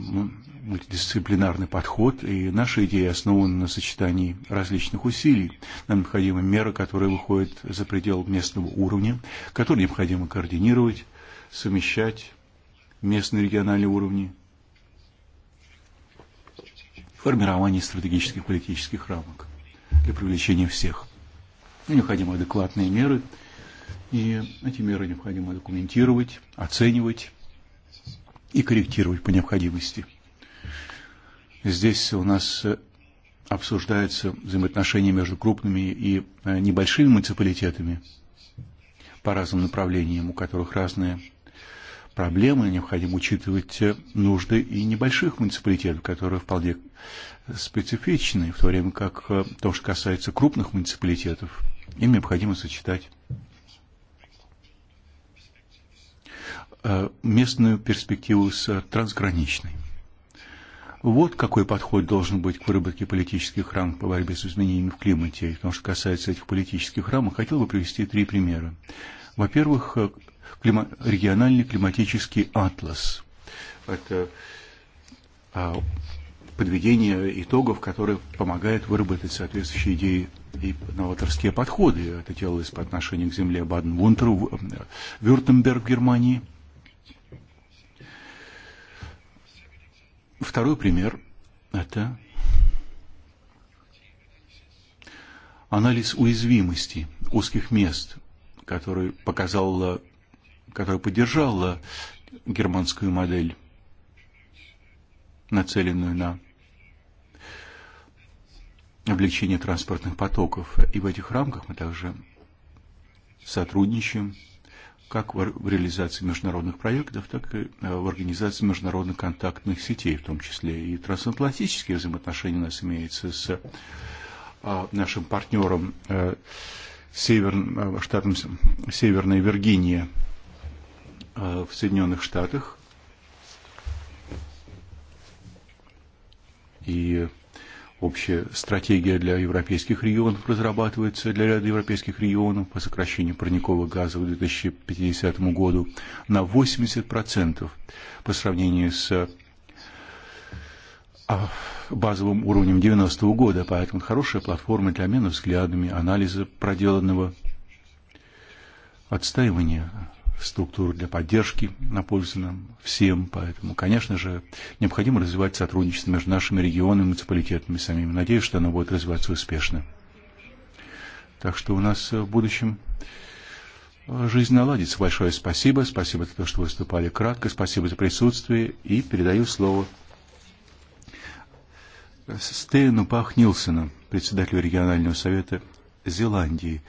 мультидисциплинарный подход, и наша идея основана на сочетании различных усилий. Нам необходимы меры, которые выходят за предел местного уровня, которые необходимо координировать, совмещать местные региональные уровни, формирование стратегических политических рамок для привлечения всех. Необходимы адекватные меры, и эти меры необходимо документировать, оценивать и корректировать по необходимости. Здесь у нас э, обсуждаются взаимоотношения между крупными и э, небольшими муниципалитетами по разным направлениям, у которых разные проблемы, необходимо учитывать э, нужды и небольших муниципалитетов, которые вполне специфичны, в то время как э, то, что касается крупных муниципалитетов, им необходимо сочетать э, местную перспективу с трансграничной. Вот какой подход должен быть к выработке политических рамок по борьбе с изменениями в климате. И в том, что касается этих политических рамок, хотел бы привести три примера. Во-первых, клима, региональный климатический атлас. Это а, подведение итогов, которые помогают выработать соответствующие идеи и новаторские подходы. Это делалось по отношению к земле Баден-Вунтеру, э, Вюртемберг в Германии. Второй пример – это анализ уязвимости узких мест, который показал которая поддержала германскую модель, нацеленную на облегчение транспортных потоков. И в этих рамках мы также сотрудничаем как в реализации международных проектов, так и э, в организации международных контактных сетей, в том числе и трансатлантические взаимоотношения у нас имеются с э, нашим партнером э, северным штатом Северная Виргиния, в Соединенных Штатах. И общая стратегия для европейских регионов разрабатывается для ряда европейских регионов по сокращению парниковых газов к 2050 году на 80% по сравнению с базовым уровнем 90-го года, поэтому хорошая платформа для обмена взглядами, анализа проделанного, отстаивания структур для поддержки на пользу нам всем. Поэтому, конечно же, необходимо развивать сотрудничество между нашими регионами и муниципалитетами самими. Надеюсь, что оно будет развиваться успешно. Так что у нас э, в будущем э, жизнь наладится. Большое спасибо. Спасибо за то, что выступали кратко. Спасибо за присутствие. И передаю слово Стейну Пах Нилсону, председателю регионального совета Зеландии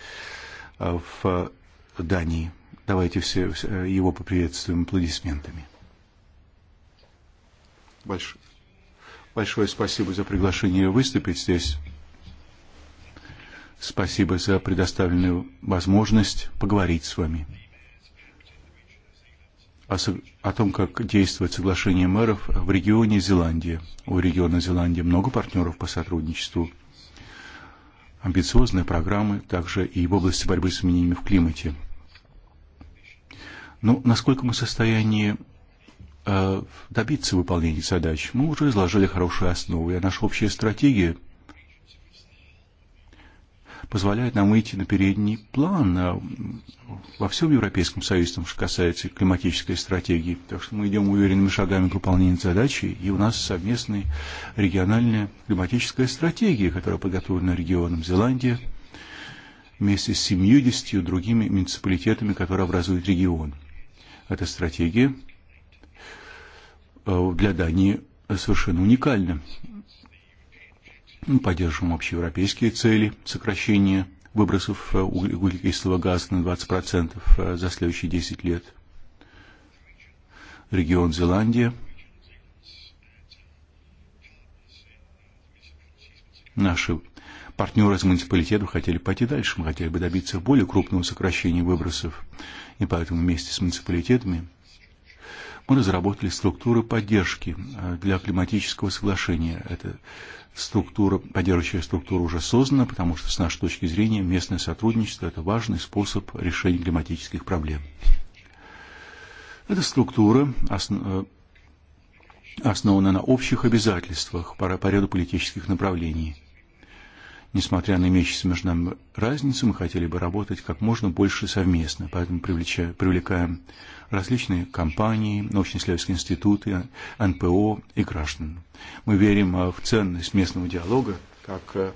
э, в Дании. Давайте все э, его поприветствуем аплодисментами. Больш... Большое спасибо за приглашение выступить здесь. Спасибо за предоставленную возможность поговорить с вами о, о том, как действует соглашение мэров в регионе Зеландия. У региона Зеландия много партнеров по сотрудничеству, амбициозные программы, также и в области борьбы с изменениями в климате. Ну, насколько мы в состоянии э, добиться выполнения задач? Мы уже изложили хорошую основу, и наша общая стратегия позволяет нам выйти на передний план во всем Европейском Союзе, том, что касается климатической стратегии. Так что мы идем уверенными шагами к выполнению задачи, и у нас совместная региональная климатическая стратегия, которая подготовлена регионом Зеландия вместе с 70 другими муниципалитетами, которые образуют регион. Эта стратегия э, для Дании совершенно уникальна. Мы поддерживаем общеевропейские цели сокращения выбросов э, углекислого газа на 20% э, за следующие 10 лет. Регион Зеландия. Наши партнеры из муниципалитетов хотели пойти дальше, мы хотели бы добиться более крупного сокращения выбросов. И поэтому вместе с муниципалитетами мы разработали структуры поддержки э, для климатического соглашения. Эта структура, поддерживающая структура уже создана, потому что с нашей точки зрения местное сотрудничество – это важный способ решения климатических проблем. Эта структура основ... Э, основана на общих обязательствах по ряду политических направлений – Несмотря на имеющиеся между нами разницу, мы хотели бы работать как можно больше совместно. Поэтому привлечаем, привлекаем различные компании, научно-исследовательские институты, НПО и граждан. Мы верим э, в ценность местного диалога как э,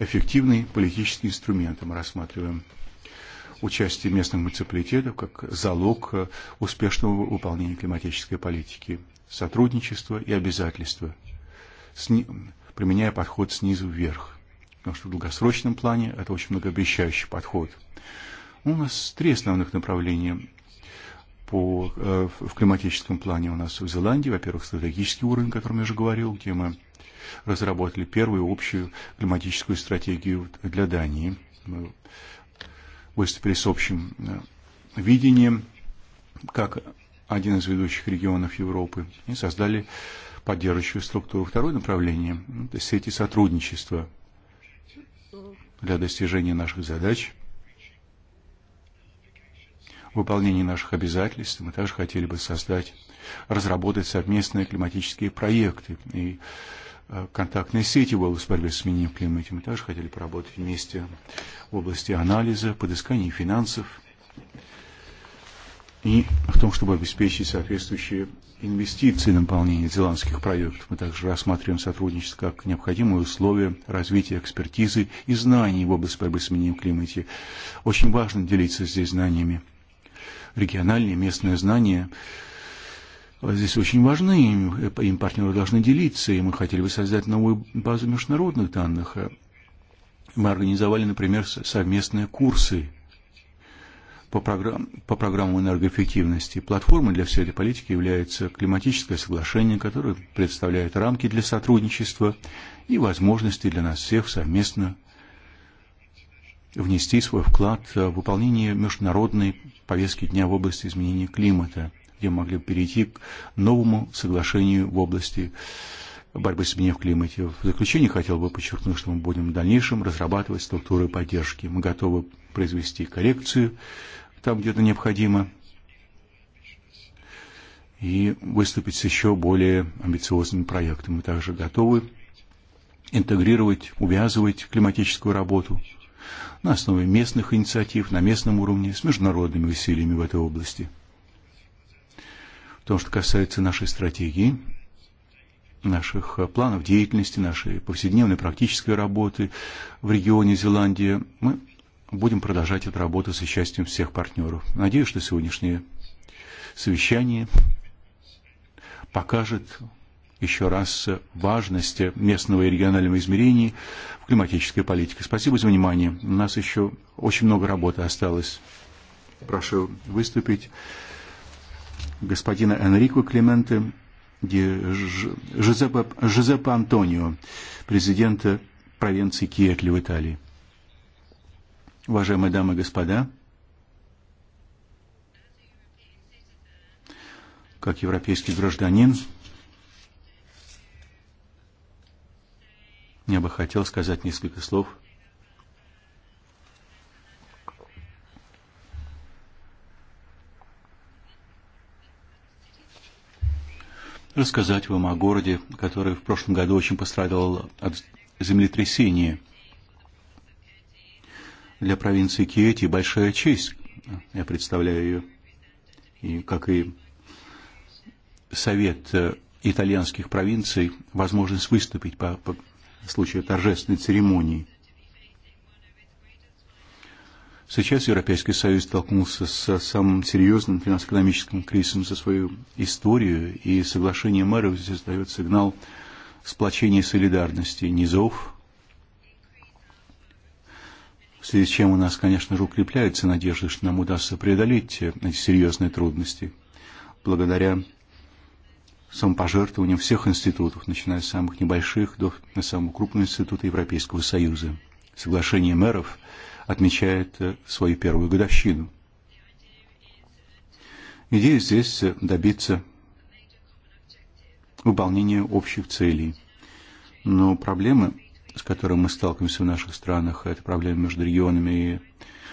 эффективный политический инструмент. Мы рассматриваем участие местных муниципалитетов как залог э, успешного выполнения климатической политики, сотрудничества и обязательства, применяя подход снизу вверх потому что в долгосрочном плане это очень многообещающий подход. У нас три основных направления по, э, в климатическом плане у нас в Зеландии. Во-первых, стратегический уровень, о котором я уже говорил, где мы разработали первую общую климатическую стратегию для Дании. Мы выступили с общим э, видением, как один из ведущих регионов Европы, и создали поддерживающую структуру. Второе направление – это сети сотрудничества для достижения наших задач, выполнения наших обязательств. Мы также хотели бы создать, разработать совместные климатические проекты и э, контактные сети в области борьбы с изменением климата. Мы также хотели поработать вместе в области анализа, подыскания финансов и в том, чтобы обеспечить соответствующие инвестиций на выполнение зеландских проектов. Мы также рассматриваем сотрудничество как необходимое условие развития экспертизы и знаний в области борьбы с изменением климата. Очень важно делиться здесь знаниями. Региональные, местные знания здесь очень важны, им, э, им партнеры должны делиться, и мы хотели бы создать новую базу международных данных. Мы организовали, например, совместные курсы по, программ, по программам энергоэффективности. Платформой для всей этой политики является климатическое соглашение, которое представляет рамки для сотрудничества и возможности для нас всех совместно внести свой вклад в выполнение международной повестки дня в области изменения климата, где мы могли бы перейти к новому соглашению в области борьбы с изменением в климате. В заключение хотел бы подчеркнуть, что мы будем в дальнейшем разрабатывать структуры поддержки. Мы готовы произвести коррекцию там, где это необходимо, и выступить с еще более амбициозным проектом. Мы также готовы интегрировать, увязывать климатическую работу на основе местных инициатив, на местном уровне, с международными усилиями в этой области. В том, что касается нашей стратегии, наших планов деятельности, нашей повседневной практической работы в регионе Зеландия, мы будем продолжать эту работу с участием всех партнеров. Надеюсь, что сегодняшнее совещание покажет еще раз важность местного и регионального измерения в климатической политике. Спасибо за внимание. У нас еще очень много работы осталось. Прошу выступить господина Энрико Клименте, Жозепа, Жозепа Антонио, президента провинции Киетли в Италии. Уважаемые дамы и господа, как европейский гражданин, я бы хотел сказать несколько слов рассказать вам о городе, который в прошлом году очень пострадал от землетрясения – Для провинции Киети большая честь. Я представляю ее. И как и совет э, итальянских провинций, возможность выступить по, по случаю торжественной церемонии. Сейчас Европейский Союз столкнулся с самым серьезным финансово-экономическим кризисом за свою историю, и соглашение мэров здесь дает сигнал сплочения солидарности низов, в связи с чем у нас, конечно же, укрепляется надежда, что нам удастся преодолеть эти серьезные трудности благодаря самопожертвованиям всех институтов, начиная с самых небольших до самого крупного института Европейского Союза. Соглашение мэров отмечает э, свою первую годовщину. Идея здесь э, добиться выполнения общих целей. Но проблемы с которым мы сталкиваемся в наших странах, это проблемы между регионами и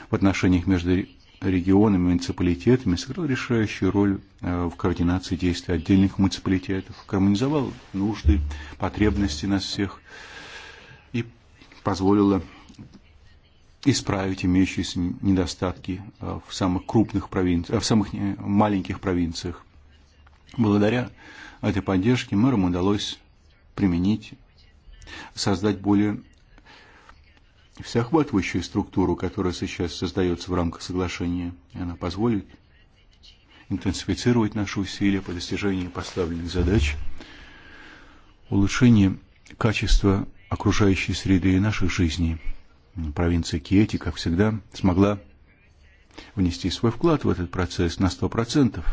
в отношениях между регионами и муниципалитетами, сыграл решающую роль э, в координации действий отдельных муниципалитетов, гармонизовал нужды, потребности нас всех и позволило исправить имеющиеся недостатки э, в самых крупных провинциях, э, в самых маленьких провинциях. Благодаря этой поддержке мэрам удалось применить создать более всеохватывающую структуру, которая сейчас создается в рамках соглашения. И она позволит интенсифицировать наши усилия по достижению поставленных задач, улучшение качества окружающей среды и наших жизней. Провинция Киети, как всегда, смогла внести свой вклад в этот процесс на 100%.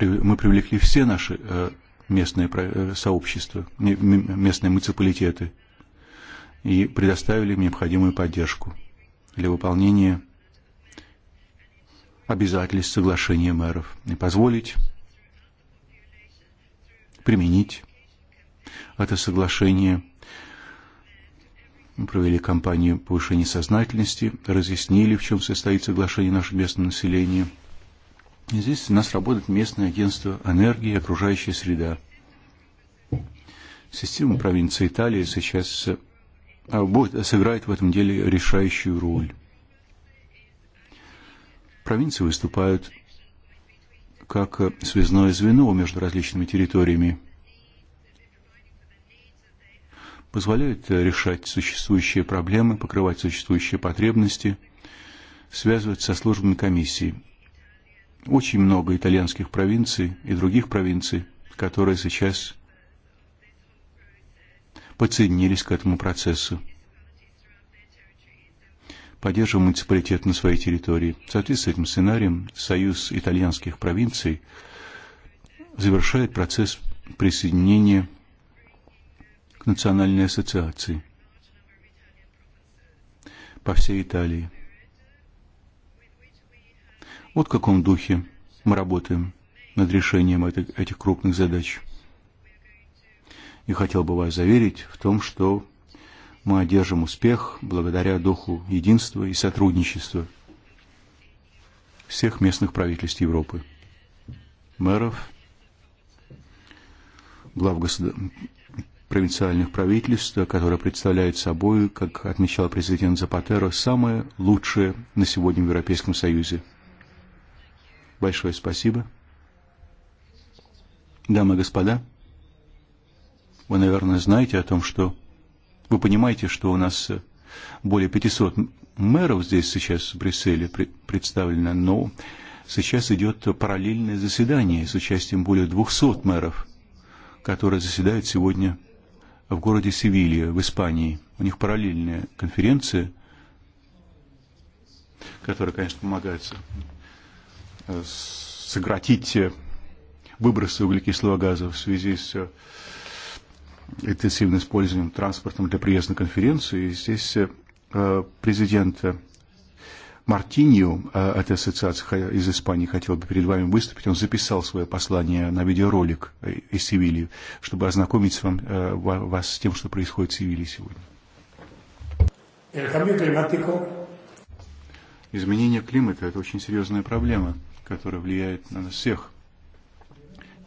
Мы привлекли все наши э, местное э, сообщество, местные муниципалитеты и предоставили им необходимую поддержку для выполнения обязательств соглашения мэров и позволить применить это соглашение. Мы провели кампанию повышения сознательности, разъяснили, в чем состоит соглашение нашего местного населения – Здесь у нас работает местное агентство энергии и окружающая среда. Система провинции Италии сейчас будет, сыграет в этом деле решающую роль. Провинции выступают как связное звено между различными территориями, позволяют решать существующие проблемы, покрывать существующие потребности, связывать со службами комиссии – очень много итальянских провинций и других провинций, которые сейчас подсоединились к этому процессу. Поддерживаем муниципалитет на своей территории. В соответствии с этим сценарием Союз итальянских провинций завершает процесс присоединения к Национальной ассоциации по всей Италии – Вот в каком духе мы работаем над решением этих, этих крупных задач. И хотел бы вас заверить в том, что мы одержим успех благодаря духу единства и сотрудничества всех местных правительств Европы, мэров, глав государ... провинциальных правительств, которые представляют собой, как отмечал президент Запатеро, самое лучшее на сегодня в Европейском Союзе. Большое спасибо. Дамы и господа, вы, наверное, знаете о том, что вы понимаете, что у нас э, более 500 мэров здесь сейчас в Брюсселе представлено, но сейчас идет параллельное заседание с участием более 200 мэров, которые заседают сегодня в городе Севилья, в Испании. У них параллельная конференция, которая, конечно, помогает Э, сократить э, выбросы углекислого газа в связи с э, интенсивным использованием транспортом для приезда на конференцию. И здесь президент Мартинью от ассоциации из Испании хотел бы перед вами выступить. Он записал свое послание на видеоролик из Севильи, чтобы ознакомить с вам, вас с тем, что происходит в Севилье сегодня. Изменение климата – это очень серьезная проблема которая влияет на нас всех.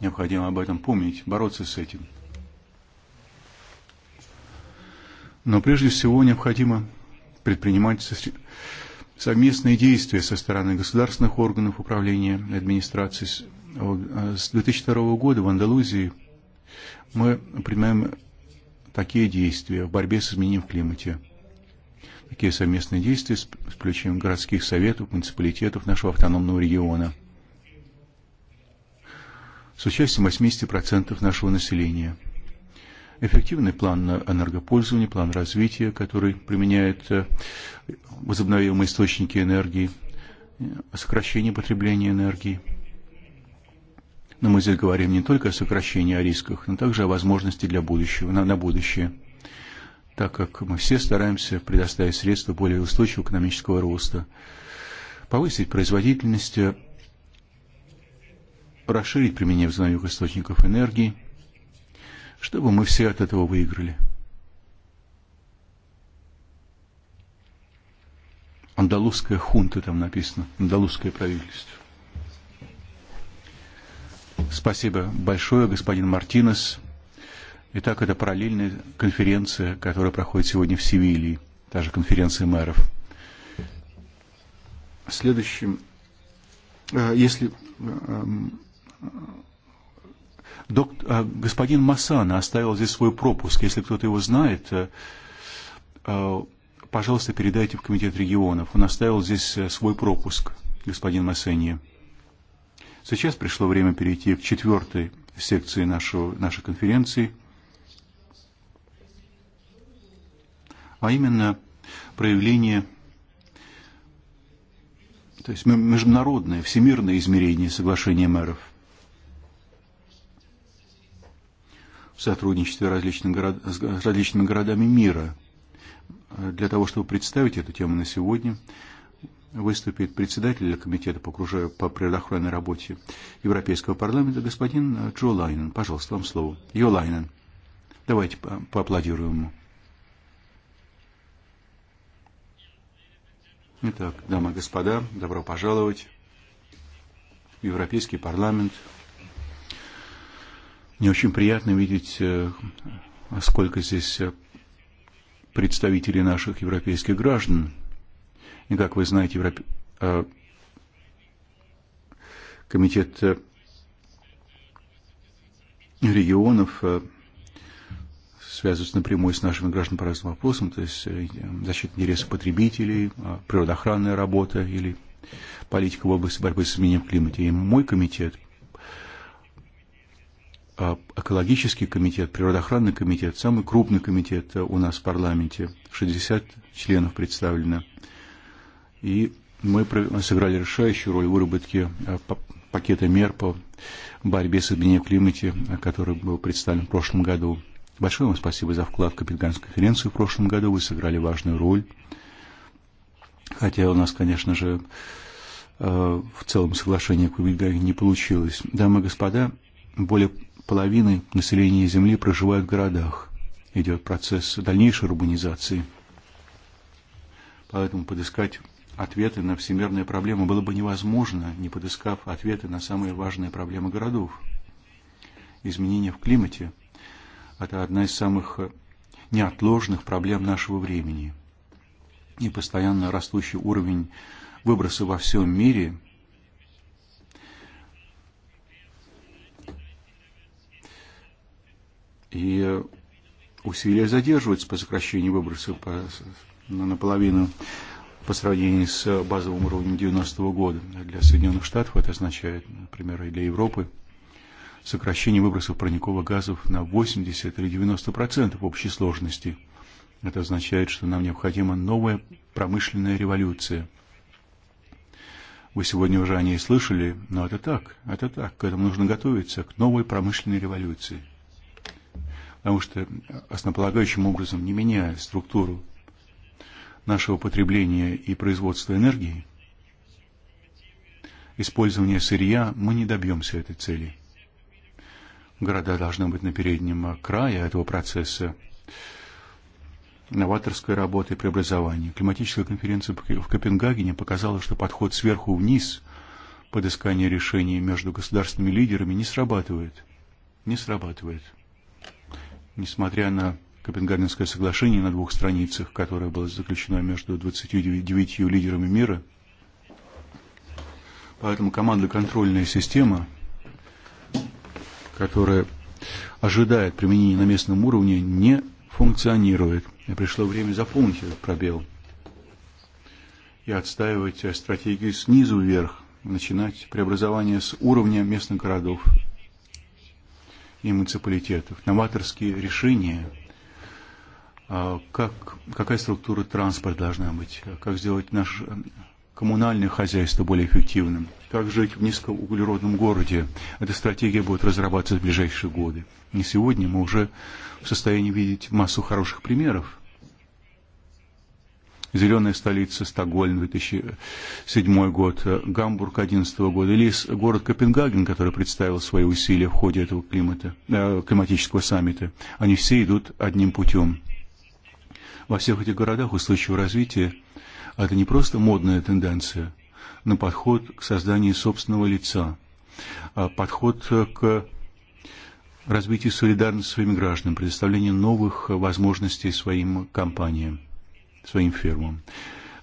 Необходимо об этом помнить, бороться с этим. Но прежде всего необходимо предпринимать совместные действия со стороны государственных органов управления администрации. С 2002 года в Андалузии мы принимаем такие действия в борьбе с изменением в климате – такие совместные действия с включением городских советов, муниципалитетов нашего автономного региона с участием 80% нашего населения. Эффективный план энергопользования, план развития, который применяет э, возобновимые источники энергии, э, сокращение потребления энергии. Но мы здесь говорим не только о сокращении, о рисках, но также о возможности для будущего, на, на будущее – так как мы все стараемся предоставить средства более устойчивого экономического роста, повысить производительность, расширить применение возобновимых источников энергии, чтобы мы все от этого выиграли. Андалузская хунта там написано, андалузское правительство. Спасибо большое, господин Мартинес. Итак, это параллельная конференция, которая проходит сегодня в Севилье, та же конференция мэров. Следующим, э, если э, э, док, господин Масана оставил здесь свой пропуск, если кто-то его знает, пожалуйста, передайте в Комитет регионов. Он оставил здесь свой пропуск, господин Масенье. Сейчас пришло время перейти к четвертой секции нашего, нашей конференции – а именно проявление то есть международное, всемирное измерение соглашения мэров в сотрудничестве различных город, с различными городами мира. Для того, чтобы представить эту тему на сегодня, выступит председатель Комитета по, окружаю, по природоохранной работе Европейского парламента господин Джо Лайнен. Пожалуйста, вам слово. Йо Лайнен. Давайте поаплодируем ему. Итак, дамы и господа, добро пожаловать в Европейский парламент. Мне очень приятно видеть, э, сколько здесь э, представителей наших европейских граждан. И как вы знаете, Европе... Э, Комитет регионов связываются напрямую с нашими гражданами по разным вопросам, то есть э, защита интересов потребителей, природоохранная работа или политика в области борьбы с изменением климата. И мой комитет, экологический комитет, природоохранный комитет, самый крупный комитет э, у нас в парламенте, 60 членов представлено. И мы сыграли решающую роль в выработке э, пакета мер по борьбе с изменением климата, который был представлен в прошлом году. Большое вам спасибо за вклад в Капитанскую конференцию в прошлом году. Вы сыграли важную роль. Хотя у нас, конечно же, э, в целом соглашение Кубельберга не получилось. Дамы и господа, более половины населения Земли проживают в городах. Идет процесс дальнейшей урбанизации. Поэтому подыскать ответы на всемирные проблемы было бы невозможно, не подыскав ответы на самые важные проблемы городов. Изменения в климате – Это одна из самых неотложных проблем нашего времени. И постоянно растущий уровень выбросы во всем мире и усилия задерживаются по сокращению выбросов по, наполовину по сравнению с базовым уровнем 90-го года. Для Соединенных Штатов это означает, например, и для Европы – сокращение выбросов парниковых газов на 80 или 90 процентов общей сложности. Это означает, что нам необходима новая промышленная революция. Вы сегодня уже о ней слышали, но это так, это так. К этому нужно готовиться, к новой промышленной революции. Потому что основополагающим образом, не меняя структуру нашего потребления и производства энергии, использования сырья, мы не добьемся этой цели. Города должны быть на переднем крае этого процесса новаторской работы и преобразования. Климатическая конференция в Копенгагене показала, что подход сверху вниз под искание решений между государственными лидерами не срабатывает. Не срабатывает. Несмотря на Копенгагенское соглашение на двух страницах, которое было заключено между 29 лидерами мира, поэтому командно-контрольная система которая ожидает применения на местном уровне, не функционирует. И пришло время заполнить этот пробел и отстаивать стратегию снизу вверх, начинать преобразование с уровня местных городов и муниципалитетов. Новаторские решения, как, какая структура транспорта должна быть, как сделать наш коммунальное хозяйство более эффективным, как жить в низкоуглеродном городе. Эта стратегия будет разрабатываться в ближайшие годы. И сегодня мы уже в состоянии видеть массу хороших примеров. Зеленая столица Стокгольм 2007 год, Гамбург 2011 года, или город Копенгаген, который представил свои усилия в ходе этого климата, э, климатического саммита. Они все идут одним путем. Во всех этих городах устойчивое развитие Это не просто модная тенденция, но подход к созданию собственного лица, подход к развитию солидарности своим гражданам, предоставлению новых возможностей своим компаниям, своим фирмам.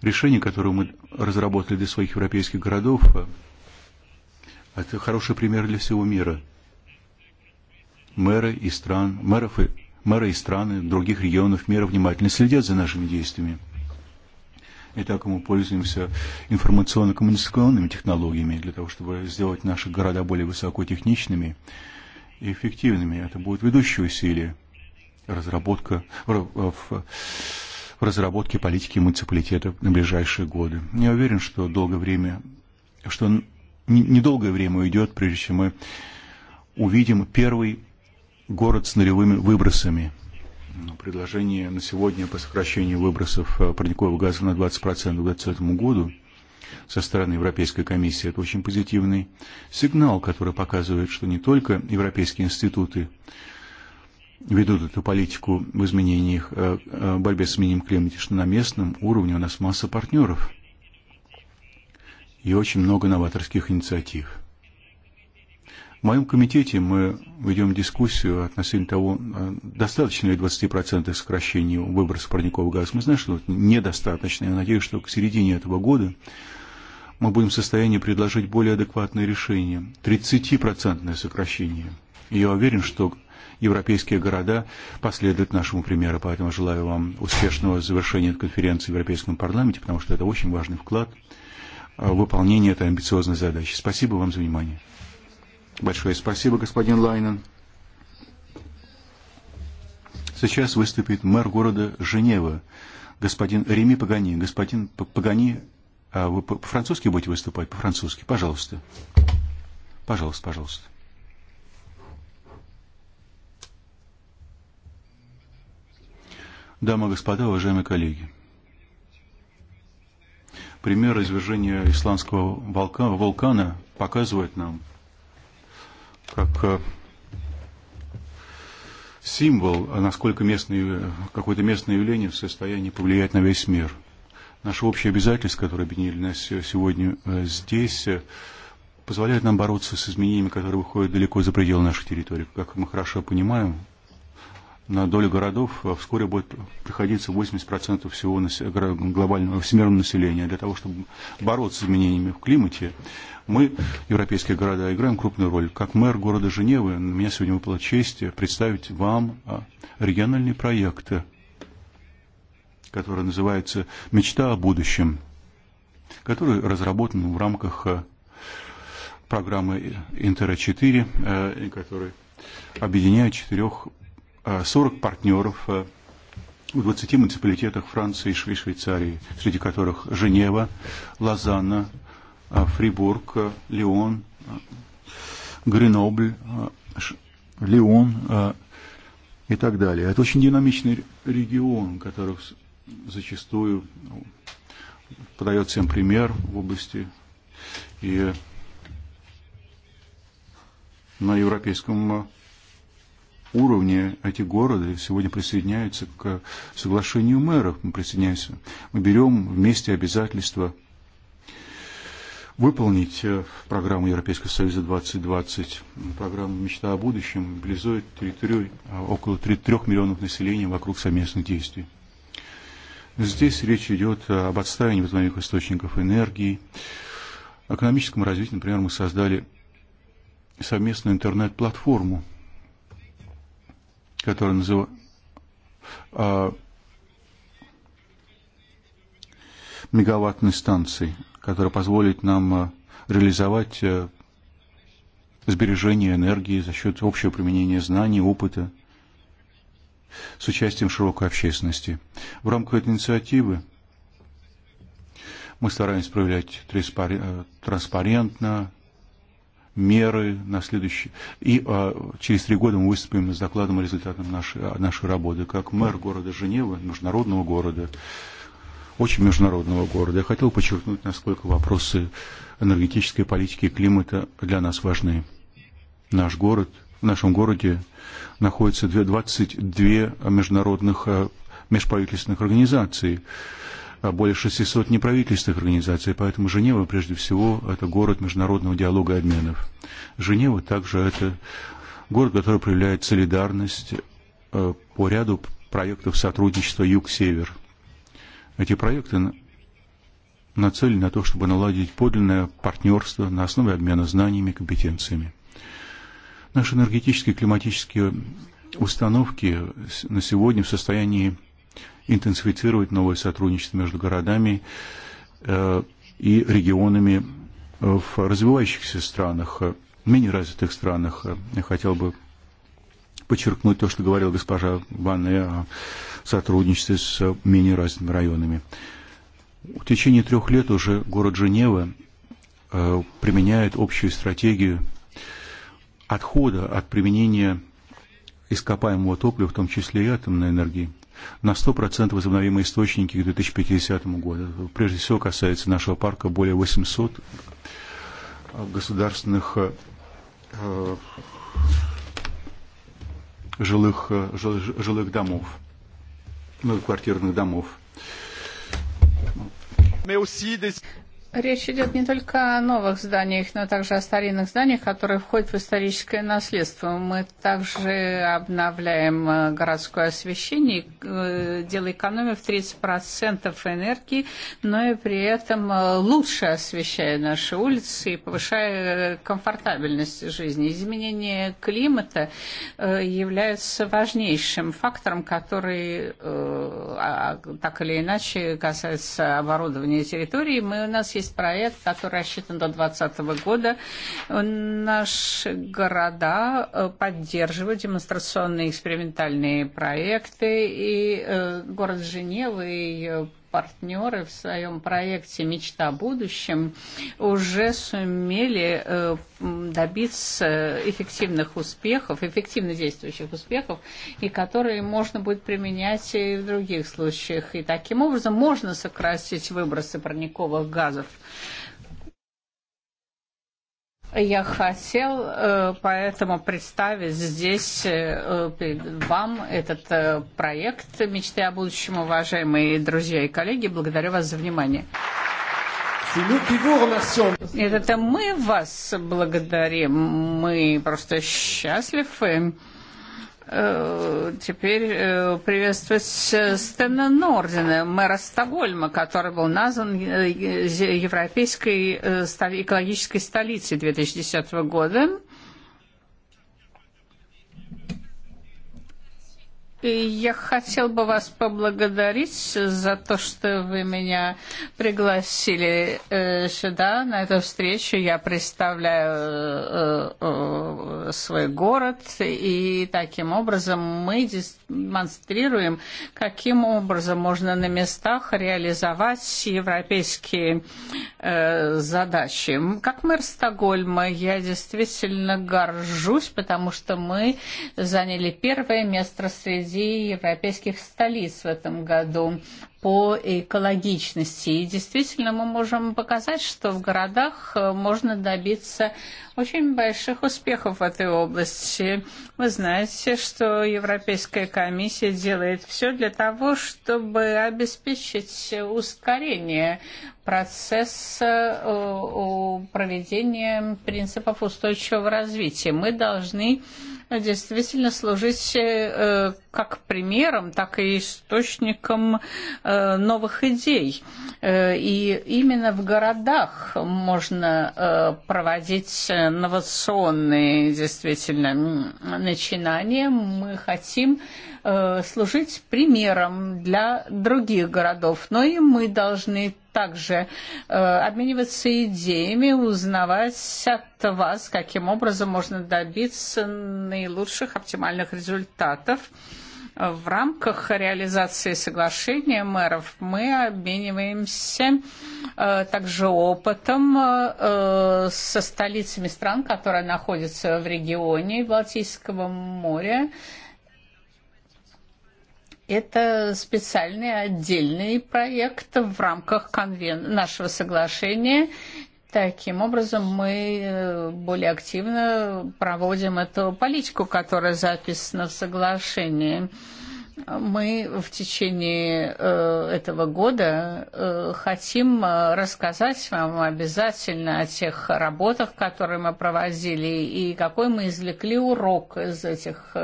Решение, которое мы разработали для своих европейских городов, это хороший пример для всего мира. Мэры и стран, мэров и, мэры и страны других регионов мира внимательно следят за нашими действиями некому пользуемся информационно-коммуникационными технологиями для того, чтобы сделать наши города более высокотехничными и эффективными. Это будет ведущей усилие разработка, в, в разработке политики муниципалитета на ближайшие годы. Я уверен, что долгое время, что недолгое время уйдет, прежде чем мы увидим первый город с нулевыми выбросами – предложение на сегодня по сокращению выбросов э, парникового газа на 20% к 2020 году со стороны Европейской комиссии. Это очень позитивный сигнал, который показывает, что не только европейские институты ведут эту политику в изменениях, э, э, в борьбе с изменением климата, что на местном уровне у нас масса партнеров и очень много новаторских инициатив. В моем комитете мы ведем дискуссию относительно того, достаточно ли 20% сокращения выбросов парниковых газов. Мы знаем, что это недостаточно. Я надеюсь, что к середине этого года мы будем в состоянии предложить более адекватное решение. 30% сокращение. И я уверен, что европейские города последуют нашему примеру. Поэтому желаю вам успешного завершения конференции в Европейском парламенте, потому что это очень важный вклад в выполнение этой амбициозной задачи. Спасибо вам за внимание. Большое спасибо, господин Лайнен. Сейчас выступит мэр города Женева, господин Реми Пагани. Господин Пагани, а вы по-французски будете выступать? По-французски, пожалуйста. Пожалуйста, пожалуйста. Дамы и господа, уважаемые коллеги. Пример извержения исландского вулкана показывает нам, как э, символ, насколько местное, какое-то местное явление в состоянии повлиять на весь мир. Наши общие обязательства, которые объединили нас сегодня э, здесь, э, позволяют нам бороться с изменениями, которые выходят далеко за пределы наших территорий. Как мы хорошо понимаем, на долю городов вскоре будет приходиться 80% всего глобального всемирного населения. Для того, чтобы бороться с изменениями в климате, мы, европейские города, играем крупную роль. Как мэр города Женевы, меня сегодня выпала честь представить вам региональный проект, который называется «Мечта о будущем», который разработан в рамках программы Интера 4, э, который объединяет четырех 40 партнеров э, в 20 муниципалитетах Франции и Швейцарии, среди которых Женева, Лозанна, Фрибург, э, Леон, э, Гренобль, Леон и так далее. Это очень динамичный регион, который зачастую подает всем пример в области и на европейском уровне эти города сегодня присоединяются к соглашению мэров. Мы присоединяемся. Мы берем вместе обязательства выполнить э, программу Европейского Союза 2020. Программа «Мечта о будущем» мобилизует территорию э, около 3 миллионов населения вокруг совместных действий. Здесь речь идет об отстаивании возобновляемых источников энергии, экономическом развитии. Например, мы создали совместную интернет-платформу katolonzu uh, мегаваттной станции, которая позволит нам э, реализовать э, сбережение энергии за счет общего применения знаний, опыта с участием широкой общественности. В рамках этой инициативы мы стараемся проявлять э, транспарентно, меры на следующий. И а, через три года мы выступим с докладом о результатах нашей, нашей работы. Как мэр города Женевы, международного города, очень международного города, я хотел подчеркнуть, насколько вопросы энергетической политики и климата для нас важны. Наш город, в нашем городе находится 22 международных межправительственных организаций больше 600 неправительственных организаций, поэтому Женева, прежде всего, это город международного диалога и обменов. Женева также это город, который проявляет солидарность э, по ряду проектов сотрудничества Юг-Север. Эти проекты нацелены на то, чтобы наладить подлинное партнерство на основе обмена знаниями и компетенциями. Наши энергетические и климатические установки на сегодня в состоянии интенсифицировать новое сотрудничество между городами э, и регионами в развивающихся странах, э, менее развитых странах. Я хотел бы подчеркнуть то, что говорила госпожа Ванне о сотрудничестве с менее развитыми районами. В течение трех лет уже город Женева э, применяет общую стратегию отхода от применения ископаемого топлива, в том числе и атомной энергии на 100% возобновимые источники к 2050 году. Прежде всего касается нашего парка более 800 государственных э, жилых, э, жил, жилых домов, многоквартирных домов. Речь идет не только о новых зданиях, но также о старинных зданиях, которые входят в историческое наследство. Мы также обновляем э, городское освещение, э, делая экономию в 30% энергии, но и при этом э, лучше освещая наши улицы и повышая комфортабельность жизни. Изменение климата является важнейшим фактором, который так или иначе касается оборудования территории. Мы, у нас есть есть проект, который рассчитан до 2020 года. Наши города э, поддерживают демонстрационные экспериментальные проекты, и э, город Женева и э, партнеры в своем проекте «Мечта о будущем» уже сумели э, добиться эффективных успехов, эффективно действующих успехов, и которые можно будет применять и в других случаях. И таким образом можно сократить выбросы парниковых газов. Я хотел э, поэтому представить здесь э, вам этот э, проект «Мечты о будущем», уважаемые друзья и коллеги. Благодарю вас за внимание. Это мы вас благодарим. Мы просто счастливы теперь э, приветствовать э, Стэнна Нордена, мэра Стокгольма, который был назван э, европейской экологической столицей 2010 года. Я хотел бы вас поблагодарить за то, что вы меня пригласили э, сюда, на эту встречу. Я представляю э, э, свой город, и таким образом мы демонстрируем, каким образом можно на местах реализовать европейские задачи. Как мэр Стокгольма я действительно горжусь, потому что мы заняли первое место среди Грузии европейских столиц в этом году по экологичности. И действительно мы можем показать, что в городах э, можно добиться очень больших успехов в этой области. Вы знаете, что Европейская комиссия делает все для того, чтобы обеспечить ускорение процесса э, проведения принципов устойчивого развития. Мы должны действительно служить э, как примером, так и источником э, новых идей. Э, и именно в городах можно проводить инновационные действительно начинания. Мы хотим служить примером для других городов, но и мы должны также э, обмениваться идеями, узнавать от вас, каким образом можно добиться наилучших оптимальных результатов. В рамках реализации соглашения мэров мы обмениваемся э, также опытом э, со столицами стран, которые находятся в регионе Балтийского моря, э, Это специальный отдельный проект в рамках конвен... нашего соглашения. Таким образом, мы э, более активно проводим эту политику, которая записана в соглашении. Мы в течение э, этого года э, хотим э, рассказать вам обязательно о тех работах, которые мы проводили, и какой мы извлекли урок из, этих,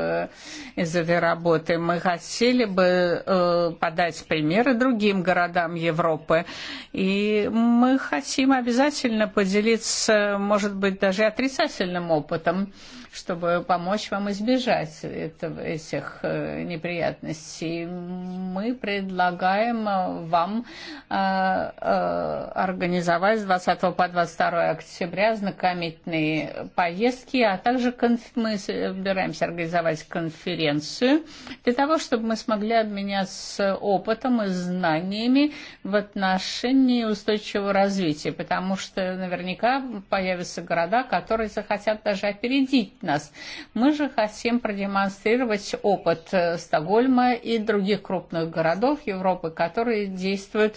из этой работы. Мы хотели бы подать примеры другим городам Европы, и мы хотим обязательно поделиться, может быть, даже отрицательным опытом. Thank you чтобы помочь вам избежать этого, этих э, неприятностей. Мы предлагаем э, вам э, организовать с 20 по 22 октября знакомительные поездки, а также конф... мы собираемся организовать конференцию для того, чтобы мы смогли обменяться опытом и знаниями в отношении устойчивого развития, потому что наверняка появятся города, которые захотят даже опередить доступность. Мы же хотим продемонстрировать опыт э, Стокгольма и других крупных городов Европы, которые действуют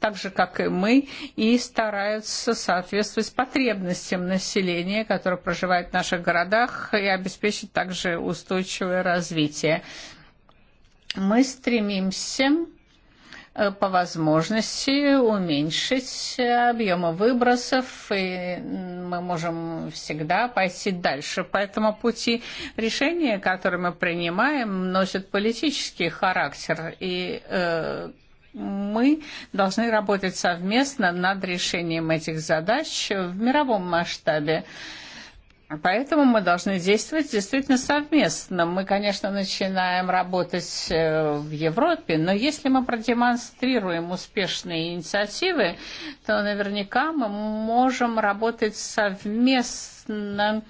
так же, как и мы, и стараются соответствовать потребностям населения, которое проживает в наших городах, и обеспечить также устойчивое развитие. Мы стремимся Э, по возможности уменьшить объемы выбросов, и мы можем всегда пойти дальше по этому пути. Решения, которые мы принимаем, носят политический характер, и э, мы должны работать совместно над решением этих задач в мировом масштабе. Э, Поэтому мы должны действовать действительно совместно. Мы, конечно, начинаем работать э, в Европе, но если мы продемонстрируем успешные инициативы, то наверняка мы можем работать совместно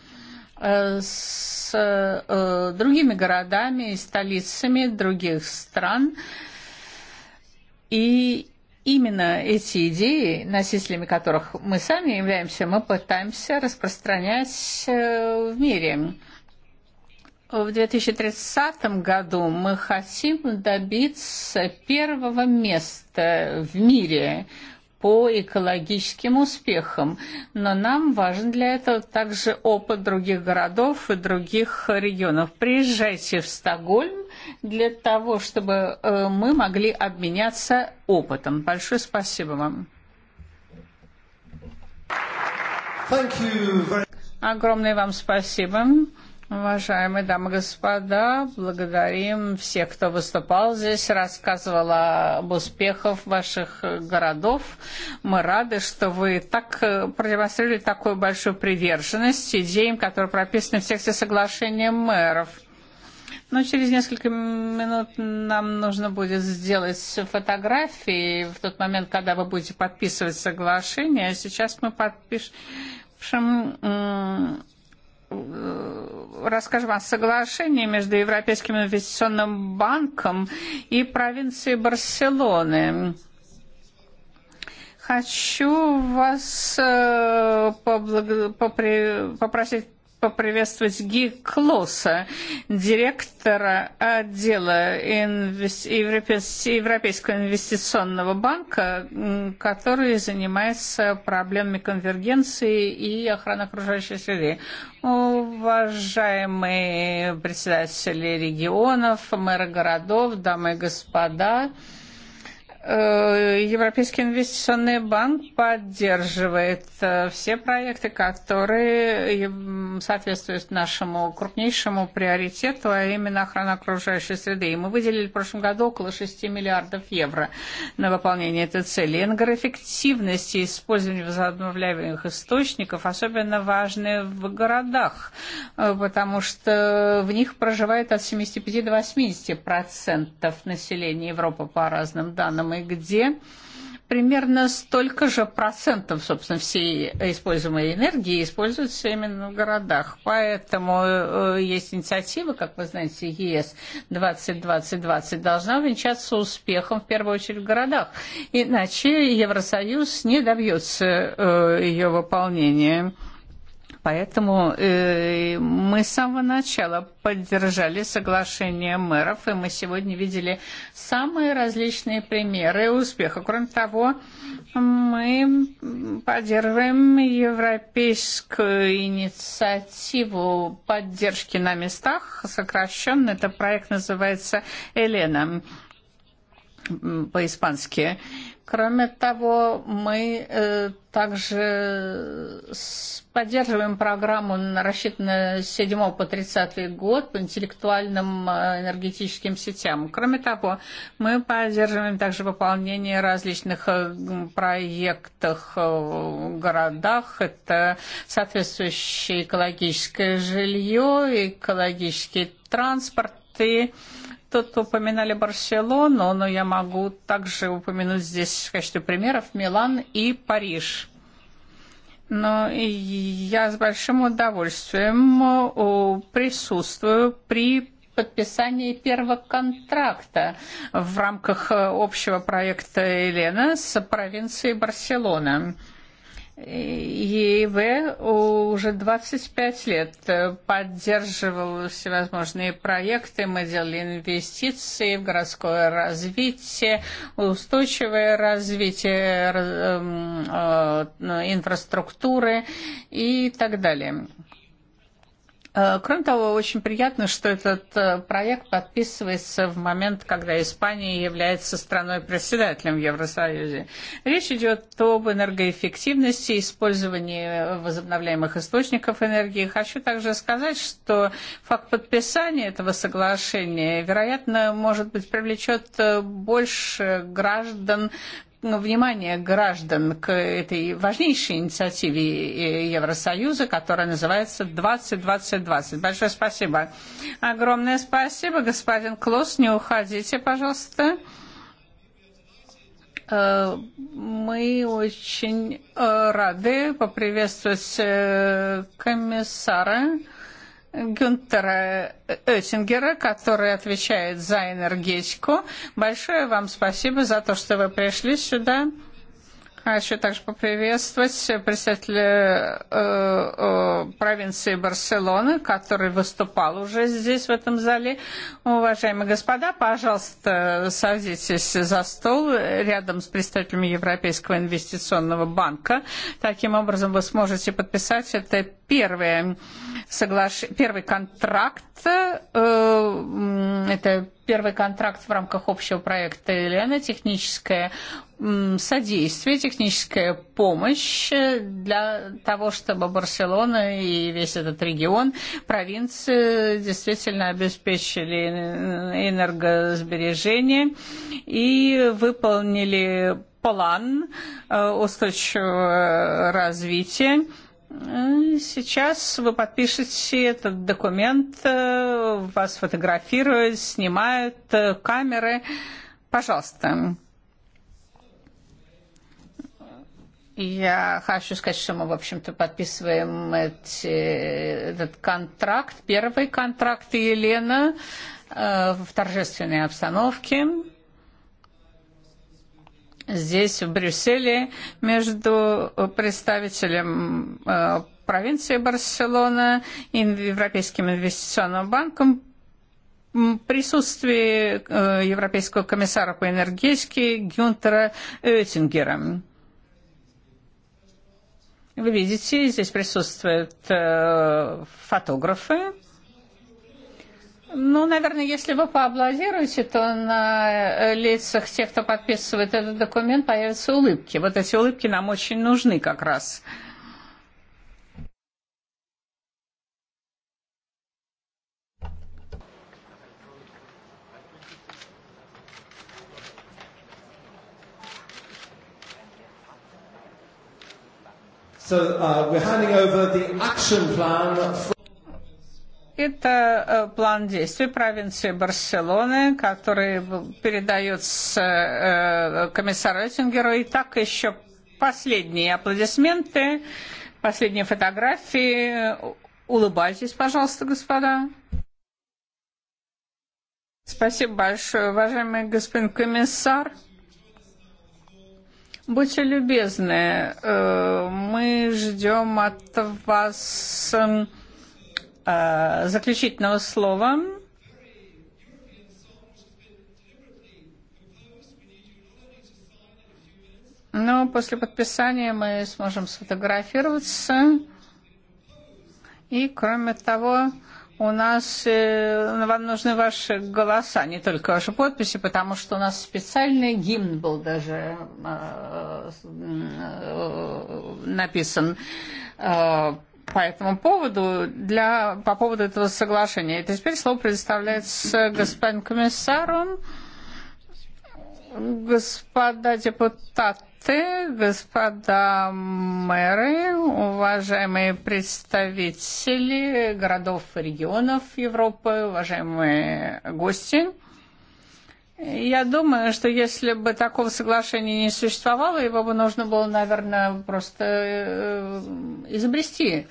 э, с э, другими городами и столицами других стран и именно эти идеи, носителями которых мы сами являемся, мы пытаемся распространять э, в мире. В 2030 году мы хотим добиться первого места в мире по экологическим успехам. Но нам важен для этого также опыт других городов и других регионов. Приезжайте в Стокгольм, для того, чтобы э, мы могли обменяться опытом. Большое спасибо вам. Огромное вам спасибо. Уважаемые дамы и господа, благодарим всех, кто выступал здесь, рассказывал об успехах ваших городов. Мы рады, что вы так э, продемонстрировали такую большую приверженность идеям, которые прописаны в тексте соглашения мэров. Но через несколько минут нам нужно будет сделать фотографии в тот момент, когда вы будете подписывать соглашение. А сейчас мы подпишем расскажем о соглашении между Европейским инвестиционным банком и провинцией Барселоны. Хочу вас э, поблаго... попри... попросить поприветствовать Ги Клоса, директора отдела инвес... Европейс... Европейского инвестиционного банка, который занимается проблемами конвергенции и охраны окружающей среды. Уважаемые председатели регионов, мэры городов, дамы и господа, Э, Европейский инвестиционный банк поддерживает э, все проекты, которые соответствуют нашему крупнейшему приоритету, а именно охрана окружающей среды. И мы выделили в прошлом году около 6 миллиардов евро на выполнение этой цели. Энергоэффективность и использование возобновляемых источников особенно важны в городах, э, потому что в них проживает от 75 до 80 процентов населения Европы по разным данным программы, где примерно столько же процентов, собственно, всей используемой энергии используется именно в городах. Поэтому э, есть инициатива, как вы знаете, ЕС 2020-2020 должна увенчаться успехом, в первую очередь, в городах. Иначе Евросоюз не добьется э, ее выполнения. Поэтому э, мы с самого начала поддержали соглашение мэров, и мы сегодня видели самые различные примеры успеха. Кроме того, мы поддерживаем европейскую инициативу поддержки на местах. Сокращенно этот проект называется «Элена» по-испански. Э, Кроме того, мы э, также поддерживаем программу, рассчитанную с 7 по 30 год по интеллектуальным э, энергетическим сетям. Кроме того, мы поддерживаем также выполнение различных э, проектов в городах. Это соответствующее экологическое жилье, экологический транспорт и транспорты тут упоминали Барселону, но я могу также упомянуть здесь в качестве примеров Милан и Париж. Но я с большим удовольствием э, присутствую при подписании первого контракта в рамках э, общего проекта Елена с провинцией Барселона. ЕИВ уже 25 лет поддерживал всевозможные проекты, мы делали инвестиции в городское развитие, устойчивое развитие э, инфраструктуры и так далее. Э, кроме того, очень приятно, что этот э, проект подписывается в момент, когда Испания является страной-председателем в Евросоюзе. Речь идет об энергоэффективности, использовании возобновляемых источников энергии. Хочу также сказать, что факт подписания этого соглашения, вероятно, может быть, привлечет э, больше граждан внимание граждан к этой важнейшей инициативе э, Евросоюза, которая называется 2020-2020. Большое спасибо. Огромное спасибо, господин Клус. Не уходите, пожалуйста э, мы очень э, рады поприветствовать комиссара Гюнтера э, Оттингера, который отвечает за энергетику. Большое вам спасибо за то, что вы пришли сюда. Хочу также поприветствовать представителя э, э, провинции Барселоны, который выступал уже здесь, в этом зале. Уважаемые господа, пожалуйста, садитесь за стол рядом с представителями Европейского инвестиционного банка. Таким образом, вы сможете подписать это первое соглаш... первый контракт, э, это первый контракт в рамках общего проекта Елена, техническая содействие, техническая помощь э, для того, чтобы Барселона и весь этот регион, провинции действительно обеспечили э, энергосбережение и выполнили план э, устойчивого развития. Сейчас вы подпишете этот документ, вас фотографируют, снимают камеры. Пожалуйста. Я хочу сказать, что мы, в общем-то, подписываем эти, этот контракт, первый контракт Елена э, в торжественной обстановке. Здесь, в Брюсселе, между представителем э, провинции Барселона и Европейским инвестиционным банком присутствии э, Европейского комиссара по энергетике Гюнтера Оеттингера. Вы видите, здесь присутствуют э, фотографы. Ну, наверное, если вы поаплодируете, то на э, лицах тех, кто подписывает этот документ, появятся улыбки. Вот эти улыбки нам очень нужны как раз. Э, So uh, we're handing over the action plan. Это э, план действий провинции Барселоны, который передается э, комиссару Эттингеру. И так еще последние аплодисменты, последние фотографии. Улыбайтесь, пожалуйста, господа. Спасибо большое, уважаемый господин комиссар. Будьте любезны, э, мы ждем от вас э, заключительного слова. Но после подписания мы сможем сфотографироваться. И, кроме того, у нас, э, вам нужны ваши голоса, не только ваши подписи, потому что у нас специальный гимн был даже э, э, написан. Э, по этому поводу, для, по поводу этого соглашения. И теперь слово предоставляется господину комиссару. Господа депутаты, гости, господа мэры, уважаемые представители городов и регионов Европы, уважаемые гости. Я думаю, что если бы такого соглашения не существовало, его бы нужно было, наверное, просто э, изобрести.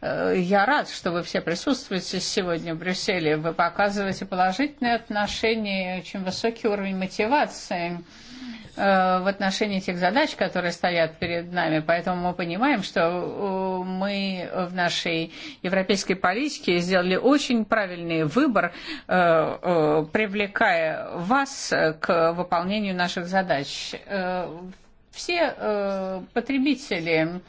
Э, я рад, что вы все присутствуете сегодня в Брюсселе. Вы показываете положительные отношения, очень высокий уровень мотивации. Э, в отношении тех задач, которые стоят перед нами. Поэтому мы понимаем, что э, мы в нашей европейской политике сделали очень правильный выбор, э, привлекая вас к выполнению наших задач. Все потребители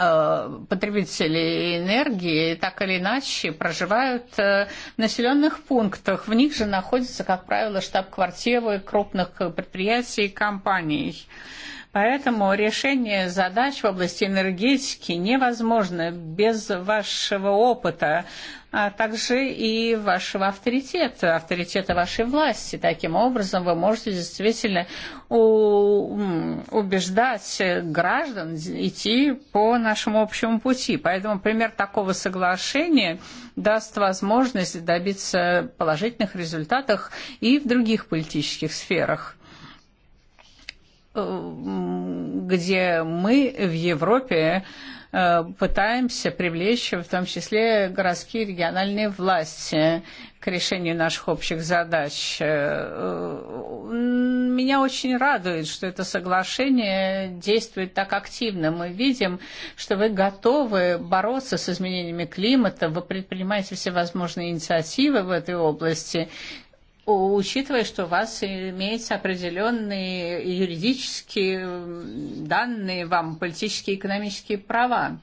Э, потребителей энергии так или иначе проживают э, в населенных пунктах. В них же находятся, как правило, штаб-квартиры крупных предприятий и компаний. Э, Поэтому решение задач в области энергетики невозможно без вашего опыта, а также и вашего авторитета, авторитета вашей власти. Таким образом, вы можете действительно убеждать граждан идти по нашему общему пути. Поэтому пример такого соглашения даст возможность добиться положительных результатов и в других политических сферах. Э, где мы в Европе э, пытаемся привлечь в том числе городские и региональные власти к решению наших общих задач. Э, меня очень радует, что это соглашение действует так активно. Мы видим, что вы готовы бороться с изменениями климата, вы предпринимаете всевозможные инициативы в этой области учитывая, что у вас имеются определенные юридические данные вам, политические и экономические права.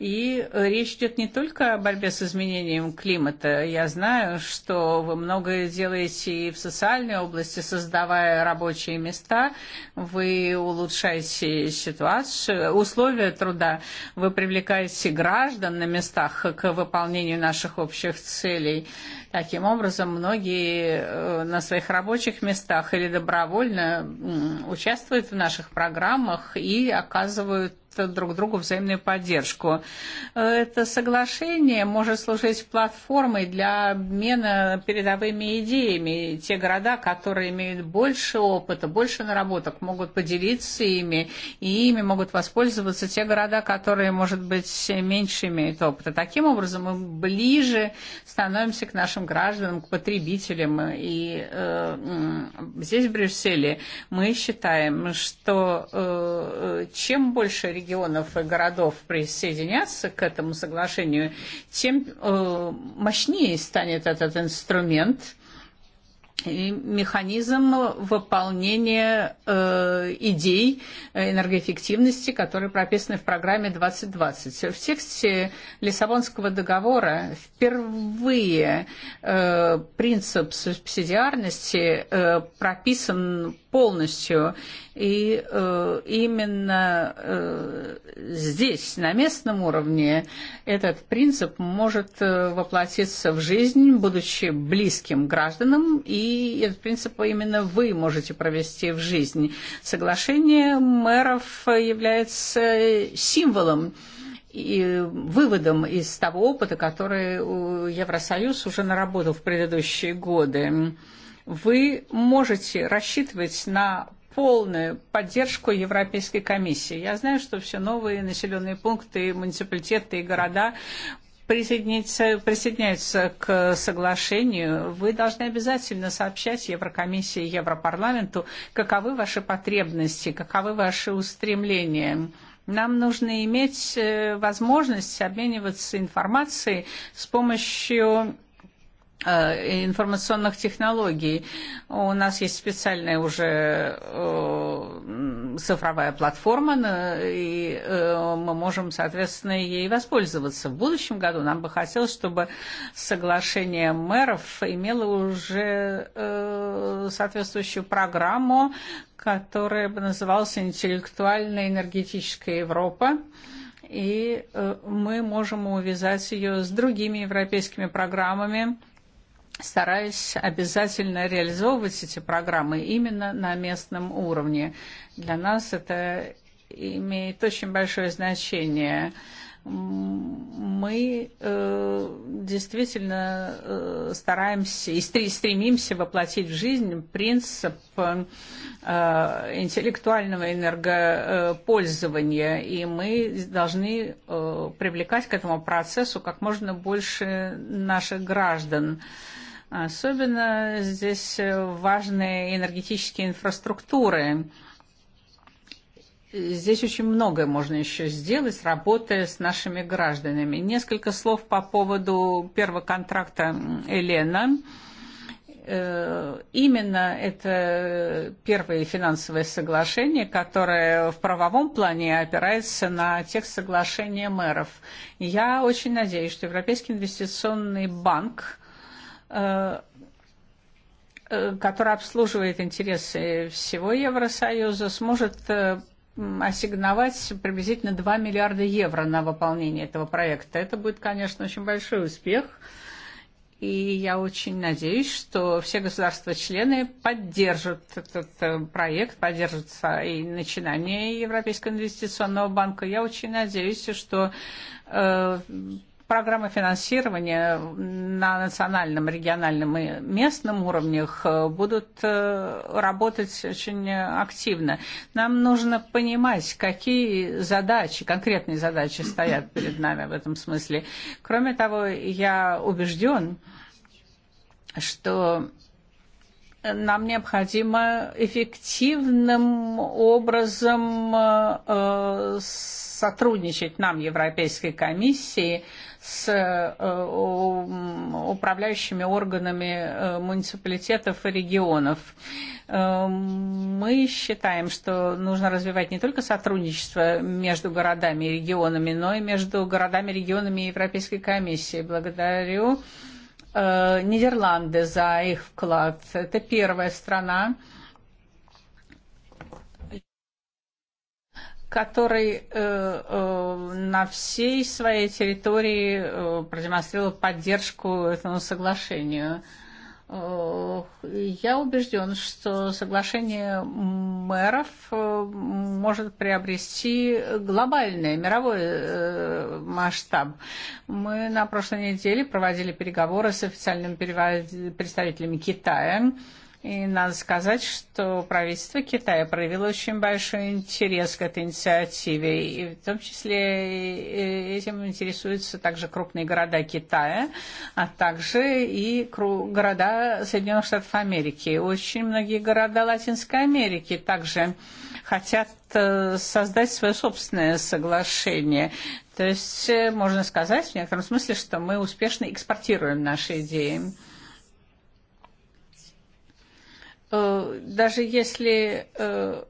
И речь идет не только о борьбе с изменением климата. Я знаю, что вы многое делаете и в социальной области, создавая рабочие места. Вы улучшаете ситуацию, условия труда. Вы привлекаете граждан на местах к выполнению наших общих целей. Таким образом, многие э, на своих рабочих местах или добровольно участвуют в наших программах и оказывают друг другу взаимную поддержку. Э, это соглашение может служить платформой для обмена передовыми идеями. И те города, которые имеют больше опыта, больше наработок, могут поделиться ими, и ими могут воспользоваться те города, которые, может быть, меньше имеют опыта. Таким образом, мы ближе становимся к нашим нашим гражданам, к потребителям. И э, здесь, в Брюсселе, мы считаем, что э, э, чем больше регионов и городов присоединятся к этому соглашению, тем э, мощнее станет этот инструмент механизм выполнения э, идей энергоэффективности, которые прописаны в программе 2020. В тексте Лиссабонского договора впервые э, принцип субсидиарности э, прописан полностью. И э, именно э, здесь, на местном уровне, этот принцип может э, воплотиться в жизнь, будучи близким гражданам, и этот принцип именно вы можете провести в жизнь. Соглашение мэров является символом и выводом из того опыта, который Евросоюз уже наработал в предыдущие годы вы можете рассчитывать на полную поддержку Европейской комиссии. Я знаю, что все новые населенные пункты, муниципалитеты и города присоединяются, присоединяются к соглашению, вы должны обязательно сообщать Еврокомиссии и Европарламенту, каковы ваши потребности, каковы ваши устремления. Нам нужно иметь э, возможность обмениваться информацией с помощью Э, информационных технологий. У нас есть специальная уже э, цифровая платформа, и э, мы можем, соответственно, ей воспользоваться. В будущем году нам бы хотелось, чтобы соглашение мэров имело уже соответствующую программу, которая бы называлась «Интеллектуальная энергетическая Европа» и мы можем увязать ее с другими европейскими программами, стараясь обязательно реализовывать эти программы именно на местном уровне. Для нас это имеет очень большое значение. Мы э, действительно э, стараемся и стремимся воплотить в жизнь принцип э, интеллектуального энергопользования, и мы должны э, привлекать к этому процессу как можно больше наших граждан. Э, Особенно здесь э, важны энергетические инфраструктуры. Здесь очень многое можно еще сделать, работая с нашими гражданами. Несколько слов по поводу первого контракта Елена. Э, именно это первое финансовое соглашение, которое в правовом плане опирается на текст соглашения мэров. Я очень надеюсь, что Европейский инвестиционный банк Э, э, который обслуживает интересы всего Евросоюза, сможет э, ассигновать приблизительно 2 миллиарда евро на выполнение этого проекта. Это будет, конечно, очень большой успех. И я очень надеюсь, что все государства-члены поддержат этот проект, поддержат и начинание Европейского инвестиционного банка. Я очень надеюсь, что э, программы финансирования на национальном, региональном и местном уровнях э, будут э, работать очень активно. Нам нужно понимать, какие задачи, конкретные задачи стоят перед нами в этом смысле. Кроме того, я убежден, что нам необходимо эффективным образом э, сотрудничать нам, Европейской комиссии, с э, управляющими органами э, муниципалитетов и регионов. Мы считаем, что нужно развивать не только сотрудничество между городами и регионами, но и между городами, регионами и Европейской комиссией. Благодарю. Э, Нидерланды за их вклад. Это первая страна, который э, э, на всей своей территории продемонстрировал поддержку этому соглашению. Э, Э, я убежден, что соглашение мэров э, может приобрести глобальный мировой э, масштаб. Мы на прошлой неделе проводили переговоры с официальными представителями Китая И надо сказать, что правительство Китая проявило очень большой интерес к этой инициативе. И в том числе этим интересуются также крупные города Китая, а также и города Соединенных Штатов Америки. Очень многие города Латинской Америки также хотят э, создать свое собственное соглашение. То есть э, можно сказать в некотором смысле, что мы успешно экспортируем наши идеи. Э, даже если э,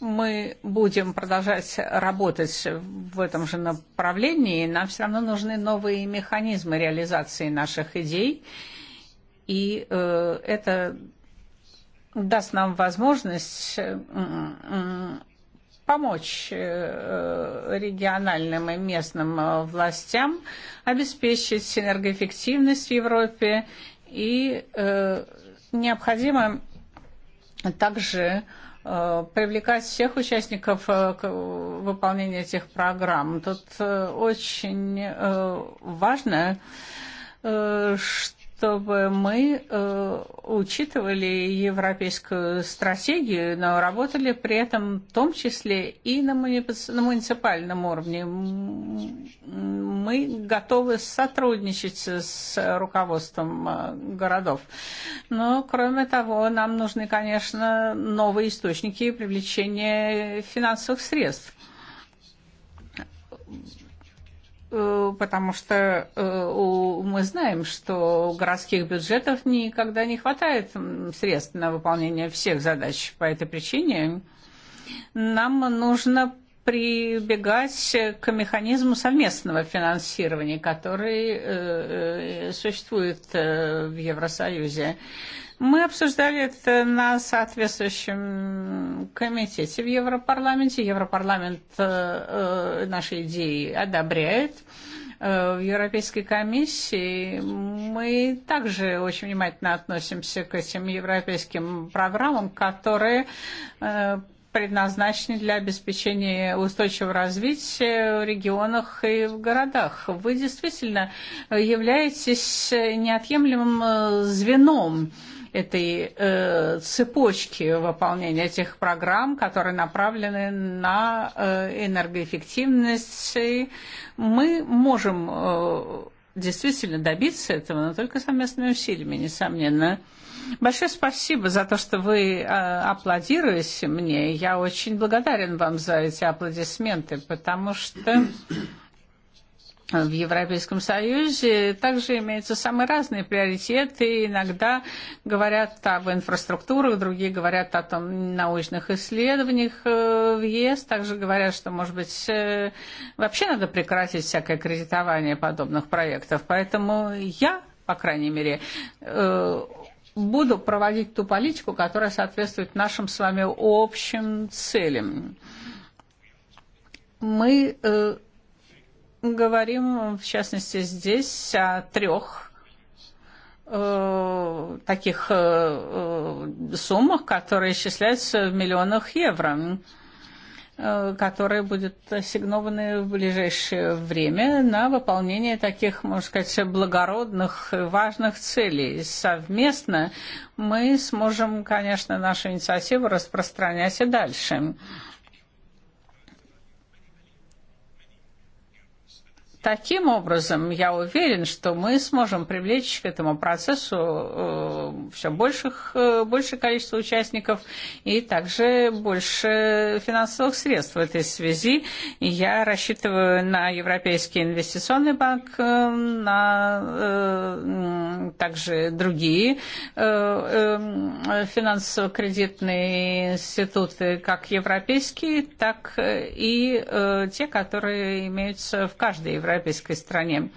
мы будем продолжать работать в этом же направлении, нам все равно нужны новые механизмы реализации наших идей. И э, это даст нам возможность помочь региональным и местным властям обеспечить энергоэффективность в Европе и Необходимо также э, привлекать всех участников э, к выполнению этих программ. Тут э, очень важно, что чтобы мы э, учитывали европейскую стратегию, но работали при этом в том числе и на, муни на муниципальном уровне. Мы готовы сотрудничать с руководством э, городов. Но, кроме того, нам нужны, конечно, новые источники привлечения финансовых средств потому что э, мы знаем, что городских бюджетов никогда не хватает средств на выполнение всех задач. По этой причине нам нужно прибегать к механизму совместного финансирования, который э, э существует э, в Евросоюзе. Мы обсуждали это на соответствующем комитете в Европарламенте. Европарламент э, э, наши идеи одобряет. Э, в Европейской комиссии мы также очень внимательно относимся к этим европейским программам, которые э, предназначены для обеспечения устойчивого развития в регионах и в городах. Вы действительно являетесь неотъемлемым э, звеном э, этой э, цепочки выполнения этих программ, которые направлены на э, энергоэффективность. И мы можем э, действительно добиться этого, но только совместными усилиями, несомненно. Большое спасибо за то, что вы э, аплодируете мне. Я очень благодарен вам за эти аплодисменты, потому что в Европейском Союзе также имеются самые разные приоритеты. Иногда говорят об инфраструктурах, другие говорят о том, научных исследованиях э, в ЕС. Также говорят, что, может быть, э, вообще надо прекратить всякое кредитование подобных проектов. Поэтому я, по крайней мере, э, буду проводить ту политику, которая соответствует нашим с вами общим целям. Мы говорим, в частности, здесь о трех э, таких э, э, суммах, которые исчисляются в миллионах евро, э, которые будут ассигнованы в ближайшее время на выполнение таких, можно сказать, благородных и важных целей. Совместно мы сможем, конечно, нашу инициативу распространять и дальше. Э, Таким образом, я уверен, что мы сможем привлечь к этому процессу э, все больших, э, большее количество участников и также больше финансовых средств в этой связи. Я рассчитываю на Европейский инвестиционный банк, э, на также другие финансово-кредитные институты, как европейские, так и те, которые имеются в каждой европейской европейской стране.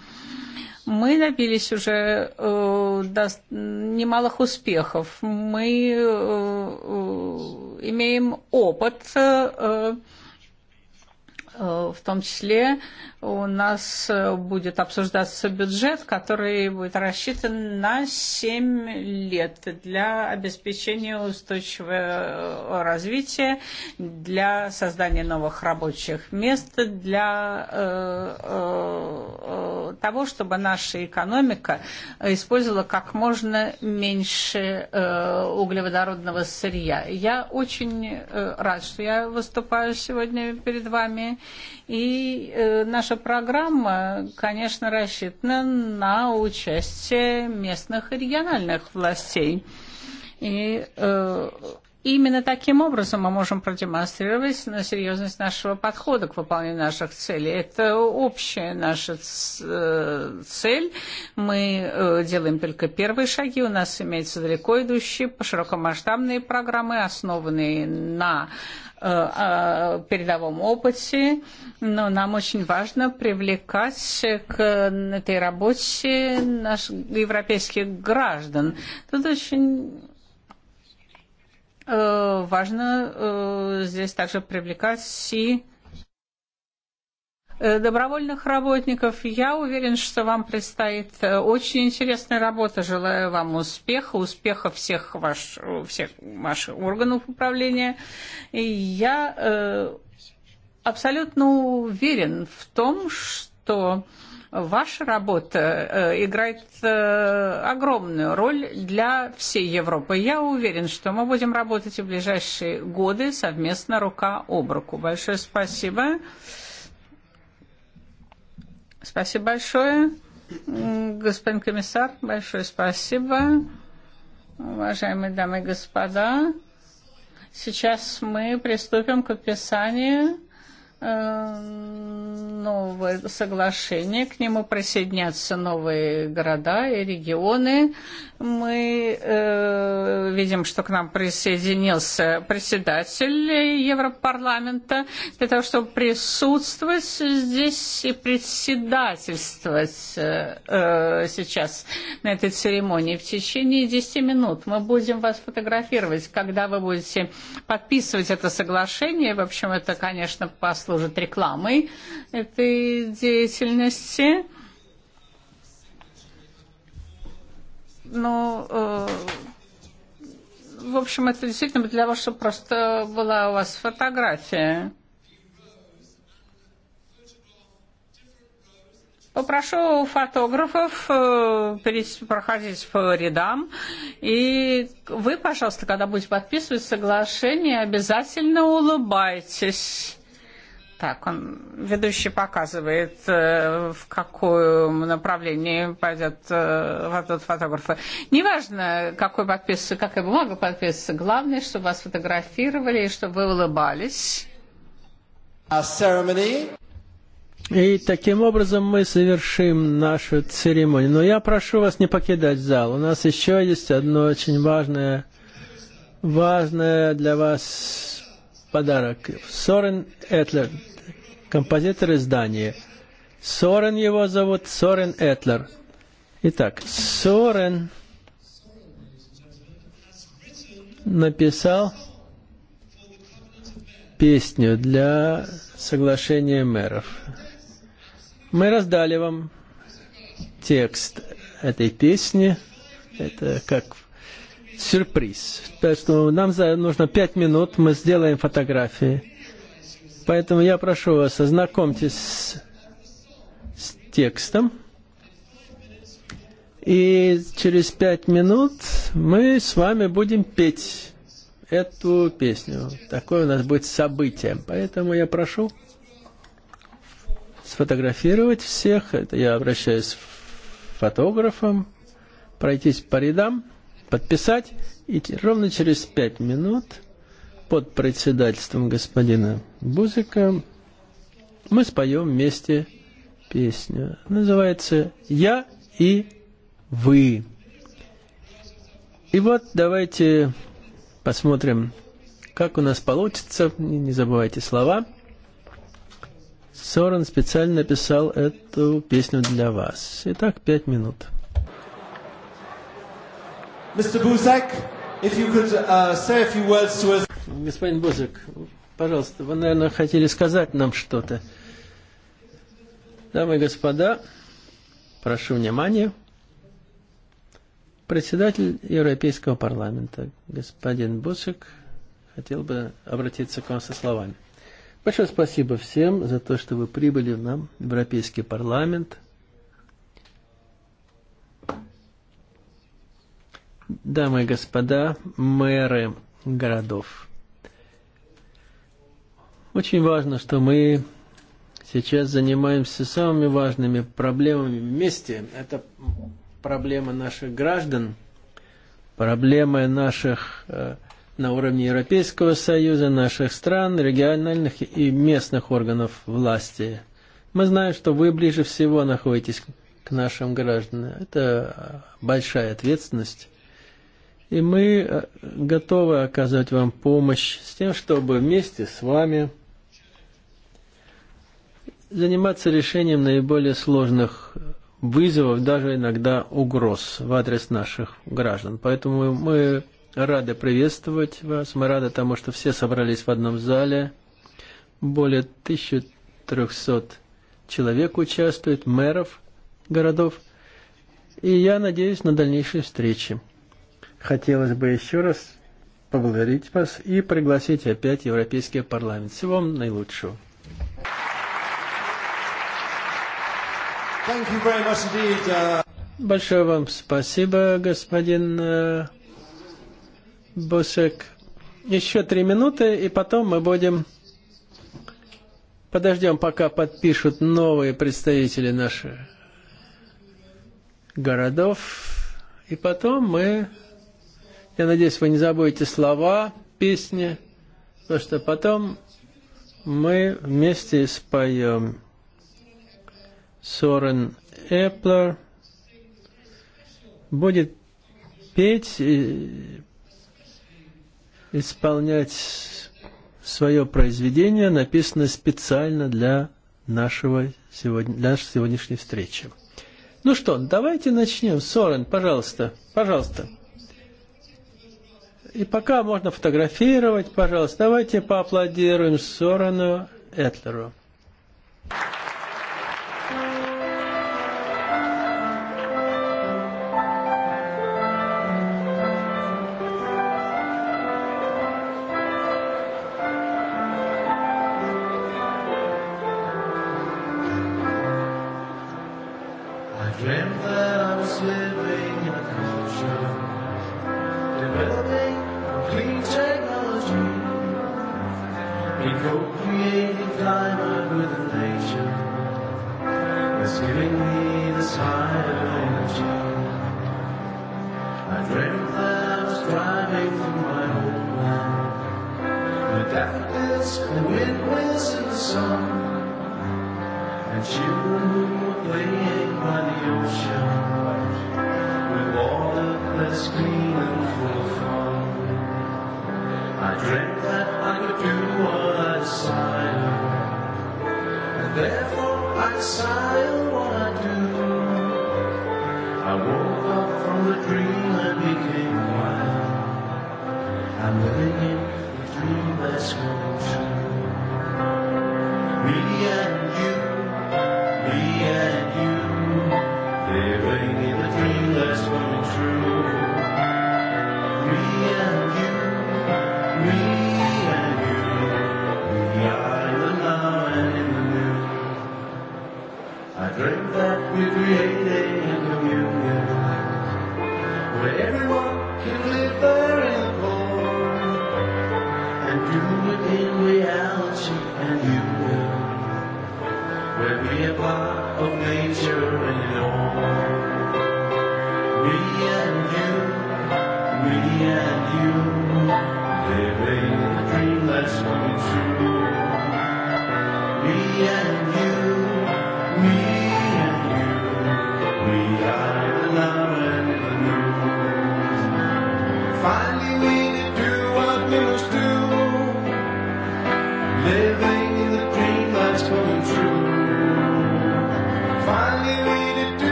Мы добились уже э, до, немалых успехов. Мы э, э имеем опыт. Э, Э, в том числе у нас э, будет обсуждаться бюджет, который будет рассчитан на 7 лет для обеспечения устойчивого э, развития, для создания новых рабочих мест, для э, э, того, чтобы наша экономика использовала как можно меньше э, углеводородного сырья. Я очень рад, что я выступаю сегодня перед вами И э, наша программа, конечно, рассчитана на участие местных и региональных властей. И э, Именно таким образом мы можем продемонстрировать на серьезность нашего подхода к выполнению наших целей. Это общая наша э, цель. Мы э, делаем только первые шаги. У нас имеются далеко идущие широкомасштабные программы, основанные на э, передовом опыте, но нам очень важно привлекать к этой работе наших европейских граждан. Тут очень важно здесь также привлекать и э, добровольных работников. Я уверен, что вам предстоит э, очень интересная работа. Желаю вам успеха, успеха всех, ваш, всех ваших органов управления. И я э, абсолютно уверен в том, что Ваша работа э, играет э, огромную роль для всей Европы. Я уверен, что мы будем работать в ближайшие годы совместно рука об руку. Большое спасибо. Спасибо большое. Господин комиссар, большое спасибо. Уважаемые дамы и господа, сейчас мы приступим к описанию Э, новое соглашение, к нему присоединятся новые города и регионы. Мы э, видим, что к нам присоединился председатель Европарламента для того, чтобы присутствовать здесь и председательствовать э, э сейчас на этой церемонии. В течение 10 минут мы будем вас фотографировать, когда вы будете подписывать это соглашение. В общем, это, конечно, пост служат рекламой этой деятельности. Ну, э, в общем, это действительно для вас, чтобы просто была у вас фотография. Попрошу фотографов э, проходить по рядам. И вы, пожалуйста, когда будете подписывать соглашение, обязательно улыбайтесь. Так, он, ведущий показывает, э, в каком направлении пойдет э, этот фотограф. Неважно, какой подписывается, какая бумага подписывается, главное, чтобы вас фотографировали и чтобы вы улыбались. И таким образом мы совершим нашу церемонию. Но я прошу вас не покидать зал. У нас еще есть одно очень важное, важное для вас подарок. Сорен Этлер, композитор из Дании. Сорен его зовут, Сорен Этлер. Итак, Сорен написал песню для соглашения мэров. Мы раздали вам текст этой песни. Это как сюрприз. Поэтому нам за, нужно 5 минут, мы сделаем фотографии. Поэтому я прошу вас, ознакомьтесь с, с текстом. И через 5 минут мы с вами будем петь эту песню. Такое у нас будет событие. Поэтому я прошу сфотографировать всех. Это я обращаюсь к фотографам, пройтись по рядам подписать, и ровно через пять минут под председательством господина Бузика мы споем вместе песню. Называется «Я и вы». И вот давайте посмотрим, как у нас получится. Не забывайте слова. Сорен специально написал эту песню для вас. Итак, пять минут. Mr. Buzek, if you could uh, say a few words to us. Господин Бузик, пожалуйста, вы, наверное, хотели сказать нам что-то. Дамы и господа, прошу внимания. Председатель Европейского парламента, господин Бусик, хотел бы обратиться к вам со словами. Большое спасибо всем за то, что вы прибыли в нам, в Европейский парламент – Дамы и господа, мэры городов. Очень важно, что мы сейчас занимаемся самыми важными проблемами вместе. Это проблема наших граждан, проблема наших э, на уровне Европейского Союза, наших стран, региональных и местных органов власти. Мы знаем, что вы ближе всего находитесь к нашим гражданам. Это большая ответственность. И мы э, готовы оказывать вам помощь с тем, чтобы вместе с вами заниматься решением наиболее сложных вызовов, даже иногда угроз в адрес наших граждан. Поэтому мы рады приветствовать вас, мы рады тому, что все собрались в одном зале. Более 1300 человек участвует, мэров городов. И я надеюсь на дальнейшие встречи хотелось бы еще раз поблагодарить вас и пригласить опять в Европейский парламент. Всего вам наилучшего. Thank you very much indeed, uh... Большое вам спасибо, господин uh, Бусек. Еще три минуты, и потом мы будем... Подождем, пока подпишут новые представители наших городов. И потом мы Я надеюсь, вы не забудете слова песни, потому что потом мы вместе споем. Сорен Эплер будет петь и исполнять свое произведение, написанное специально для нашего сегодня, для нашей сегодняшней встречи. Ну что, давайте начнем. Сорен, пожалуйста, пожалуйста. Пожалуйста. И пока можно фотографировать, пожалуйста, давайте поаплодируем Сорану Этлеру.